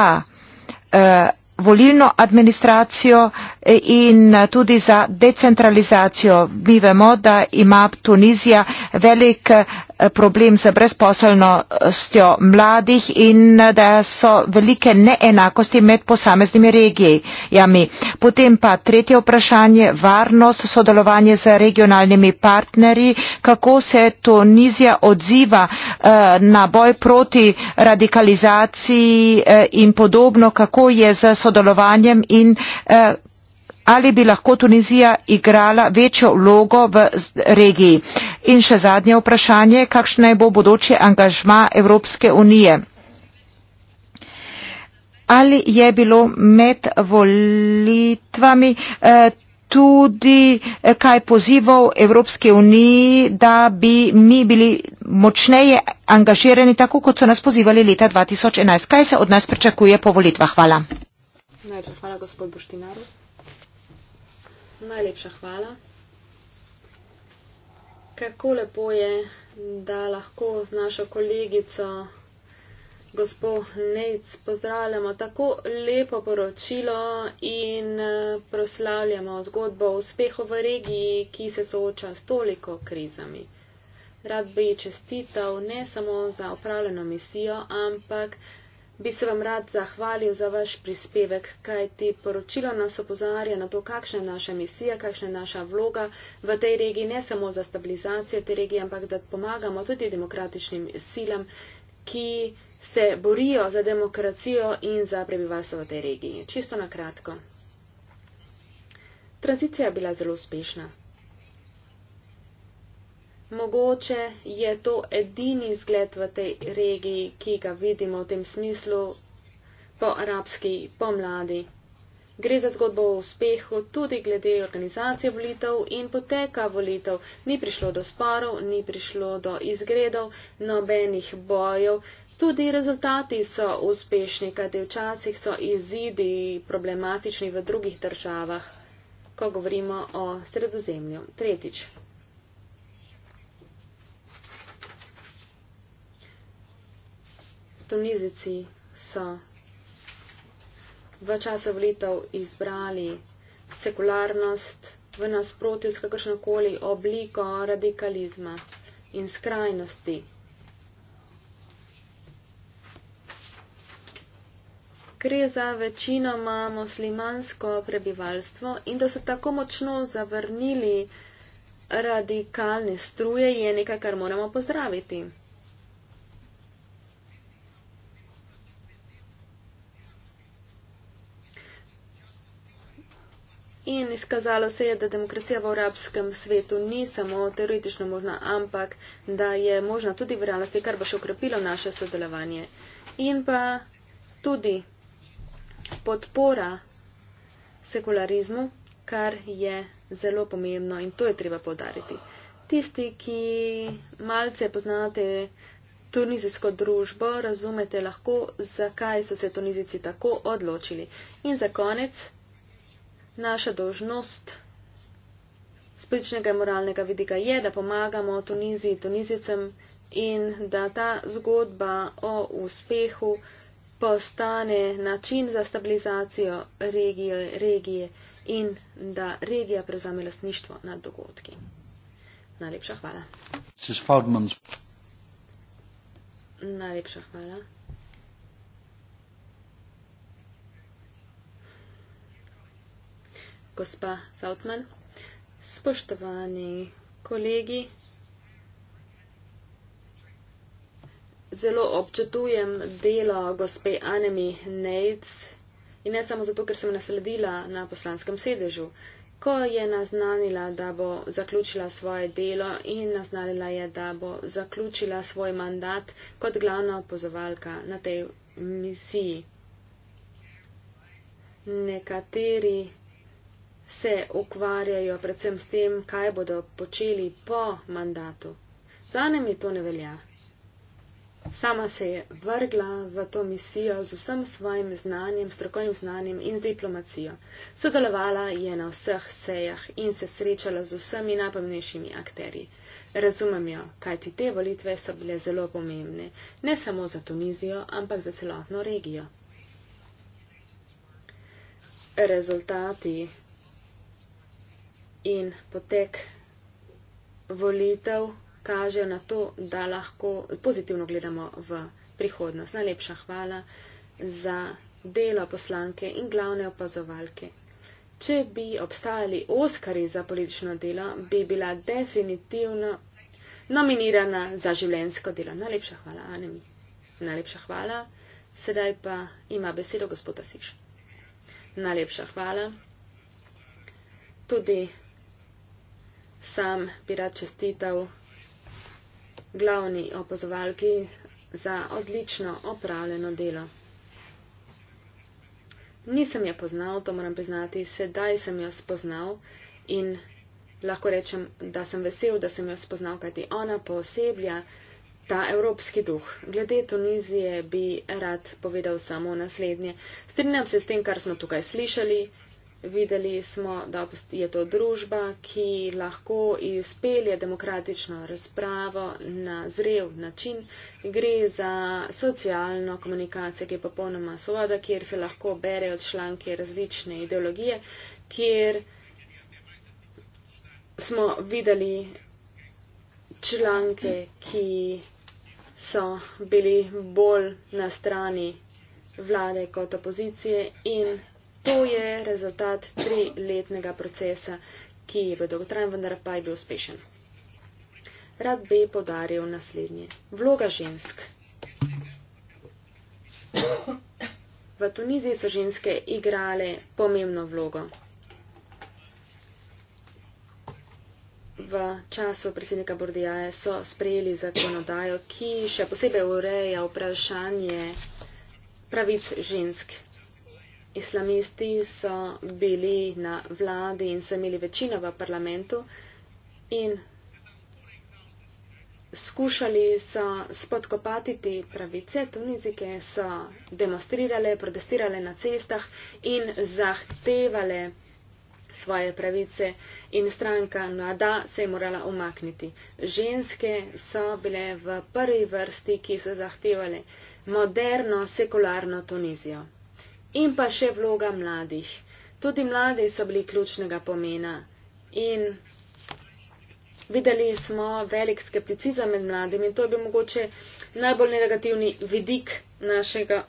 eh, volilno administracijo eh, in eh, tudi za decentralizacijo. Mi vemo, da ima Tunizija velik eh, problem z brezposelnostjo mladih in da so velike neenakosti med posameznimi regijami. Ja, Potem pa tretje vprašanje, varnost, sodelovanje z regionalnimi partnerji, kako se Tunizija odziva na boj proti radikalizaciji in podobno, kako je z sodelovanjem sodelovanjem in eh, ali bi lahko Tunizija igrala večjo vlogo v regiji. In še zadnje vprašanje, kakšno je bo bodoče angažma Evropske unije. Ali je bilo med volitvami eh, tudi eh, kaj pozival Evropske unije, da bi mi bili močneje angažirani, tako kot so nas pozivali leta 2011? Kaj se od nas pričakuje po volitvah? Hvala. Najlepša hvala, gospod Boštinaru. Najlepša hvala. Kako lepo je, da lahko z našo kolegico, gospod Nec, pozdravljamo tako lepo poročilo in proslavljamo zgodbo o uspehu v regiji, ki se sooča s toliko krizami. Rad bi čestital ne samo za opravljeno misijo, ampak tudi bi se vam rad zahvalil za vaš prispevek, kajti poročilo nas opozarja na to, kakšna je naša misija, kakšna je naša vloga v tej regiji, ne samo za stabilizacijo te regije, ampak da pomagamo tudi demokratičnim silam, ki se borijo za demokracijo in za prebivalstvo v tej regiji. Čisto na kratko. Tranzicija je bila zelo uspešna. Mogoče je to edini zgled v tej regiji, ki ga vidimo v tem smislu po arabski pomladi. Gre za zgodbo o uspehu tudi glede organizacije volitev in poteka volitev. Ni prišlo do sporov, ni prišlo do izgredov, nobenih bojev. Tudi rezultati so uspešni, kajti včasih so izidi problematični v drugih državah, ko govorimo o sredozemlju. Tretjič. Tunizici so v času volitev izbrali sekularnost v nasprotju s kakršnokoli obliko radikalizma in skrajnosti. Gre za večinoma muslimansko prebivalstvo in da so tako močno zavrnili radikalne struje, je nekaj, kar moramo pozdraviti. In izkazalo se je, da demokracija v arabskem svetu ni samo teoretično možna, ampak da je možna tudi v realnosti, kar bo še ukrepilo naše sodelovanje. In pa tudi podpora sekularizmu, kar je zelo pomembno in to je treba povdariti. Tisti, ki malce poznate tunizijsko družbo, razumete lahko, zakaj so se tunizici tako odločili. In za konec naša dožnost z političnega in moralnega vidika je, da pomagamo Tuniziji, Tunizicem in da ta zgodba o uspehu postane način za stabilizacijo regije, regije in da regija prevzame lastništvo nad dogodki. Najlepša hvala. Najlepša hvala. gospa Feldman, spoštovani kolegi, zelo občutujem delo gospe Anemi Neitz in ne samo zato, ker sem nasledila na poslanskem sedežu. Ko je naznanila, da bo zaključila svoje delo in naznanila je, da bo zaključila svoj mandat kot glavna opozovalka na tej misiji. Nekateri se ukvarjajo predvsem s tem, kaj bodo počeli po mandatu. Za njim je to ne velja. Sama se je vrgla v to misijo z vsem svojim znanjem, strokovnim znanjem in z diplomacijo. Sodelovala je na vseh sejah in se srečala z vsemi najpomembnejšimi akteri. Razumem jo, kajti te volitve so bile zelo pomembne, ne samo za Tunizijo, ampak za celotno regijo. Rezultati in potek volitev kaže na to, da lahko pozitivno gledamo v prihodnost. Najlepša hvala za delo poslanke in glavne opazovalke. Če bi obstajali Oskari za politično delo, bi bila definitivno nominirana za življensko delo. Najlepša hvala, Anemi. Najlepša hvala. Sedaj pa ima besedo gospod Asiš. Najlepša hvala. Tudi Sam bi rad čestital glavni opozovalki za odlično opravljeno delo. Nisem jo poznal, to moram priznati, sedaj sem jo spoznal in lahko rečem, da sem vesel, da sem jo spoznal, kajti ona poseblja ta evropski duh. Glede Tunizije bi rad povedal samo naslednje. Strinjam se s tem, kar smo tukaj slišali, videli smo, da je to družba, ki lahko izpelje demokratično razpravo na zrev način. Gre za socialno komunikacijo, ki je popolnoma svoboda, kjer se lahko berejo članke različne ideologije, kjer smo videli članke, ki so bili bolj na strani vlade kot opozicije in To je rezultat triletnega procesa, ki je bil dolgotrajen, vendar pa je bil uspešen. Rad bi podaril naslednje. Vloga žensk. V Tuniziji so ženske igrale pomembno vlogo. V času predsednika Bordijaja so sprejeli zakonodajo, ki še posebej ureja vprašanje pravic žensk islamisti so bili na vladi in so imeli večino v parlamentu in skušali so spodkopati te pravice. Tunizike so demonstrirale, protestirale na cestah in zahtevale svoje pravice in stranka NADA se je morala umakniti. Ženske so bile v prvi vrsti, ki so zahtevali moderno, sekularno Tunizijo in pa še vloga mladih. Tudi mladi so bili ključnega pomena in videli smo velik skepticizem med mladimi in to je bil mogoče najbolj negativni vidik našega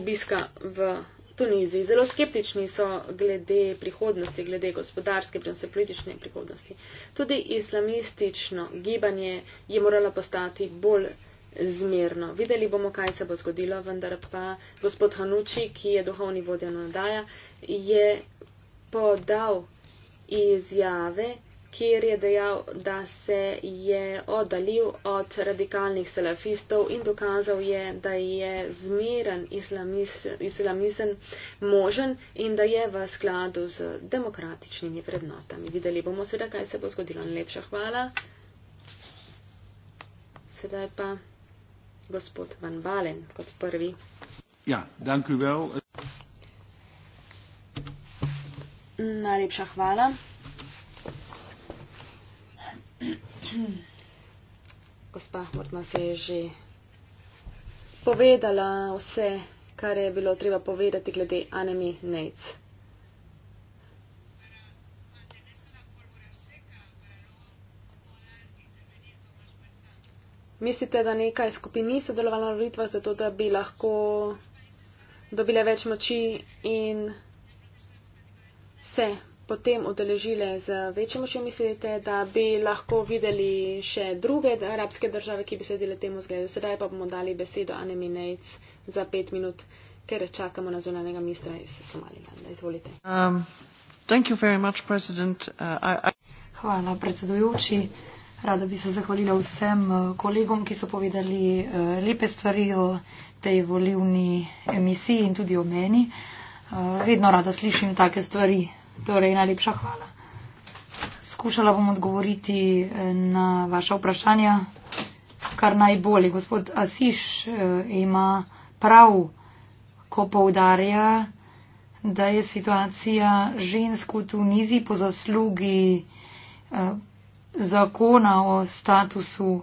obiska v Tuniziji. Zelo skeptični so glede prihodnosti, glede gospodarske, predvsem politične prihodnosti. Tudi islamistično gibanje je moralo postati bolj zmerno. Videli bomo, kaj se bo zgodilo, vendar pa gospod Hanuči, ki je duhovni vodja nadaja, je podal izjave, kjer je dejal, da se je oddalil od radikalnih salafistov in dokazal je, da je zmeren islamis, islamizem možen in da je v skladu z demokratičnimi vrednotami. Videli bomo seveda, kaj se bo zgodilo. Najlepša hvala. Sedaj pa gospod Van Balen kot prvi. Ja, dank u wel. Najlepša hvala. Gospa Hortman se je že povedala vse, kar je bilo treba povedati glede anemi NEITS. Mislite, da nekaj skupin ni sodelovalo na volitvah, zato da bi lahko dobile več moči in se potem udeležile z večjo močjo? Mislite, da bi lahko videli še druge arabske države, ki bi sedile temu zgledu? Sedaj pa bomo dali besedo Anemi Nejc za pet minut, ker čakamo na zunanega ministra iz Somalilanda. Izvolite. Um, much, uh, I, I... Hvala, predsedujoči. Uh, Rada bi se zahvalila vsem eh, kolegom, ki so povedali eh, lepe stvari o tej volivni emisiji in tudi o meni. Eh, vedno rada slišim take stvari, torej najlepša hvala. Skušala bom odgovoriti na vaša vprašanja, kar najbolje. Gospod Asiš ima prav, ko poudarja, da je situacija žensk v Tuniziji po zaslugi zakona o statusu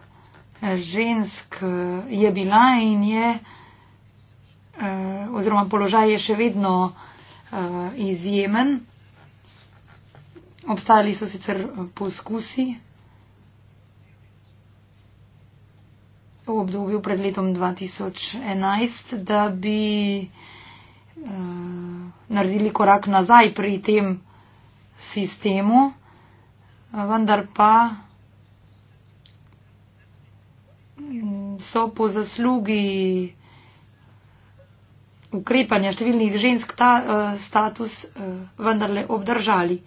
žensk eh, je bila in je eh, oziroma položaj je še vedno eh, izjemen. Obstajali so sicer poskusi v obdobju pred letom 2011, da bi naredili korak nazaj pri tem sistemu vendar pa so po zaslugi ukrepanja številnih žensk ta uh, status uh, vendarle obdržali.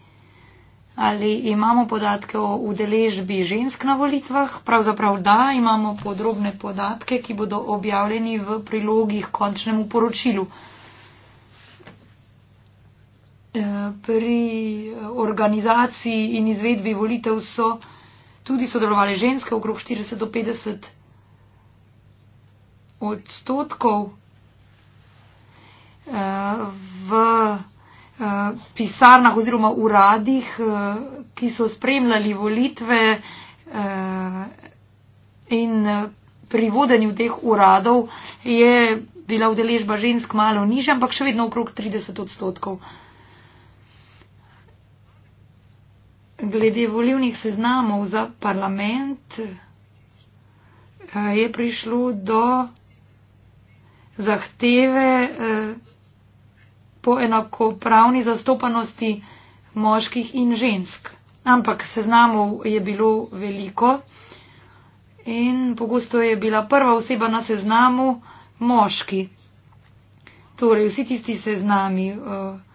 Ali imamo podatke o udeležbi žensk na volitvah? Pravzaprav da, imamo podrobne podatke, ki bodo objavljeni v prilogih končnemu poročilu. Uh, Eh, pri eh, organizaciji in izvedbi volitev so tudi sodelovali ženske, okrog 40 do 50 odstotkov. Eh, v pisarnah oziroma uradih, ki so spremljali volitve in pri vodenju teh uradov je bila udeležba žensk malo nižja, ampak še vedno okrog 30 odstotkov. glede volivnih seznamov za parlament eh, je prišlo do zahteve eh, po enakopravni zastopanosti moških in žensk. Ampak seznamov je bilo veliko in pogosto je bila prva oseba na seznamu moški. Torej, vsi tisti seznami. Uh,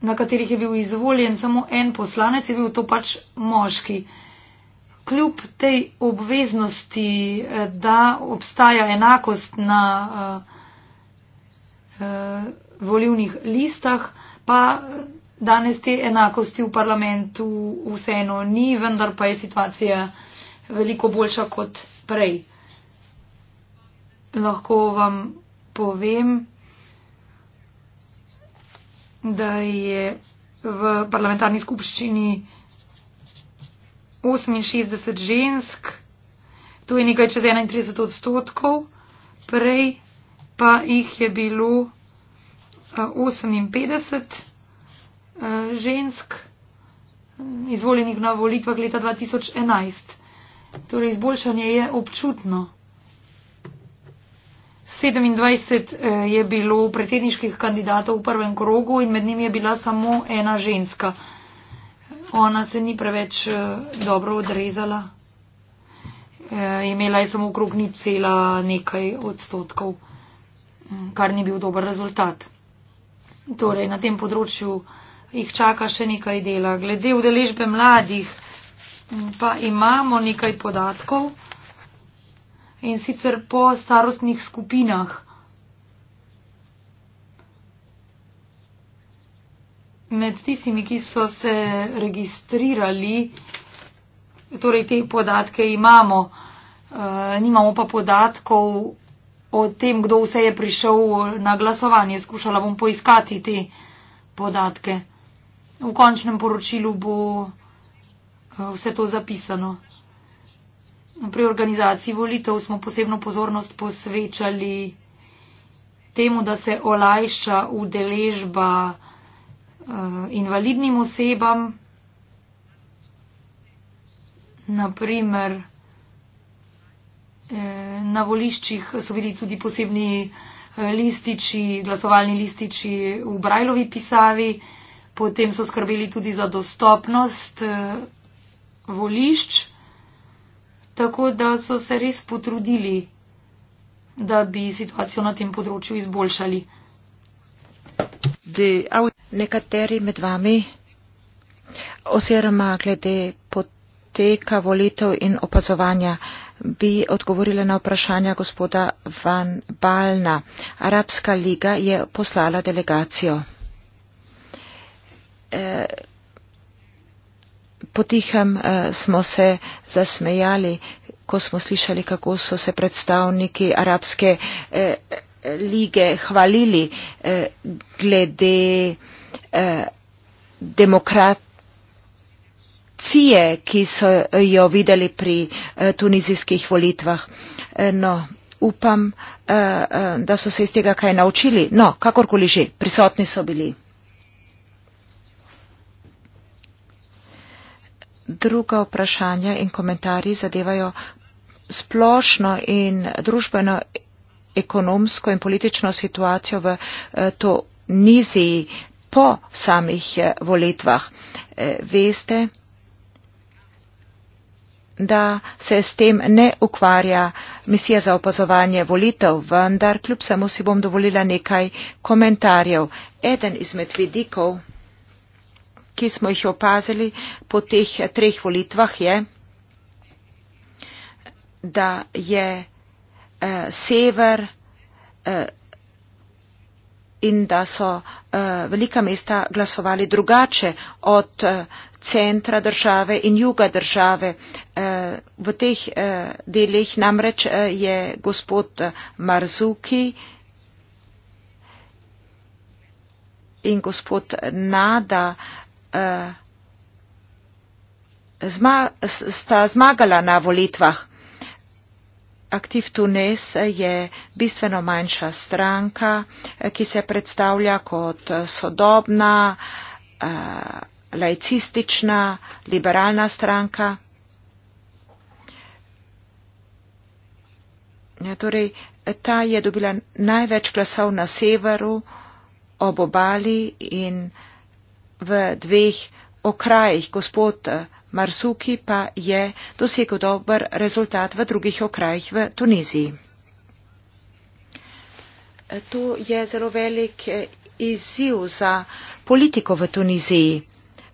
na katerih je bil izvoljen samo en poslanec, je bil to pač moški. Kljub tej obveznosti, eh, da obstaja enakost na uh, uh, volivnih listah, pa danes te enakosti v parlamentu vseeno ni, vendar pa je situacija veliko boljša kot prej. Lahko vam povem, da je v parlamentarni skupščini 68 žensk, to je nekaj čez 31 odstotkov, prej pa jih je bilo 58 eh, eh, žensk izvoljenih na volitvah leta 2011. Torej, izboljšanje je občutno. 27 eh, je bilo predsedniških kandidatov v prvem krogu in med njimi je bila samo ena ženska. Ona se ni preveč eh, dobro odrezala. Eh, imela je samo okrog ni cela nekaj odstotkov, mm, kar ni bil dober rezultat. Torej, na tem področju jih čaka še nekaj dela. Glede udeležbe mladih mm, pa imamo nekaj podatkov in sicer po starostnih skupinah. Med tistimi, ki so se registrirali, torej te podatke imamo, eh, nimamo pa podatkov o tem, kdo vse je prišel na glasovanje. Skušala bom poiskati te podatke. V končnem poročilu bo eh, vse to zapisano pri organizaciji volitev smo posebno pozornost posvečali temu, da se olajša udeležba eh, invalidnim osebam. Naprimer, eh, na voliščih so bili tudi posebni eh, lističi, glasovalni lističi v Brajlovi pisavi, potem so skrbeli tudi za dostopnost volišč. Tako da so se res potrudili, da bi situacijo na tem področju izboljšali. De, av... Nekateri med vami, oziroma glede poteka volitev in opazovanja, bi odgovorili na vprašanja gospoda Van Balna. Arabska liga je poslala delegacijo. E, potihem eh, smo se zasmejali, ko smo slišali, kako so se predstavniki Arabske eh, lige hvalili eh, glede demokracije, ki so jo videli pri tunizijskih volitvah. No, upam, da so se iz tega kaj naučili. No, kakorkoli že, prisotni so bili. druga vprašanja in komentarji zadevajo splošno in družbeno, ekonomsko in politično situacijo v eh, Tuniziji po samih eh, volitvah. Eh, veste, da se s tem ne ukvarja misija za opazovanje volitev, vendar kljub samo si bom dovolila nekaj komentarjev. Eden izmed vidikov ki smo jih opazili po teh treh volitvah, je, da je eh, sever eh, in da so eh, velika mesta glasovali drugače od eh, centra države in juga države. Eh, v teh eh, delih namreč eh, je gospod Marzuki in gospod Nada eh, Eh, zma, sta zmagala na volitvah. Aktiv Tunes je bistveno manjša stranka, eh, ki se predstavlja kot eh, sodobna, laicistična, liberalna stranka. Ja, torej, ta je dobila največ glasov na severu, ob obali in v dveh okrajih. Gospod Marsuki pa je dosegel dober rezultat v drugih okrajih v Tuniziji. To je zelo velik eh, izziv za politiko v Tuniziji.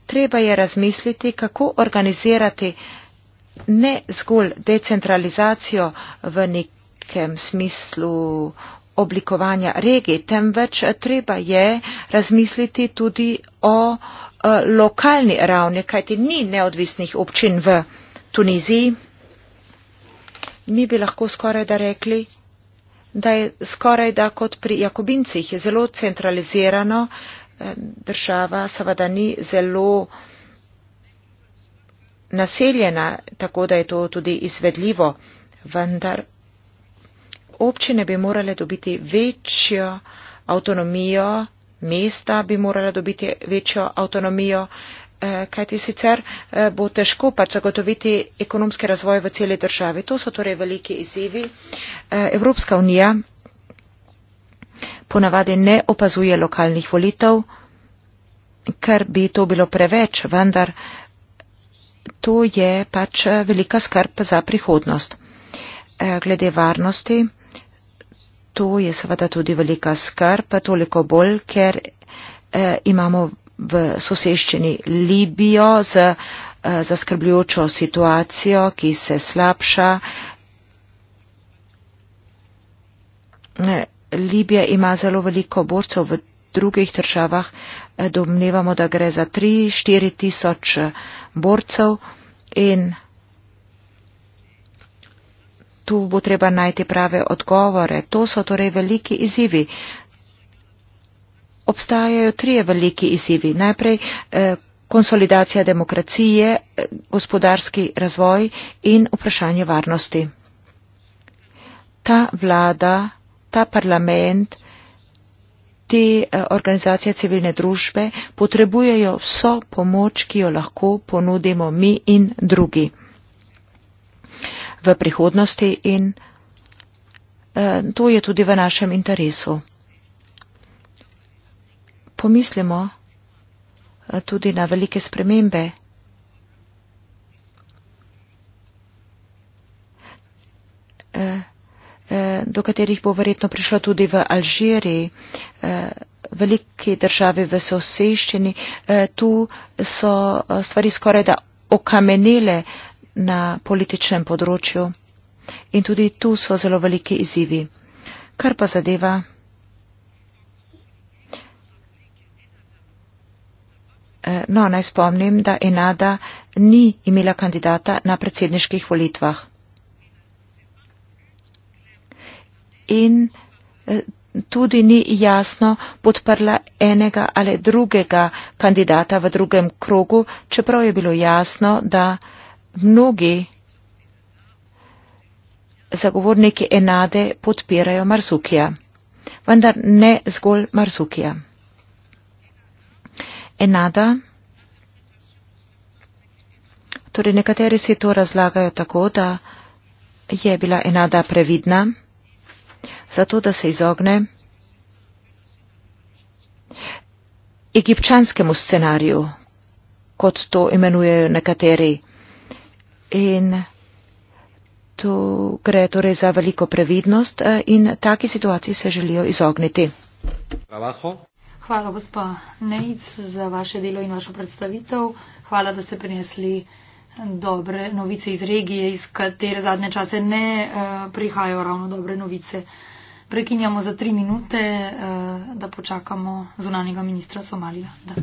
Treba je razmisliti, kako organizirati ne zgolj decentralizacijo v nekem smislu oblikovanja regij, temveč treba je razmisliti tudi o eh, lokalni ravni, kajti ni neodvisnih občin v Tuniziji. Mi bi lahko skoraj da rekli, da je skoraj da kot pri Jakobincih je zelo centralizirano, eh, država seveda ni zelo naseljena, tako da je to tudi izvedljivo, vendar občine bi morale dobiti večjo avtonomijo, mesta bi morala dobiti večjo avtonomijo, eh, kajti sicer eh, bo težko pač zagotoviti ekonomski razvoj v celi državi. To so torej veliki izzivi. Eh, Evropska unija ponavadi ne opazuje lokalnih volitev, ker bi to bilo preveč, vendar to je pač velika skrb za prihodnost. Glede varnosti to je seveda tudi velika skrb, toliko bolj, ker eh, imamo v soseščini Libijo z eh, zaskrbljujočo situacijo, ki se slabša. Libija ima zelo veliko borcev v drugih državah. Eh, domnevamo, da gre za 3-4 tisoč eh, borcev in tu bo treba najti prave odgovore. To so torej veliki izzivi. Obstajajo trije veliki izzivi. Najprej eh, konsolidacija demokracije, eh, gospodarski razvoj in vprašanje varnosti. Ta vlada, ta parlament, te eh, organizacije civilne družbe potrebujejo vso pomoč, ki jo lahko ponudimo mi in drugi v prihodnosti in eh, to je tudi v našem interesu. Pomislimo eh, tudi na velike spremembe. Eh, do katerih bo verjetno prišlo tudi v Alžiriji, veliki državi v soseščini. Tu so stvari skoraj da okamenile, na političnem področju in tudi tu so zelo veliki izzivi. Kar pa zadeva eh, No, naj spomnim, da Enada ni imela kandidata na predsedniških volitvah. In eh, tudi ni jasno podprla enega ali drugega kandidata v drugem krogu, čeprav je bilo jasno, da mnogi zagovorniki enade podpirajo Marsukija, vendar ne zgolj Marsukija. Enada. Torej nekateri si to razlagajo tako, da je bila enada previdna, zato da se izogne egipčanskemu scenariju, kot to imenujejo nekateri in tu gre torej za veliko previdnost eh, in taki situaciji se želijo izogniti. Trabajo. Hvala, gospa Nejc, za vaše delo in vašo predstavitev. Hvala, da ste prinesli dobre novice iz regije, iz katere zadnje čase ne uh, prihajajo ravno dobre novice. Prekinjamo za tri minute, uh, da počakamo zunanjega ministra Somalija. Da.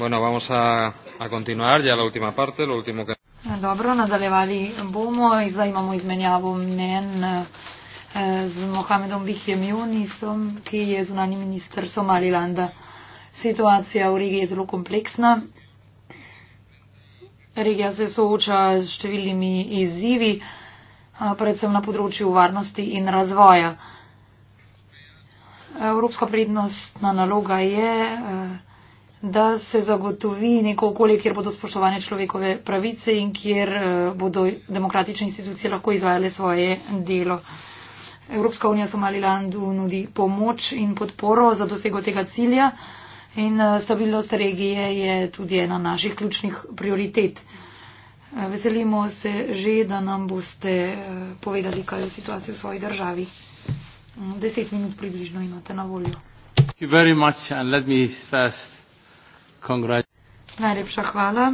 Bueno, vamos a, a continuar ya la última parte, lo último que. Dobro, nadaljevali bomo in zdaj imamo izmenjavo mnen eh, z Mohamedom Bihjem Junisom, ki je zunani minister Somalilanda. Situacija v regiji je zelo kompleksna. Regija se sooča z številnimi izzivi, predvsem na področju varnosti in razvoja. Evropska prednostna naloga je eh, da se zagotovi neko okolje, kjer bodo spoštovane človekove pravice in kjer eh, bodo demokratične institucije lahko izvajale svoje delo. Evropska unija Somalilandu nudi pomoč in podporo za dosego tega cilja in eh, stabilnost regije je tudi ena naših ključnih prioritet. Eh, veselimo se že, da nam boste povedali, kaj je situacija v svoji državi. Mm, deset minut približno imate na voljo. Thank you very much and let me first Najlepša hvala.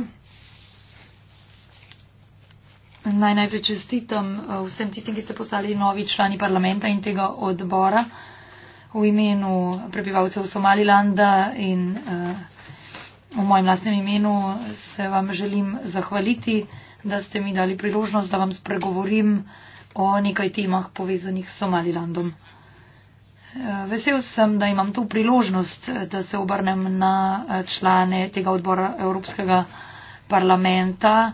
Naj najprej čestitam eh, vsem tistim, ki ste postali novi člani parlamenta in tega odbora v imenu prebivalcev Somalilanda in eh, v mojem lastnem imenu se vam želim zahvaliti, da ste mi dali priložnost, da vam spregovorim o nekaj temah povezanih s Somalilandom. Vesel sem, da imam to priložnost, da se obrnem na eh, člane tega odbora Evropskega parlamenta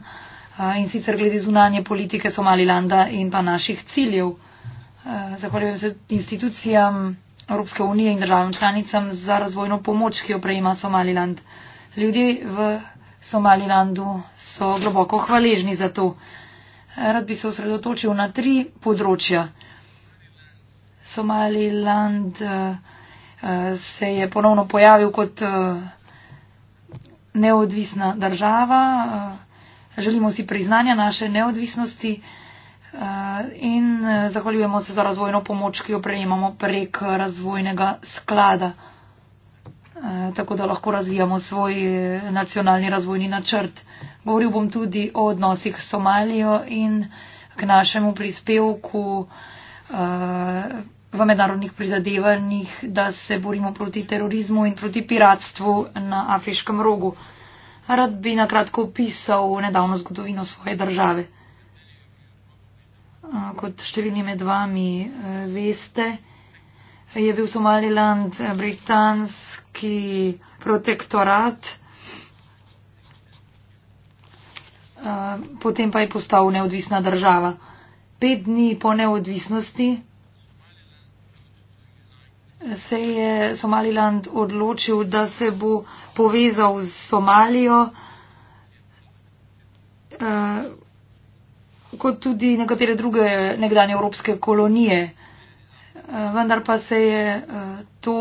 eh, in sicer glede zunanje politike Somalilanda in pa naših ciljev. Eh, zahvaljujem se institucijam Evropske unije in državam članicam za razvojno pomoč, ki jo prejema Somaliland. Ljudje v Somalilandu so globoko hvaležni za to. Rad bi se osredotočil na tri področja. Somaliland eh, eh, se je ponovno pojavil kot eh, neodvisna država. Želimo si priznanja naše neodvisnosti in zahvaljujemo se za razvojno pomoč, ki jo prejemamo prek razvojnega sklada, tako da lahko razvijamo svoj nacionalni razvojni načrt. Govoril bom tudi o odnosih s Somalijo in k našemu prispevku uh, v mednarodnih prizadevanjih, da se borimo proti terorizmu in proti piratstvu na afriškem rogu. Rad bi na kratko opisal nedavno zgodovino svoje države. Kot številni med vami e, veste, je bil Somaliland e, britanski protektorat, e, potem pa je postal neodvisna država pet dni po neodvisnosti se je Somaliland odločil, da se bo povezal z Somalijo, eh, kot tudi nekatere druge nekdanje evropske kolonije. Eh, vendar pa se je eh, to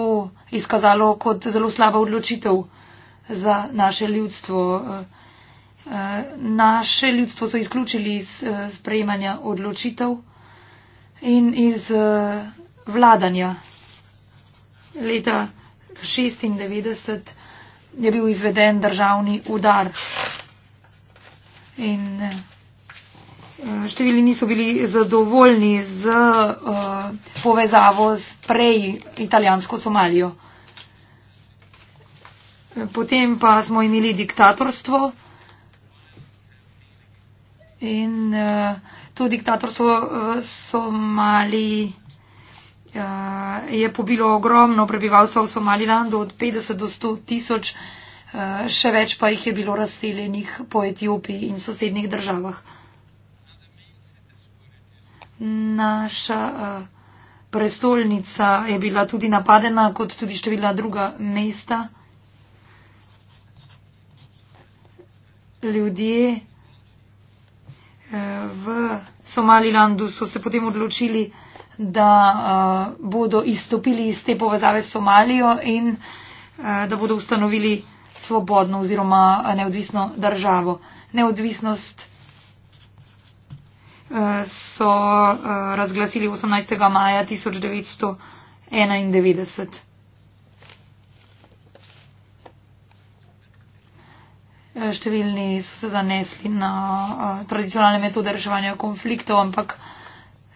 izkazalo kot zelo slaba odločitev za naše ljudstvo naše ljudstvo so izključili iz sprejemanja odločitev in iz vladanja. Leta 1996 je bil izveden državni udar in številni niso bili zadovoljni z povezavo s prej italijansko Somalijo. Potem pa smo imeli diktatorstvo, In uh, to diktatorstvo v eh, Somaliji uh, eh, je pobilo ogromno prebivalstva v Somalilandu, od 50 do 100 tisoč, uh, še več pa jih je bilo razseljenih po Etiopiji in sosednjih državah. Naša uh, prestolnica je bila tudi napadena, kot tudi številna druga mesta. Ljudje v Somalilandu so se potem odločili, da eh, bodo izstopili iz te povezave s Somalijo in eh, da bodo ustanovili svobodno oziroma neodvisno državo. Neodvisnost eh, so razglasili 18. maja 1991. Eh, številni so se zanesli na eh, tradicionalne metode reševanja konfliktov, ampak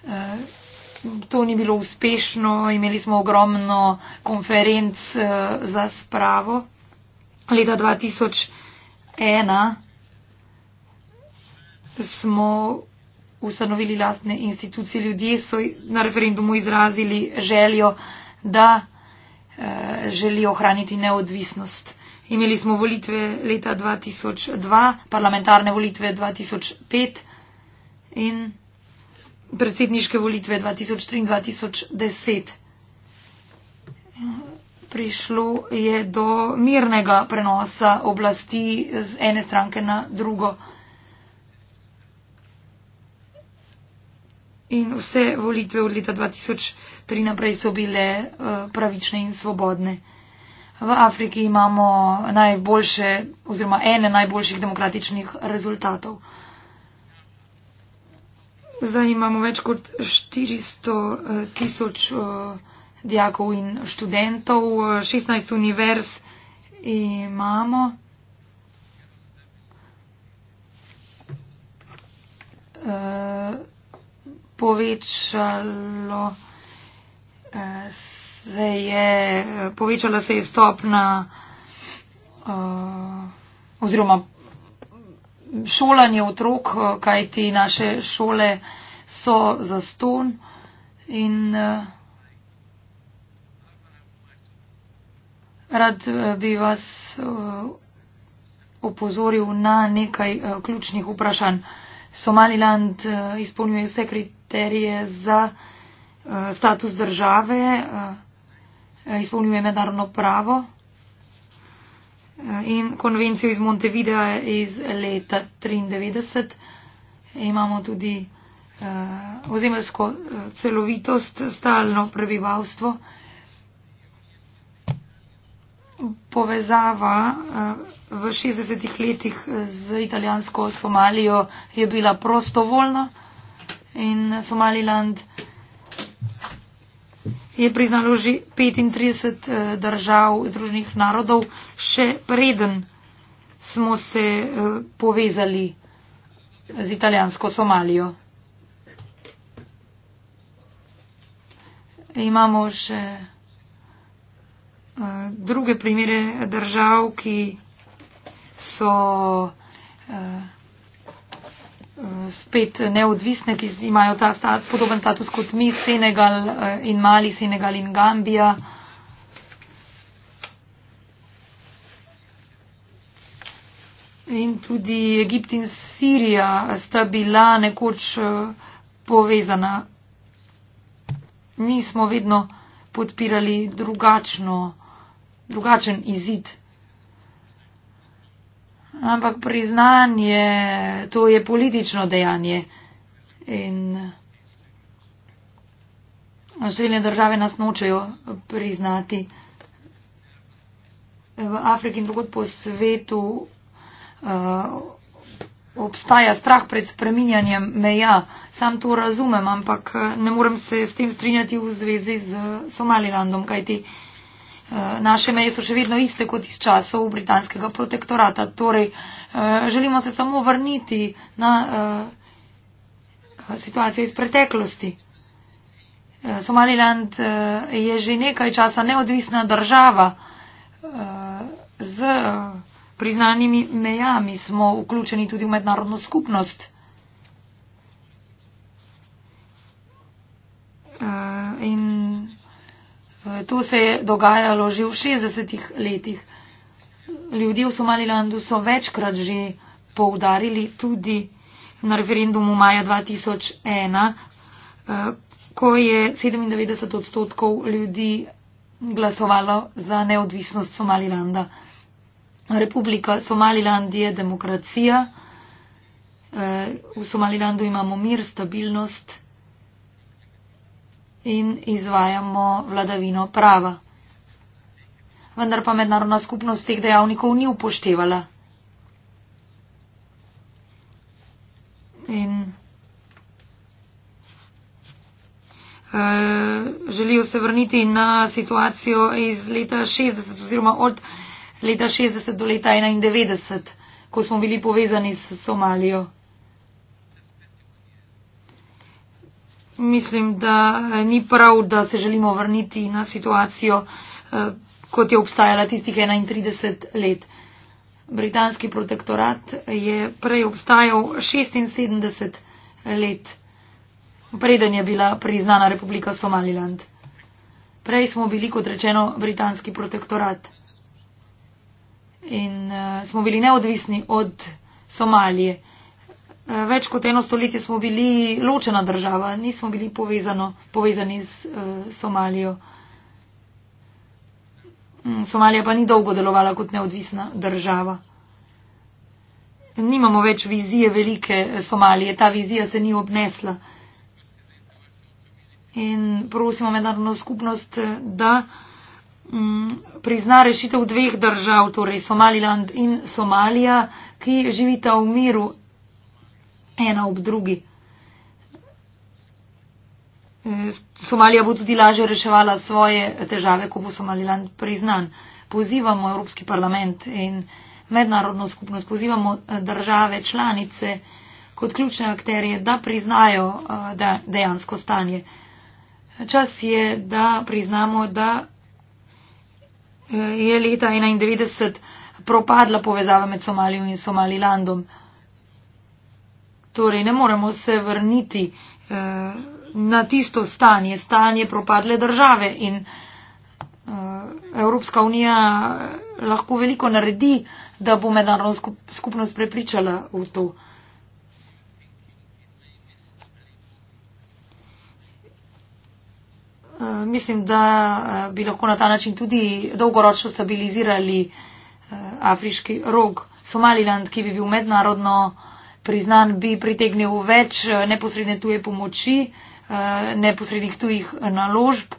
eh, to ni bilo uspešno. Imeli smo ogromno konferenc za spravo. Leta 2001 smo ustanovili lastne institucije. Ljudje so na referendumu izrazili željo, da želijo ohraniti neodvisnost. Imeli smo volitve leta 2002, parlamentarne volitve 2005 in predsedniške volitve 2003 in 2010. Prišlo je do mirnega prenosa oblasti z ene stranke na drugo. In vse volitve od leta 2003 naprej so bile uh, pravične in svobodne v Afriki imamo najboljše oziroma ene najboljših demokratičnih rezultatov. Zdaj imamo več kot 400 eh, tisoč eh, dijakov in študentov, 16 eh, univerz imamo. Povečalo se je, povečala se je stopna uh, oziroma šolanje otrok, eh, kaj ti naše šole so za ston in uh, rad bi vas uh, opozoril na nekaj uh, ključnih vprašanj. Somaliland uh, izpolnjuje vse kriterije za uh, status države. Uh, Eh, izpolnjuje mednarodno pravo eh, in konvencijo iz Montevideo iz leta 93. Imamo tudi eh, ozemeljsko celovitost, stalno prebivalstvo. Povezava v 60-ih letih z italijansko Somalijo je bila prostovoljna in Somaliland je priznalo že 35 eh, držav Združenih narodov, še preden smo se eh, povezali z italijansko Somalijo. Imamo še eh, druge primere držav, ki so spet neodvisne, ki imajo ta stat, podoben status kot mi, Senegal eh, in Mali, Senegal in Gambija. In tudi Egipt in Sirija sta bila nekoč eh, povezana. Mi smo vedno podpirali drugačno, drugačen izid ampak priznanje, to je politično dejanje. In številne države nas nočejo priznati. V Afriki in drugod po svetu uh, obstaja strah pred spreminjanjem meja. Sam to razumem, ampak ne morem se s tem strinjati v zvezi z Somalilandom, kajti uh, Eh, naše meje so še vedno iste kot iz časov britanskega protektorata. Torej, eh, želimo se samo vrniti na eh, situacijo iz preteklosti. Somaliland je že nekaj časa neodvisna država z priznanimi mejami. Smo vključeni tudi v mednarodno skupnost. In Eh, to se je dogajalo že v 60-ih letih. Ljudje v Somalilandu so večkrat že poudarili tudi na referendumu maja 2001, eh, ko je 97 odstotkov ljudi glasovalo za neodvisnost Somalilanda. Republika Somaliland je demokracija. Eh, v Somalilandu imamo mir, stabilnost in izvajamo vladavino prava. Vendar pa mednarodna skupnost teh dejavnikov ni upoštevala. In e, želijo se vrniti na situacijo iz leta 60 oziroma od leta 60 do leta 91, ko smo bili povezani s Somalijo. Mislim, da eh, ni prav, da se želimo vrniti na situacijo, eh, kot je obstajala tistih 31 let. Britanski protektorat je prej obstajal 76 let, preden je bila priznana Republika Somaliland. Prej smo bili, kot rečeno, britanski protektorat in uh, smo bili neodvisni od Somalije. Eh, več kot eno stoletje smo bili ločena država, nismo bili povezano, povezani s uh, eh, Somalijo. Mm, Somalija pa ni dolgo delovala kot neodvisna država. Nimamo več vizije velike eh, Somalije, ta vizija se ni obnesla. In prosimo mednarodno skupnost, da um, prizna rešitev dveh držav, torej Somaliland in Somalija, ki živita v miru ena ob drugi. Somalija bo tudi lažje reševala svoje težave, ko bo Somaliland priznan. Pozivamo Evropski parlament in mednarodno skupnost, pozivamo eh, države članice kot ključne akterje, da priznajo eh, dejansko stanje. Čas je, da priznamo, da eh, je leta 1991 propadla povezava med Somalijo in Somalilandom. Torej, ne moremo se vrniti eh, na tisto stanje, stanje propadle države in eh, Evropska unija eh, lahko veliko naredi, da bo mednarodno skupnost prepričala v to. Eh, mislim, da eh, bi lahko na ta način tudi dolgoročno stabilizirali afriški rog Somaliland, ki bi bil mednarodno uh, priznan, bi pritegnil več eh, neposredne tuje pomoči, eh, neposrednih tujih naložb.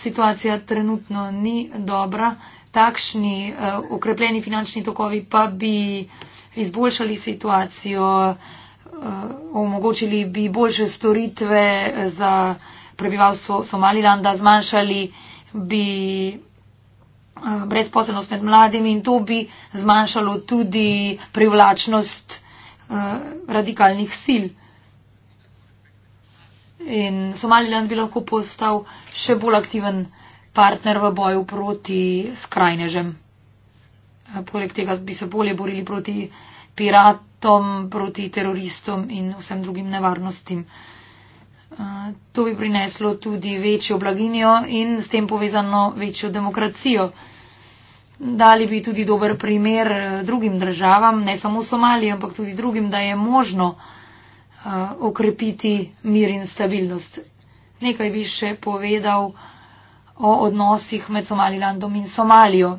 Situacija trenutno ni dobra. Takšni ukrepljeni eh, finančni tokovi pa bi izboljšali situacijo, omogočili bi boljše storitve za prebivalstvo Somalilanda, zmanjšali bi brezposelnost med mladimi in to bi zmanjšalo tudi privlačnost. Eh, radikalnih sil. In Somaliland bi lahko postal še bolj aktiven partner v boju proti skrajnežem. Eh, poleg tega bi se bolje borili proti piratom, proti teroristom in vsem drugim nevarnostim. Eh, to bi prineslo tudi večjo blaginjo in s tem povezano večjo demokracijo dali bi tudi dober primer eh, drugim državam, ne samo Somaliji, ampak tudi drugim, da je možno eh, okrepiti mir in stabilnost. Nekaj bi še povedal o odnosih med Somalilandom in Somalijo.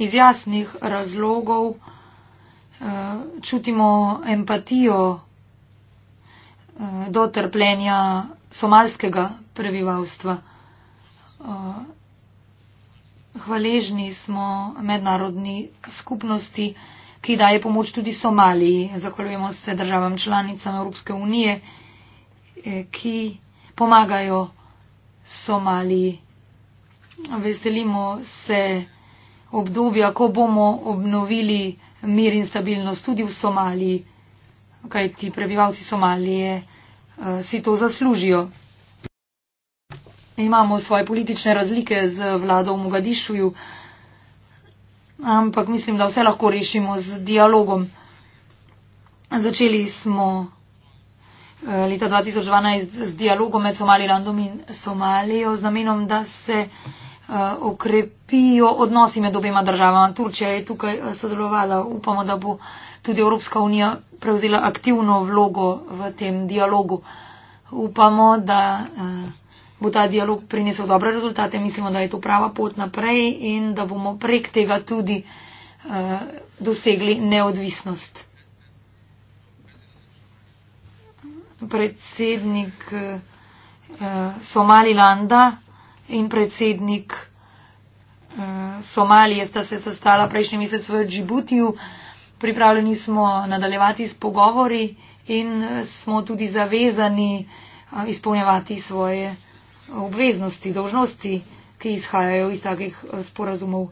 Iz jasnih razlogov eh, čutimo empatijo do trpljenja somalskega prebivalstva. Hvaležni smo mednarodni skupnosti, ki daje pomoč tudi Somaliji. Zahvaljujemo se državam članicam Evropske unije, eh, ki pomagajo Somaliji. Veselimo se obdobja, ko bomo obnovili mir in stabilnost tudi v Somaliji, kajti prebivalci Somalije eh, si to zaslužijo imamo svoje politične razlike z vlado v Mogadišuju, ampak mislim, da vse lahko rešimo z dialogom. Začeli smo eh, leta 2012 z dialogom med Somalilandom in Somalijo z namenom, da se eh, okrepijo odnosi med obema državama. Turčija je tukaj eh, sodelovala. Upamo, da bo tudi Evropska unija prevzela aktivno vlogo v tem dialogu. Upamo, da. Uh, bo ta dialog prinesel dobre rezultate. Mislimo, da je to prava pot naprej in da bomo prek tega tudi uh, dosegli neodvisnost. Predsednik uh, Somalilanda in predsednik uh, Somalije sta se sestala prejšnji mesec v Džibutiju. Pripravljeni smo nadaljevati s pogovori in smo tudi zavezani uh, izpolnjevati svoje obveznosti, dožnosti, ki izhajajo iz takih eh, sporazumov.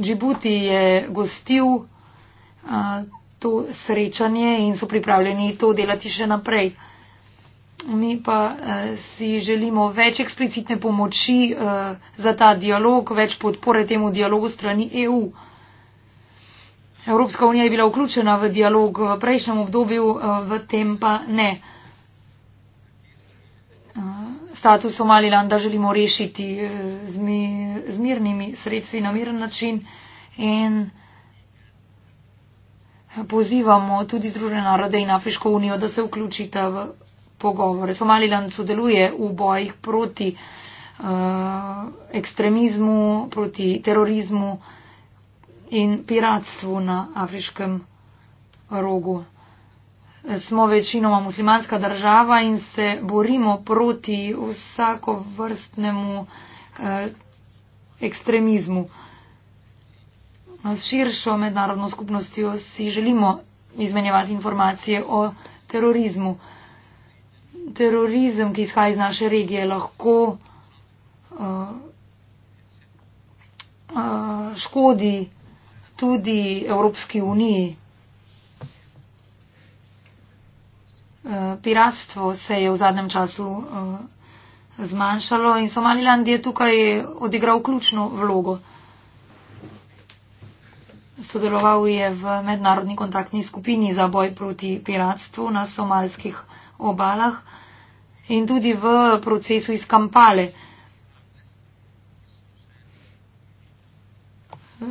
Džibuti je gostil eh, to srečanje in so pripravljeni to delati še naprej. Mi pa eh, si želimo več eksplicitne pomoči za ta dialog, več podpore temu dialogu strani EU. Evropska unija je bila vključena v dialog v prejšnjem obdobju, v tem pa ne status Somalilanda želimo rešiti eh, z mirnimi sredstvi na miren način in pozivamo tudi Združene narode in Afriško unijo, da se vključita v pogovore. Somaliland sodeluje v bojih proti uh, ekstremizmu, proti terorizmu in piratstvu na afriškem rogu smo večinoma muslimanska država in se borimo proti vsako vrstnemu eh, ekstremizmu. S širšo mednarodno skupnostjo si želimo izmenjevati informacije o terorizmu. Terorizem, ki izhaja iz naše regije, lahko uh, uh, škodi tudi Evropski uniji. piratstvo se je v zadnjem času eh, zmanjšalo in Somaliland je tukaj odigral ključno vlogo. Sodeloval je v mednarodni kontaktni skupini za boj proti piratstvu na somalskih obalah in tudi v procesu iz Kampale.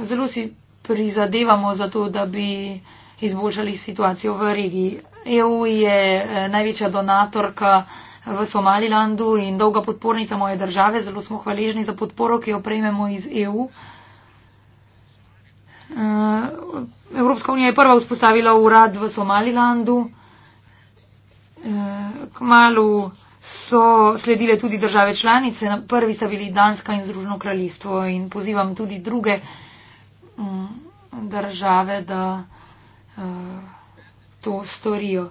Zelo si prizadevamo za to, da bi uh, izboljšali situacijo v regiji. EU je e, največja donatorka v Somalilandu in dolga podpornica moje države. Zelo smo hvaležni za podporo, ki jo prejmemo iz EU. E, Evropska unija je prva vzpostavila urad v Somalilandu. E, kmalu so sledile tudi države članice. Prvi sta bili Danska in Združno kraljestvo in pozivam tudi druge države, da to storijo.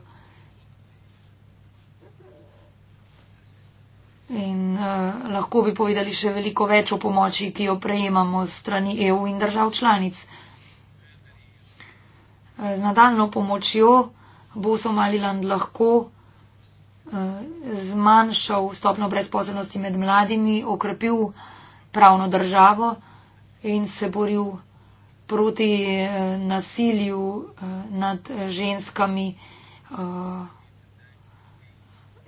In uh, lahko bi povedali še veliko več o pomoči, ki jo prejemamo strani EU in držav članic. Eh, z nadaljno pomočjo bo Somaliland lahko uh, zmanjšal stopno brezposobnosti med mladimi, okrepil pravno državo in se boril proti eh, nasilju eh, nad ženskami eh,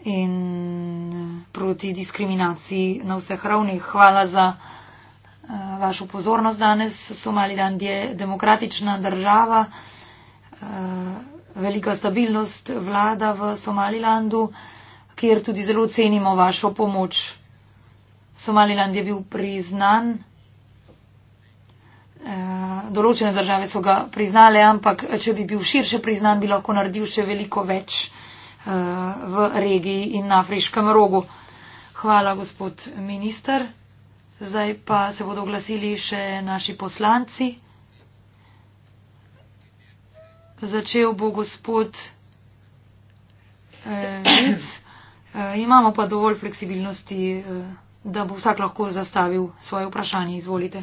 in proti diskriminaciji na vseh ravnih. Hvala za vašo pozornost danes. Somaliland je demokratična država. Velika stabilnost vlada v Somalilandu, kjer tudi zelo cenimo vašo pomoč. Somaliland je bil priznan. Eh, določene države so ga priznale, ampak če bi bil širše priznan, bi lahko naredil še veliko več eh, v regiji in na Afriškem rogu. Hvala, gospod minister. Zdaj pa se bodo oglasili še naši poslanci. Začel bo gospod eh, Vic. Imamo pa dovolj fleksibilnosti, da bo vsak lahko zastavil svoje vprašanje. Izvolite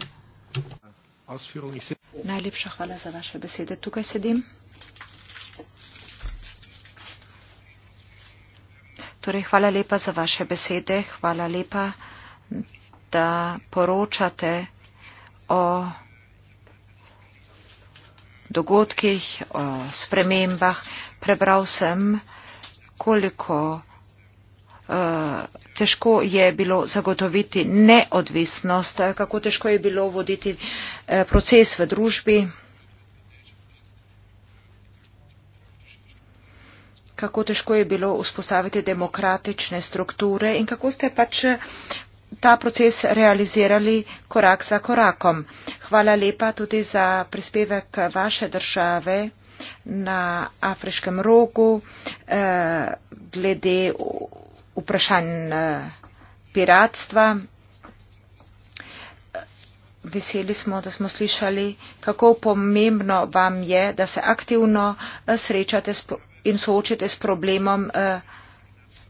ausführungen. Najlepša hvala za vaše besede. Tukaj sedim. Torej, hvala lepa za vaše besede. Hvala lepa, da poročate o dogodkih, o spremembah. Prebral sem, koliko Eh, težko je bilo zagotoviti neodvisnost, eh, kako težko je bilo voditi eh, proces v družbi, kako težko je bilo vzpostaviti demokratične strukture in kako ste pač ta proces realizirali korak za korakom. Hvala lepa tudi za prispevek vaše države na afriškem rogu eh, glede vprašanj eh, piratstva. Veseli smo, da smo slišali, kako pomembno vam je, da se aktivno eh, srečate in soočate s problemom eh,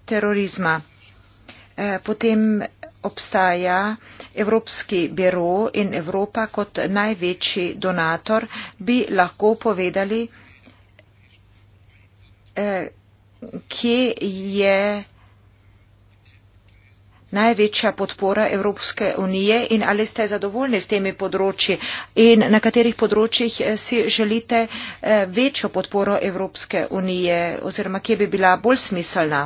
terorizma. Potem obstaja Evropski biro in Evropa kot največji donator, bi lahko povedali, kje je največja podpora Evropske unije in ali ste zadovoljni s temi področji in na katerih področjih eh, si želite eh, večjo podporo Evropske unije oziroma kje bi bila bolj smiselna.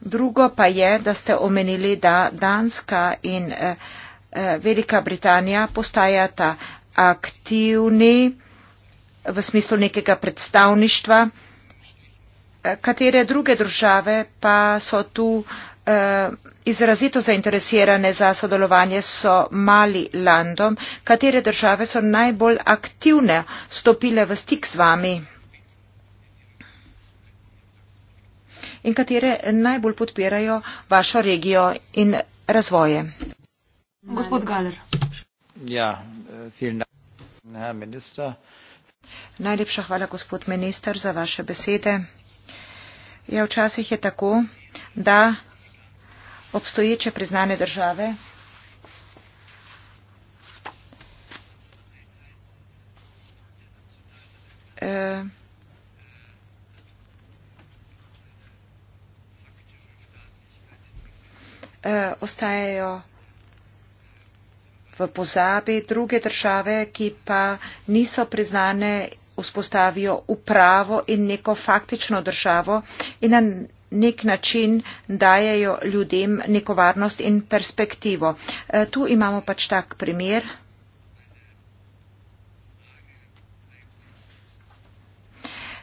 Drugo pa je, da ste omenili, da Danska in eh, Velika Britanija postajata aktivni v smislu nekega predstavništva, katere druge države pa so tu Eh, izrazito zainteresirane za sodelovanje so mali landom, katere države so najbolj aktivne stopile v stik z vami in katere najbolj podpirajo vašo regijo in razvoje. Gospod Galer. Ja, Najlepša hvala, gospod minister, za vaše besede. Ja, včasih je tako, da obstoječe priznane države. E, e, ostajajo v pozabi druge države, ki pa niso priznane, vzpostavijo upravo in neko faktično državo in na nek način dajejo ljudem neko varnost in perspektivo. E, tu imamo pač tak primer.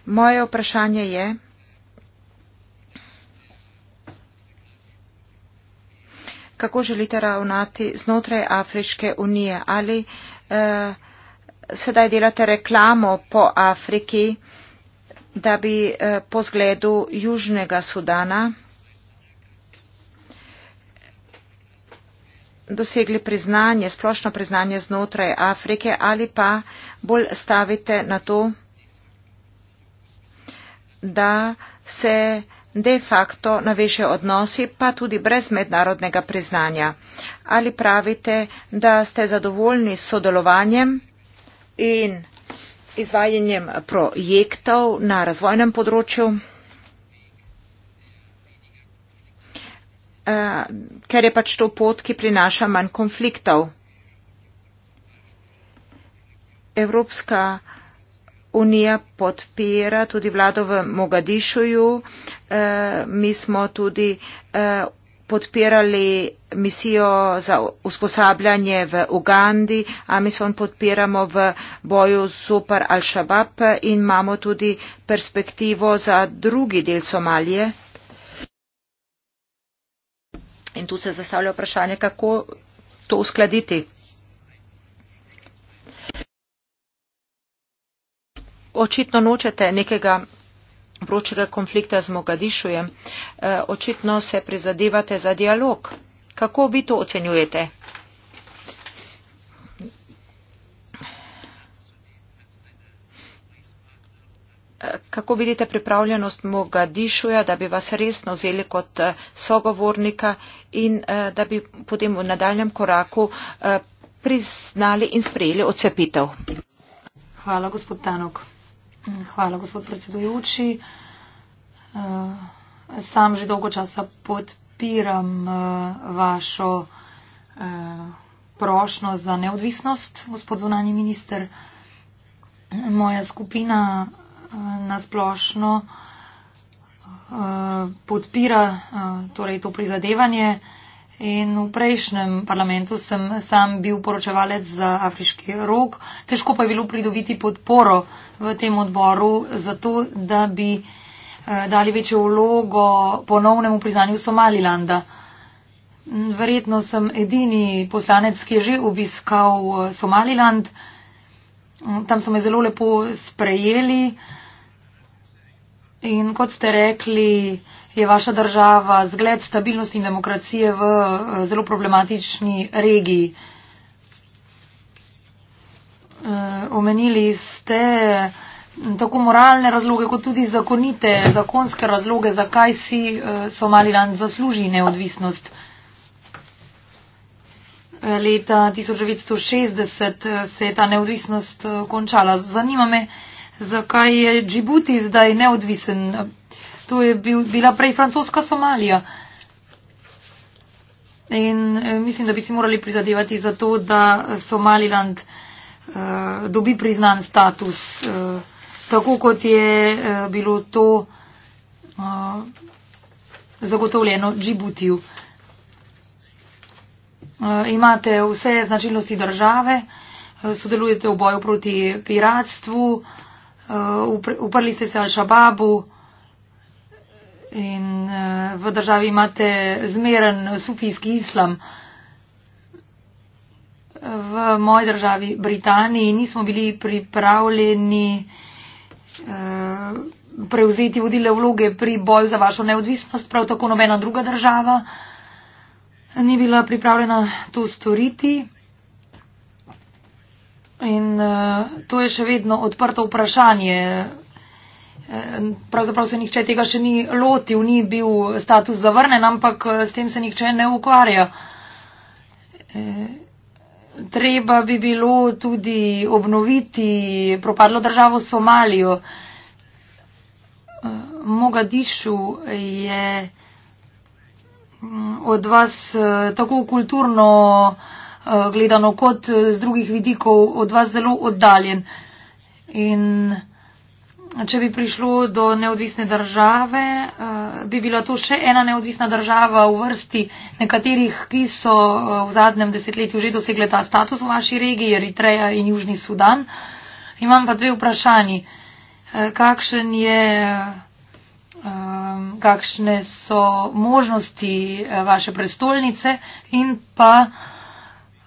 Moje vprašanje je, kako želite ravnati znotraj Afriške unije ali eh, sedaj delate reklamo po Afriki. Eh, da bi eh, po zgledu Južnega Sudana dosegli priznanje, splošno priznanje znotraj Afrike ali pa bolj stavite na to, da se de facto naveže odnosi, pa tudi brez mednarodnega priznanja. Ali pravite, da ste zadovoljni s sodelovanjem in izvajanjem projektov na razvojnem področju, eh, ker je pač to pot, ki prinaša manj konfliktov. Evropska unija podpira tudi vlado v Mogadišuju. Eh, mi smo tudi eh, podpirali misijo za usposabljanje v Ugandi, Amison podpiramo v boju super Al-Shabaab in imamo tudi perspektivo za drugi del Somalije. In tu se zastavlja vprašanje, kako to uskladiti. Očitno nočete nekega vročega konflikta z Mogadišujem. E, eh, očitno se prizadevate za dialog. Kako vi to ocenjujete? Eh, kako vidite pripravljenost Mogadišuja, da bi vas resno vzeli kot eh, sogovornika in da bi potem v nadaljem koraku priznali in sprejeli odsepitev? Hvala, gospod Tanok. Hvala, gospod predsedujoči. Eh, sam že dolgo časa podpiram eh, vašo eh, prošno za neodvisnost, gospod zunani minister. Moja skupina nasplošno podpira torej to prizadevanje. In v prejšnjem parlamentu sem sam bil poročevalec za afriški rok. Težko pa je bilo pridobiti podporo v tem odboru za to, da bi eh, dali večjo vlogo ponovnemu priznanju Somalilanda. Verjetno sem edini poslanec, ki je že obiskal eh, Somaliland. Tam so me zelo lepo sprejeli. In kot ste rekli, je vaša država zgled stabilnosti in demokracije v eh, zelo problematični regiji. Eh, omenili ste tako moralne razloge, kot tudi zakonite, zakonske razloge, zakaj si eh, Somaliland zasluži neodvisnost. Leta 1960 se je ta neodvisnost končala. Zanima me, zakaj je Džibuti zdaj neodvisen. To je bil, bila prej francoska Somalija. In eh, mislim, da bi si morali prizadevati za to, da Somaliland uh, dobi priznan status, uh, tako kot je uh, bilo to uh, zagotovljeno Džibutiju. Uh, imate vse značilnosti države, uh, sodelujete v boju proti piratstvu. Uh, Eh, uprli ste se Al-Shababu in eh, v državi imate zmeren sufijski islam. V moji državi, Britaniji, nismo bili pripravljeni eh, prevzeti vodile vloge pri boju za vašo neodvisnost, prav tako nobena druga država ni bila pripravljena to storiti. In uh, to je še vedno odprto vprašanje. Eh, pravzaprav se nihče tega še ni lotil, ni bil status zavrnen, ampak eh, s tem se nihče ne ukvarja. Treba bi bilo tudi obnoviti propadlo državo Somalijo. Mogadišu je mm, od vas tako kulturno Eh, gledano kot eh, z drugih vidikov od vas zelo oddaljen. In če bi prišlo do neodvisne države, eh, bi bila to še ena neodvisna država v vrsti nekaterih, ki so v zadnjem desetletju že dosegle ta status v vaši regiji, Eritreja in Južni Sudan. Imam pa dve vprašanji. Kakšen je, kakšne so možnosti vaše prestolnice in pa.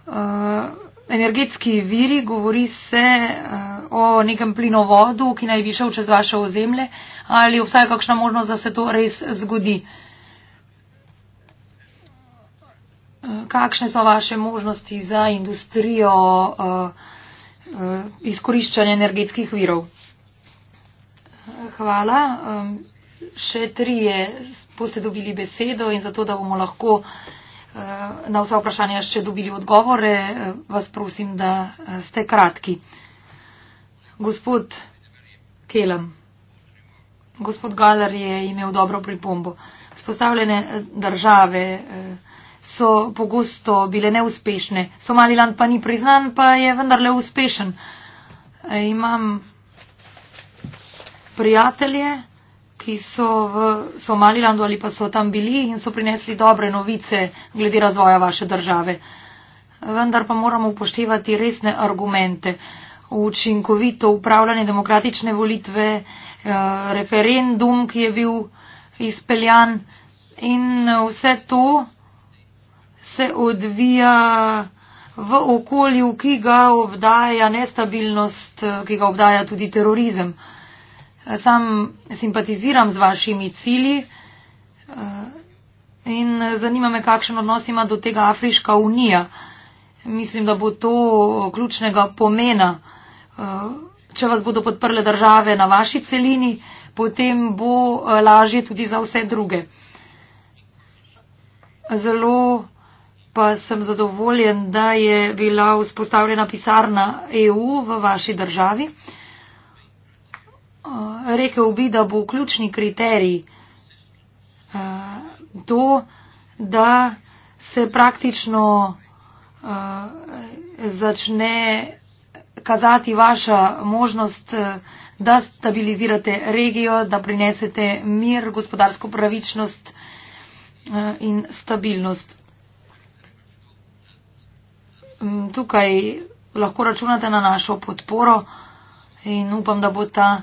Eh, energetski viri, govori se uh, o nekem plinovodu, ki naj bi šel čez vaše ozemlje, ali obstaja kakšna možnost, da se to res zgodi. Eh, kakšne so vaše možnosti za industrijo uh, uh, izkoriščanja energetskih virov? Hvala. Um, še trije boste dobili besedo in zato, da bomo lahko uh, na vsa vprašanja še dobili odgovore, vas prosim, da ste kratki. Gospod Kelem, gospod Galar je imel dobro pripombo. Spostavljene eh, države eh, so pogosto bile neuspešne. Somaliland pa ni priznan, pa je vendarle uspešen. Eh, imam prijatelje ki so v Somalilandu ali pa so tam bili in so prinesli dobre novice glede razvoja vaše države. Vendar pa moramo upoštevati resne argumente. Učinkovito upravljanje demokratične volitve, eh, referendum, ki je bil izpeljan in eh, vse to se odvija v okolju, ki ga obdaja nestabilnost, eh, ki ga obdaja tudi terorizem sam simpatiziram z vašimi cili eh, in zanima me, kakšen odnos ima do tega Afriška unija. Mislim, da bo to ključnega pomena. Eh, če vas bodo podprle države na vaši celini, potem bo eh, lažje tudi za vse druge. Zelo pa sem zadovoljen, da je bila vzpostavljena pisarna EU v vaši državi rekel bi, da bo ključni kriterij e, to, da se praktično e, začne kazati vaša možnost, e, da stabilizirate regijo, da prinesete mir, gospodarsko pravičnost in stabilnost. Tukaj lahko računate na našo podporo in upam, da bo ta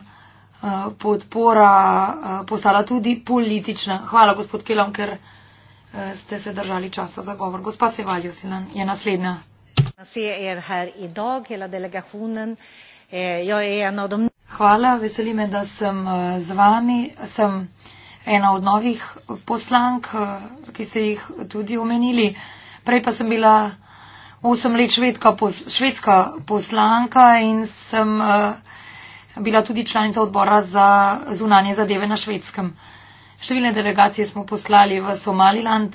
podpora eh, postala tudi politična. Hvala, gospod Kelom, ker eh, ste se držali časa za govor. Gospa Sevaljo Silan je naslednja. Hvala, veseli me, da sem eh, z vami. Sem ena od novih poslank, ki ste jih tudi omenili. Prej pa sem bila osem let švedska poslanka in sem bila tudi članica odbora za zunanje zadeve na švedskem. Številne delegacije smo poslali v Somaliland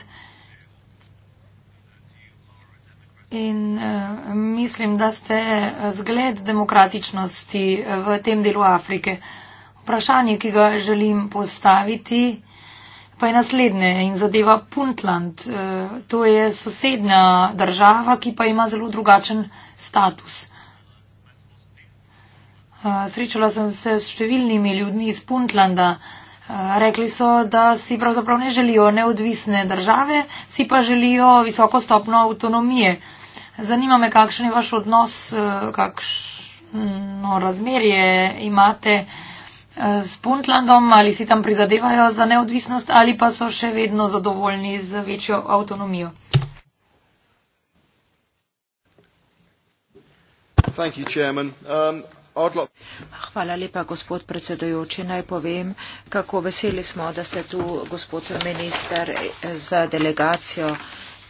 in eh, mislim, da ste eh, zgled demokratičnosti eh, v tem delu Afrike. Vprašanje, ki ga želim postaviti, pa je naslednje in zadeva Puntland. To je sosednja država, ki pa ima zelo drugačen status. Eh, srečala sem se s številnimi ljudmi iz Puntlanda. Eh, rekli so, da si pravzaprav ne želijo neodvisne države, si pa želijo visoko stopno avtonomije. Zanima me, kakšen je vaš odnos, eh, kakšno razmerje imate s Puntlandom, ali si tam prizadevajo za neodvisnost ali pa so še vedno zadovoljni z večjo avtonomijo. Thank you, Chairman. Um, odlo. Hvala lepa, gospod predsedujoči. Naj povem, kako veseli smo, da ste tu, gospod minister, za delegacijo.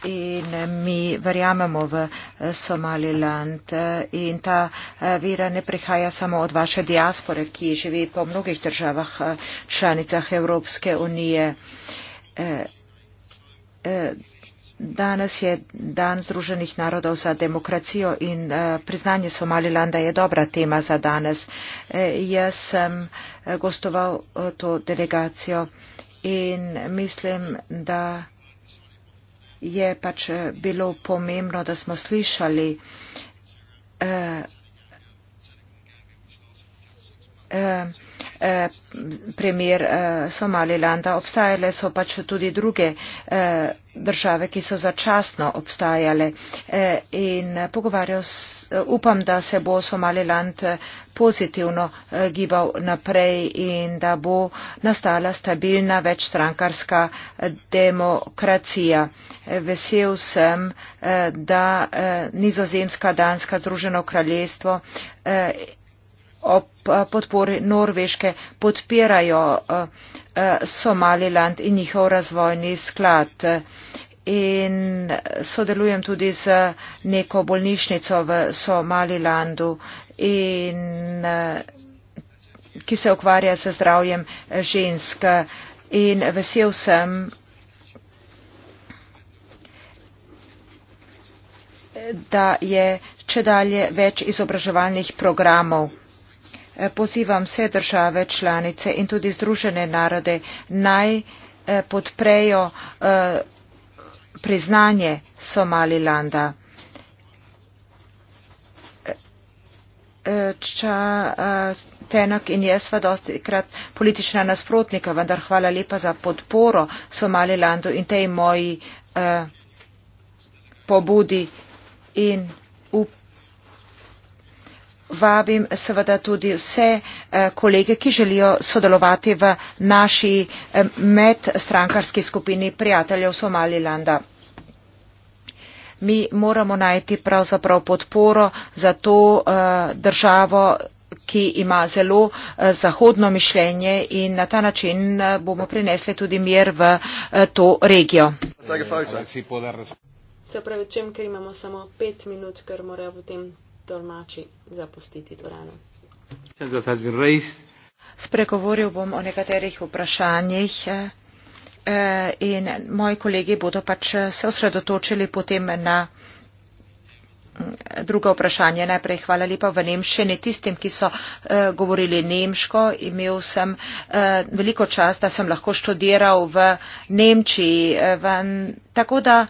In mi verjamemo v eh, Somaliland in ta eh, vira ne prihaja samo od vaše diaspore, ki živi po mnogih državah eh, članicah Evropske unije. Danes je dan Združenih narodov za demokracijo in eh, priznanje Somalilanda je dobra tema za danes. Eh, jaz sem eh, gostoval to delegacijo in mislim, da je pač bilo pomembno, da smo slišali eh, eh, Eh, primer eh, Somalilanda. Obstajale so pač tudi druge eh, države, ki so začasno obstajale. In pogovarjal, upam, da se bo Somaliland pozitivno gibal naprej in da bo nastala stabilna večstrankarska demokracija. Vesel sem, da nizozemska, danska, združeno kraljestvo ob eh, podpori Norveške podpirajo eh, eh, Somaliland in njihov razvojni sklad. In sodelujem tudi z neko bolnišnico v Somalilandu, in, ki se ukvarja z zdravjem žensk. In vesel sem, da je če dalje več izobraževalnih programov. Eh, pozivam vse države članice in tudi združene narode naj eh, podprejo eh, priznanje Somalilanda. Ča, tenak in jaz sva dosti krat politična nasprotnika, vendar hvala lepa za podporo Somalilandu in tej moji eh, pobudi in vabim seveda tudi vse eh, kolege, ki želijo sodelovati v naši eh, medstrankarski skupini prijateljev Somalilanda. Mi moramo najti pravzaprav podporo za to eh, državo, ki ima zelo zahodno mišljenje in na ta način bomo prinesli tudi mir v to regijo. Se pravi, čem, ker imamo samo pet minut, ker morajo potem tolmači zapustiti dvorano. Spregovoril bom o nekaterih vprašanjih eh, in moji kolegi bodo pač eh, se osredotočili potem na mm, drugo vprašanje. Najprej hvala lepa v Nemščini tistim, ki so eh, govorili nemško. Imel sem veliko čas, da sem lahko študiral v Nemčiji. Tako da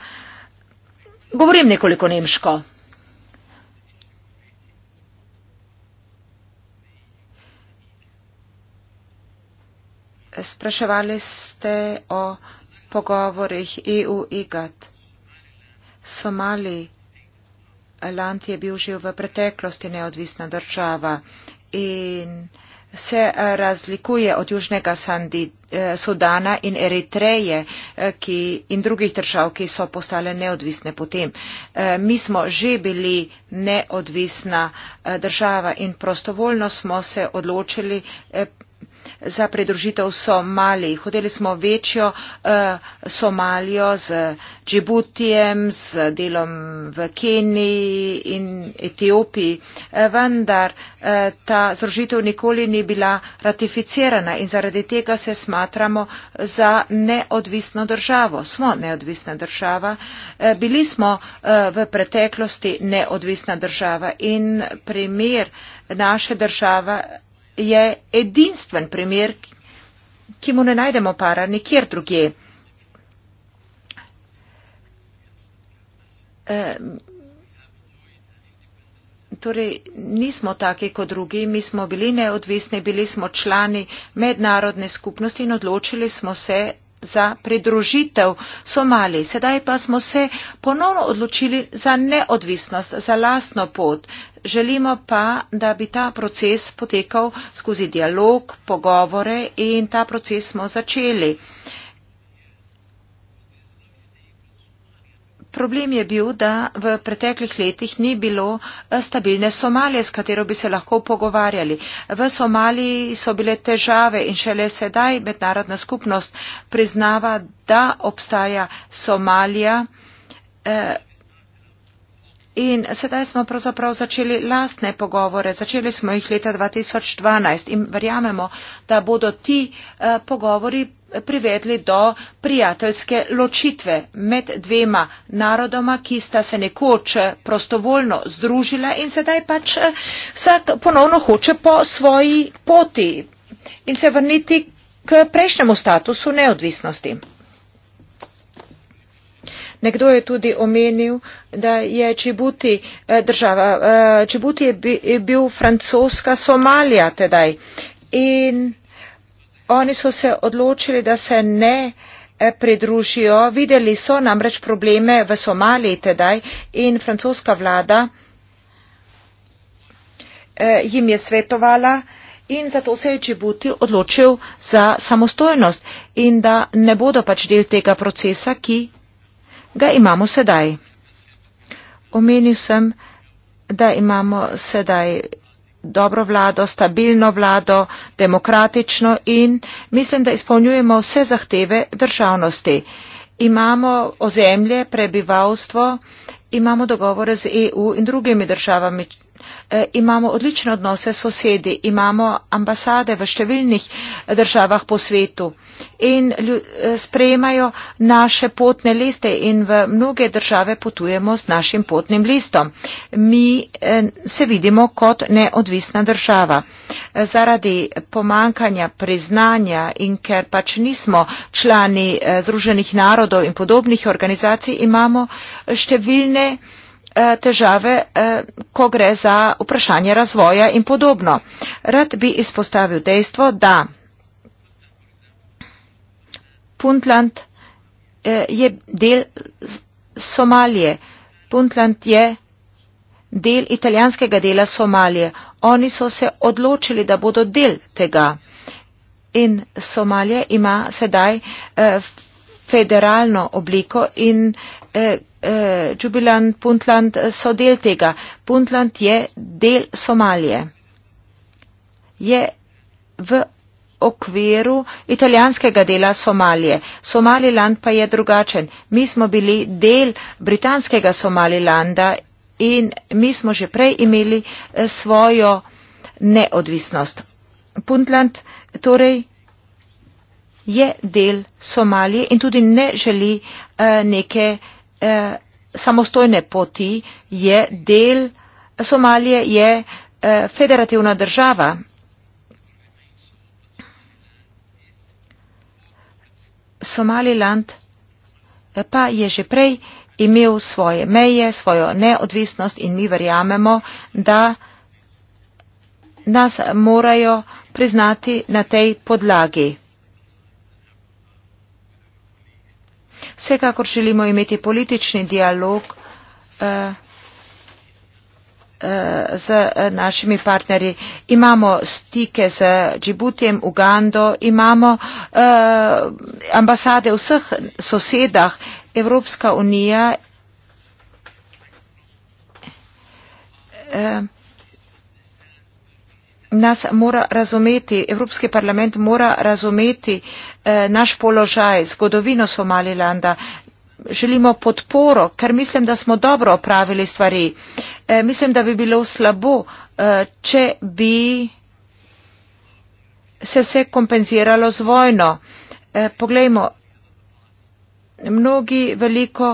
govorim nekoliko nemško. spraševali ste o pogovorih EU IGAT. Somali land je bil že v preteklosti neodvisna država in se razlikuje od Južnega Sandi, eh, Sudana in Eritreje eh, ki, in drugih držav, ki so postale neodvisne potem. Eh, mi smo že bili neodvisna država in prostovoljno smo se odločili za predružitev Somali. Hoteli smo večjo eh, Somalijo z Džibutijem, z delom v Keniji in Etiopiji, eh, vendar eh, ta združitev nikoli ni bila ratificirana in zaradi tega se smatramo za neodvisno državo. Smo neodvisna država, bili smo v preteklosti neodvisna država in primer naše države je edinstven primer, ki mu ne najdemo para nikjer drugje. Torej, nismo taki kot drugi, mi smo bili neodvisni, bili smo člani mednarodne skupnosti in odločili smo se za pridružitev Somaliji. Sedaj pa smo se ponovno odločili za neodvisnost, za lastno pot, želimo pa, da bi ta proces potekal skozi dialog, pogovore in ta proces smo začeli. Problem je bil, da v preteklih letih ni bilo eh, stabilne Somalije, s katero bi se lahko pogovarjali. V Somaliji so bile težave in šele sedaj mednarodna skupnost priznava, da obstaja Somalija. Eh, in sedaj smo pravzaprav začeli lastne pogovore. Začeli smo jih leta 2012 in verjamemo, da bodo ti eh, pogovori privedli do prijateljske ločitve med dvema narodoma, ki sta se nekoč eh, prostovoljno združila in sedaj pač eh, vsak ponovno hoče po svoji poti in se vrniti k prejšnjemu statusu neodvisnosti. Nekdo je tudi omenil, da je Čibuti eh, država. Čibuti eh, je bil francoska Somalija tedaj in oni so se odločili, da se ne eh, pridružijo. Videli so namreč probleme v Somaliji tedaj in francoska vlada jim je svetovala in zato se je Čibuti odločil za samostojnost in da ne bodo pač del tega procesa, ki ga imamo sedaj. Omenil sem, da imamo sedaj dobro vlado, stabilno vlado, demokratično in mislim, da izpolnjujemo vse zahteve državnosti. Imamo ozemlje, prebivalstvo, imamo dogovore z EU in drugimi državami Eh, imamo odlične odnose s sosedi, imamo ambasade v številnih državah po svetu in eh, sprejemajo naše potne liste in v mnoge države potujemo z našim potnim listom. Mi eh, se vidimo kot neodvisna država. Zaradi pomankanja priznanja in ker pač nismo člani Združenih narodov in podobnih organizacij, imamo številne Eh, težave, eh, ko gre za vprašanje razvoja in podobno. Rad bi izpostavil dejstvo, da Puntland eh, je del Somalije. Puntland je del italijanskega dela Somalije. Oni so se odločili, da bodo del tega. In Somalija ima sedaj federalno obliko in eh, eh, Jubiland, Puntland eh, so del tega. Puntland je del Somalije. Je v okviru italijanskega dela Somalije. Somaliland pa je drugačen. Mi smo bili del britanskega Somalilanda in mi smo že prej imeli eh, svojo neodvisnost. Puntland torej je del Somalije in tudi ne želi uh, neke uh, eh, samostojne poti je del Somalije, je eh, federativna država. Somaliland eh, pa je že prej imel svoje meje, svojo neodvisnost in mi verjamemo, da nas morajo priznati na tej podlagi. Vsekakor želimo imeti politični dialog eh, eh, z našimi partnerji. Imamo stike z Džibutijem, Ugando, imamo eh, ambasade v vseh sosedah. Evropska unija nas mora razumeti, Evropski parlament mora razumeti, Eh, naš položaj, zgodovino Somalilanda, želimo podporo, ker mislim, da smo dobro opravili stvari. Eh, mislim, da bi bilo slabo, eh, če bi se vse kompenziralo z vojno. Poglejmo, mnogi veliko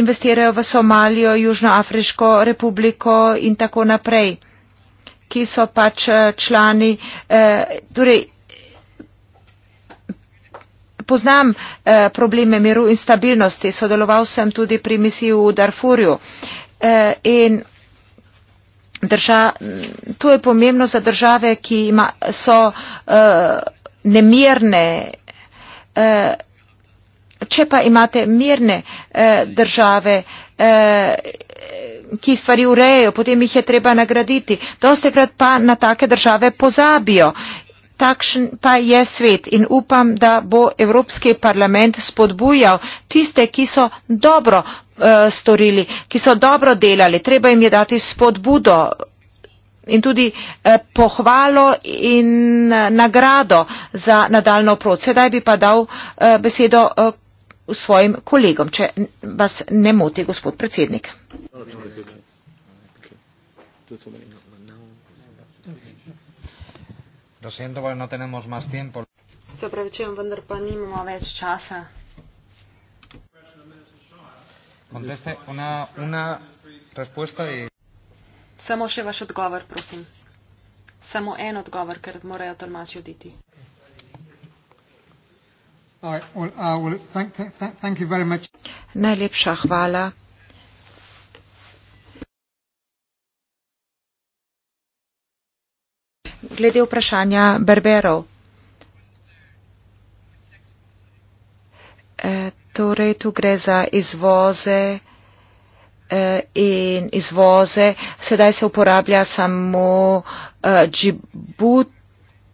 investirajo v Somalijo, Južnoafriško republiko in tako naprej, ki so pač člani. Torej, poznam eh, probleme miru in stabilnosti. Sodeloval sem tudi pri misiji v Darfurju. Eh, in drža, to je pomembno za države, ki ima, so eh, nemirne. Eh, če pa imate mirne eh, države, eh, ki stvari urejejo, potem jih je treba nagraditi. Dostekrat pa na take države pozabijo takšen pa je svet in upam, da bo Evropski parlament spodbujal tiste, ki so dobro uh, storili, ki so dobro delali. Treba jim je dati spodbudo in tudi eh, pohvalo in eh, nagrado za nadaljno prot. Sedaj bi pa dal eh, besedo eh, svojim kolegom, če vas ne moti, gospod predsednik. Okay. Okay. Lo siento, pero no tenemos más tiempo. Se opravičujem, vendar pa nimamo več časa. Conteste una, una respuesta y... Samo še vaš odgovor, prosim. Samo en odgovor, ker morajo tolmači oditi. Right, well, uh, well, thank, thank, thank you very much. Najlepša hvala. glede vprašanja berberov. E, torej, tu gre za izvoze e, in izvoze. Sedaj se uporablja samo e, džibut,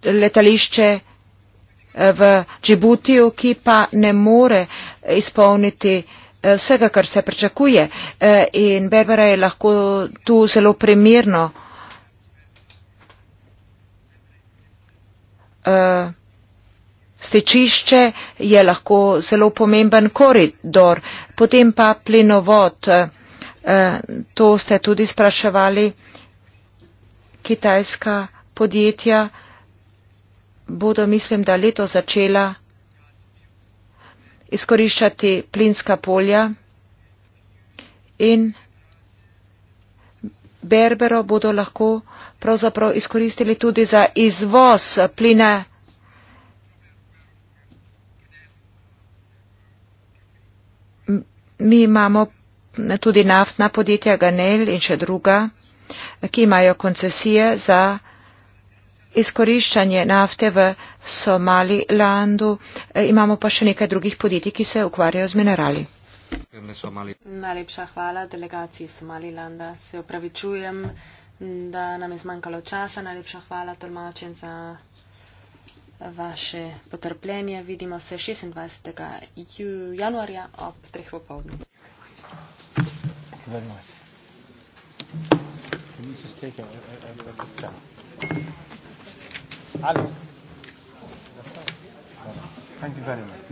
letališče e, v Džibutiju, ki pa ne more izpolniti e, vsega, kar se pričakuje. E, in Berbera je lahko tu zelo primirno. Eh, stečišče je lahko zelo pomemben koridor. Potem pa plinovod, eh, eh, to ste tudi spraševali, kitajska podjetja bodo, mislim, da leto začela izkoriščati plinska polja in Berbero bodo lahko pravzaprav izkoristili tudi za izvoz plina. Mi imamo tudi naftna podjetja Ganel in še druga, ki imajo koncesije za izkoriščanje nafte v Somalilandu. E, imamo pa še nekaj drugih podjetij, ki se ukvarjajo z minerali. Najlepša hvala delegaciji Somalilanda. Se opravičujem da nam je zmanjkalo časa. Najlepša hvala tolmačem za vaše potrpljenje. Vidimo se 26. januarja ob 3. popovdne. Thank you very much.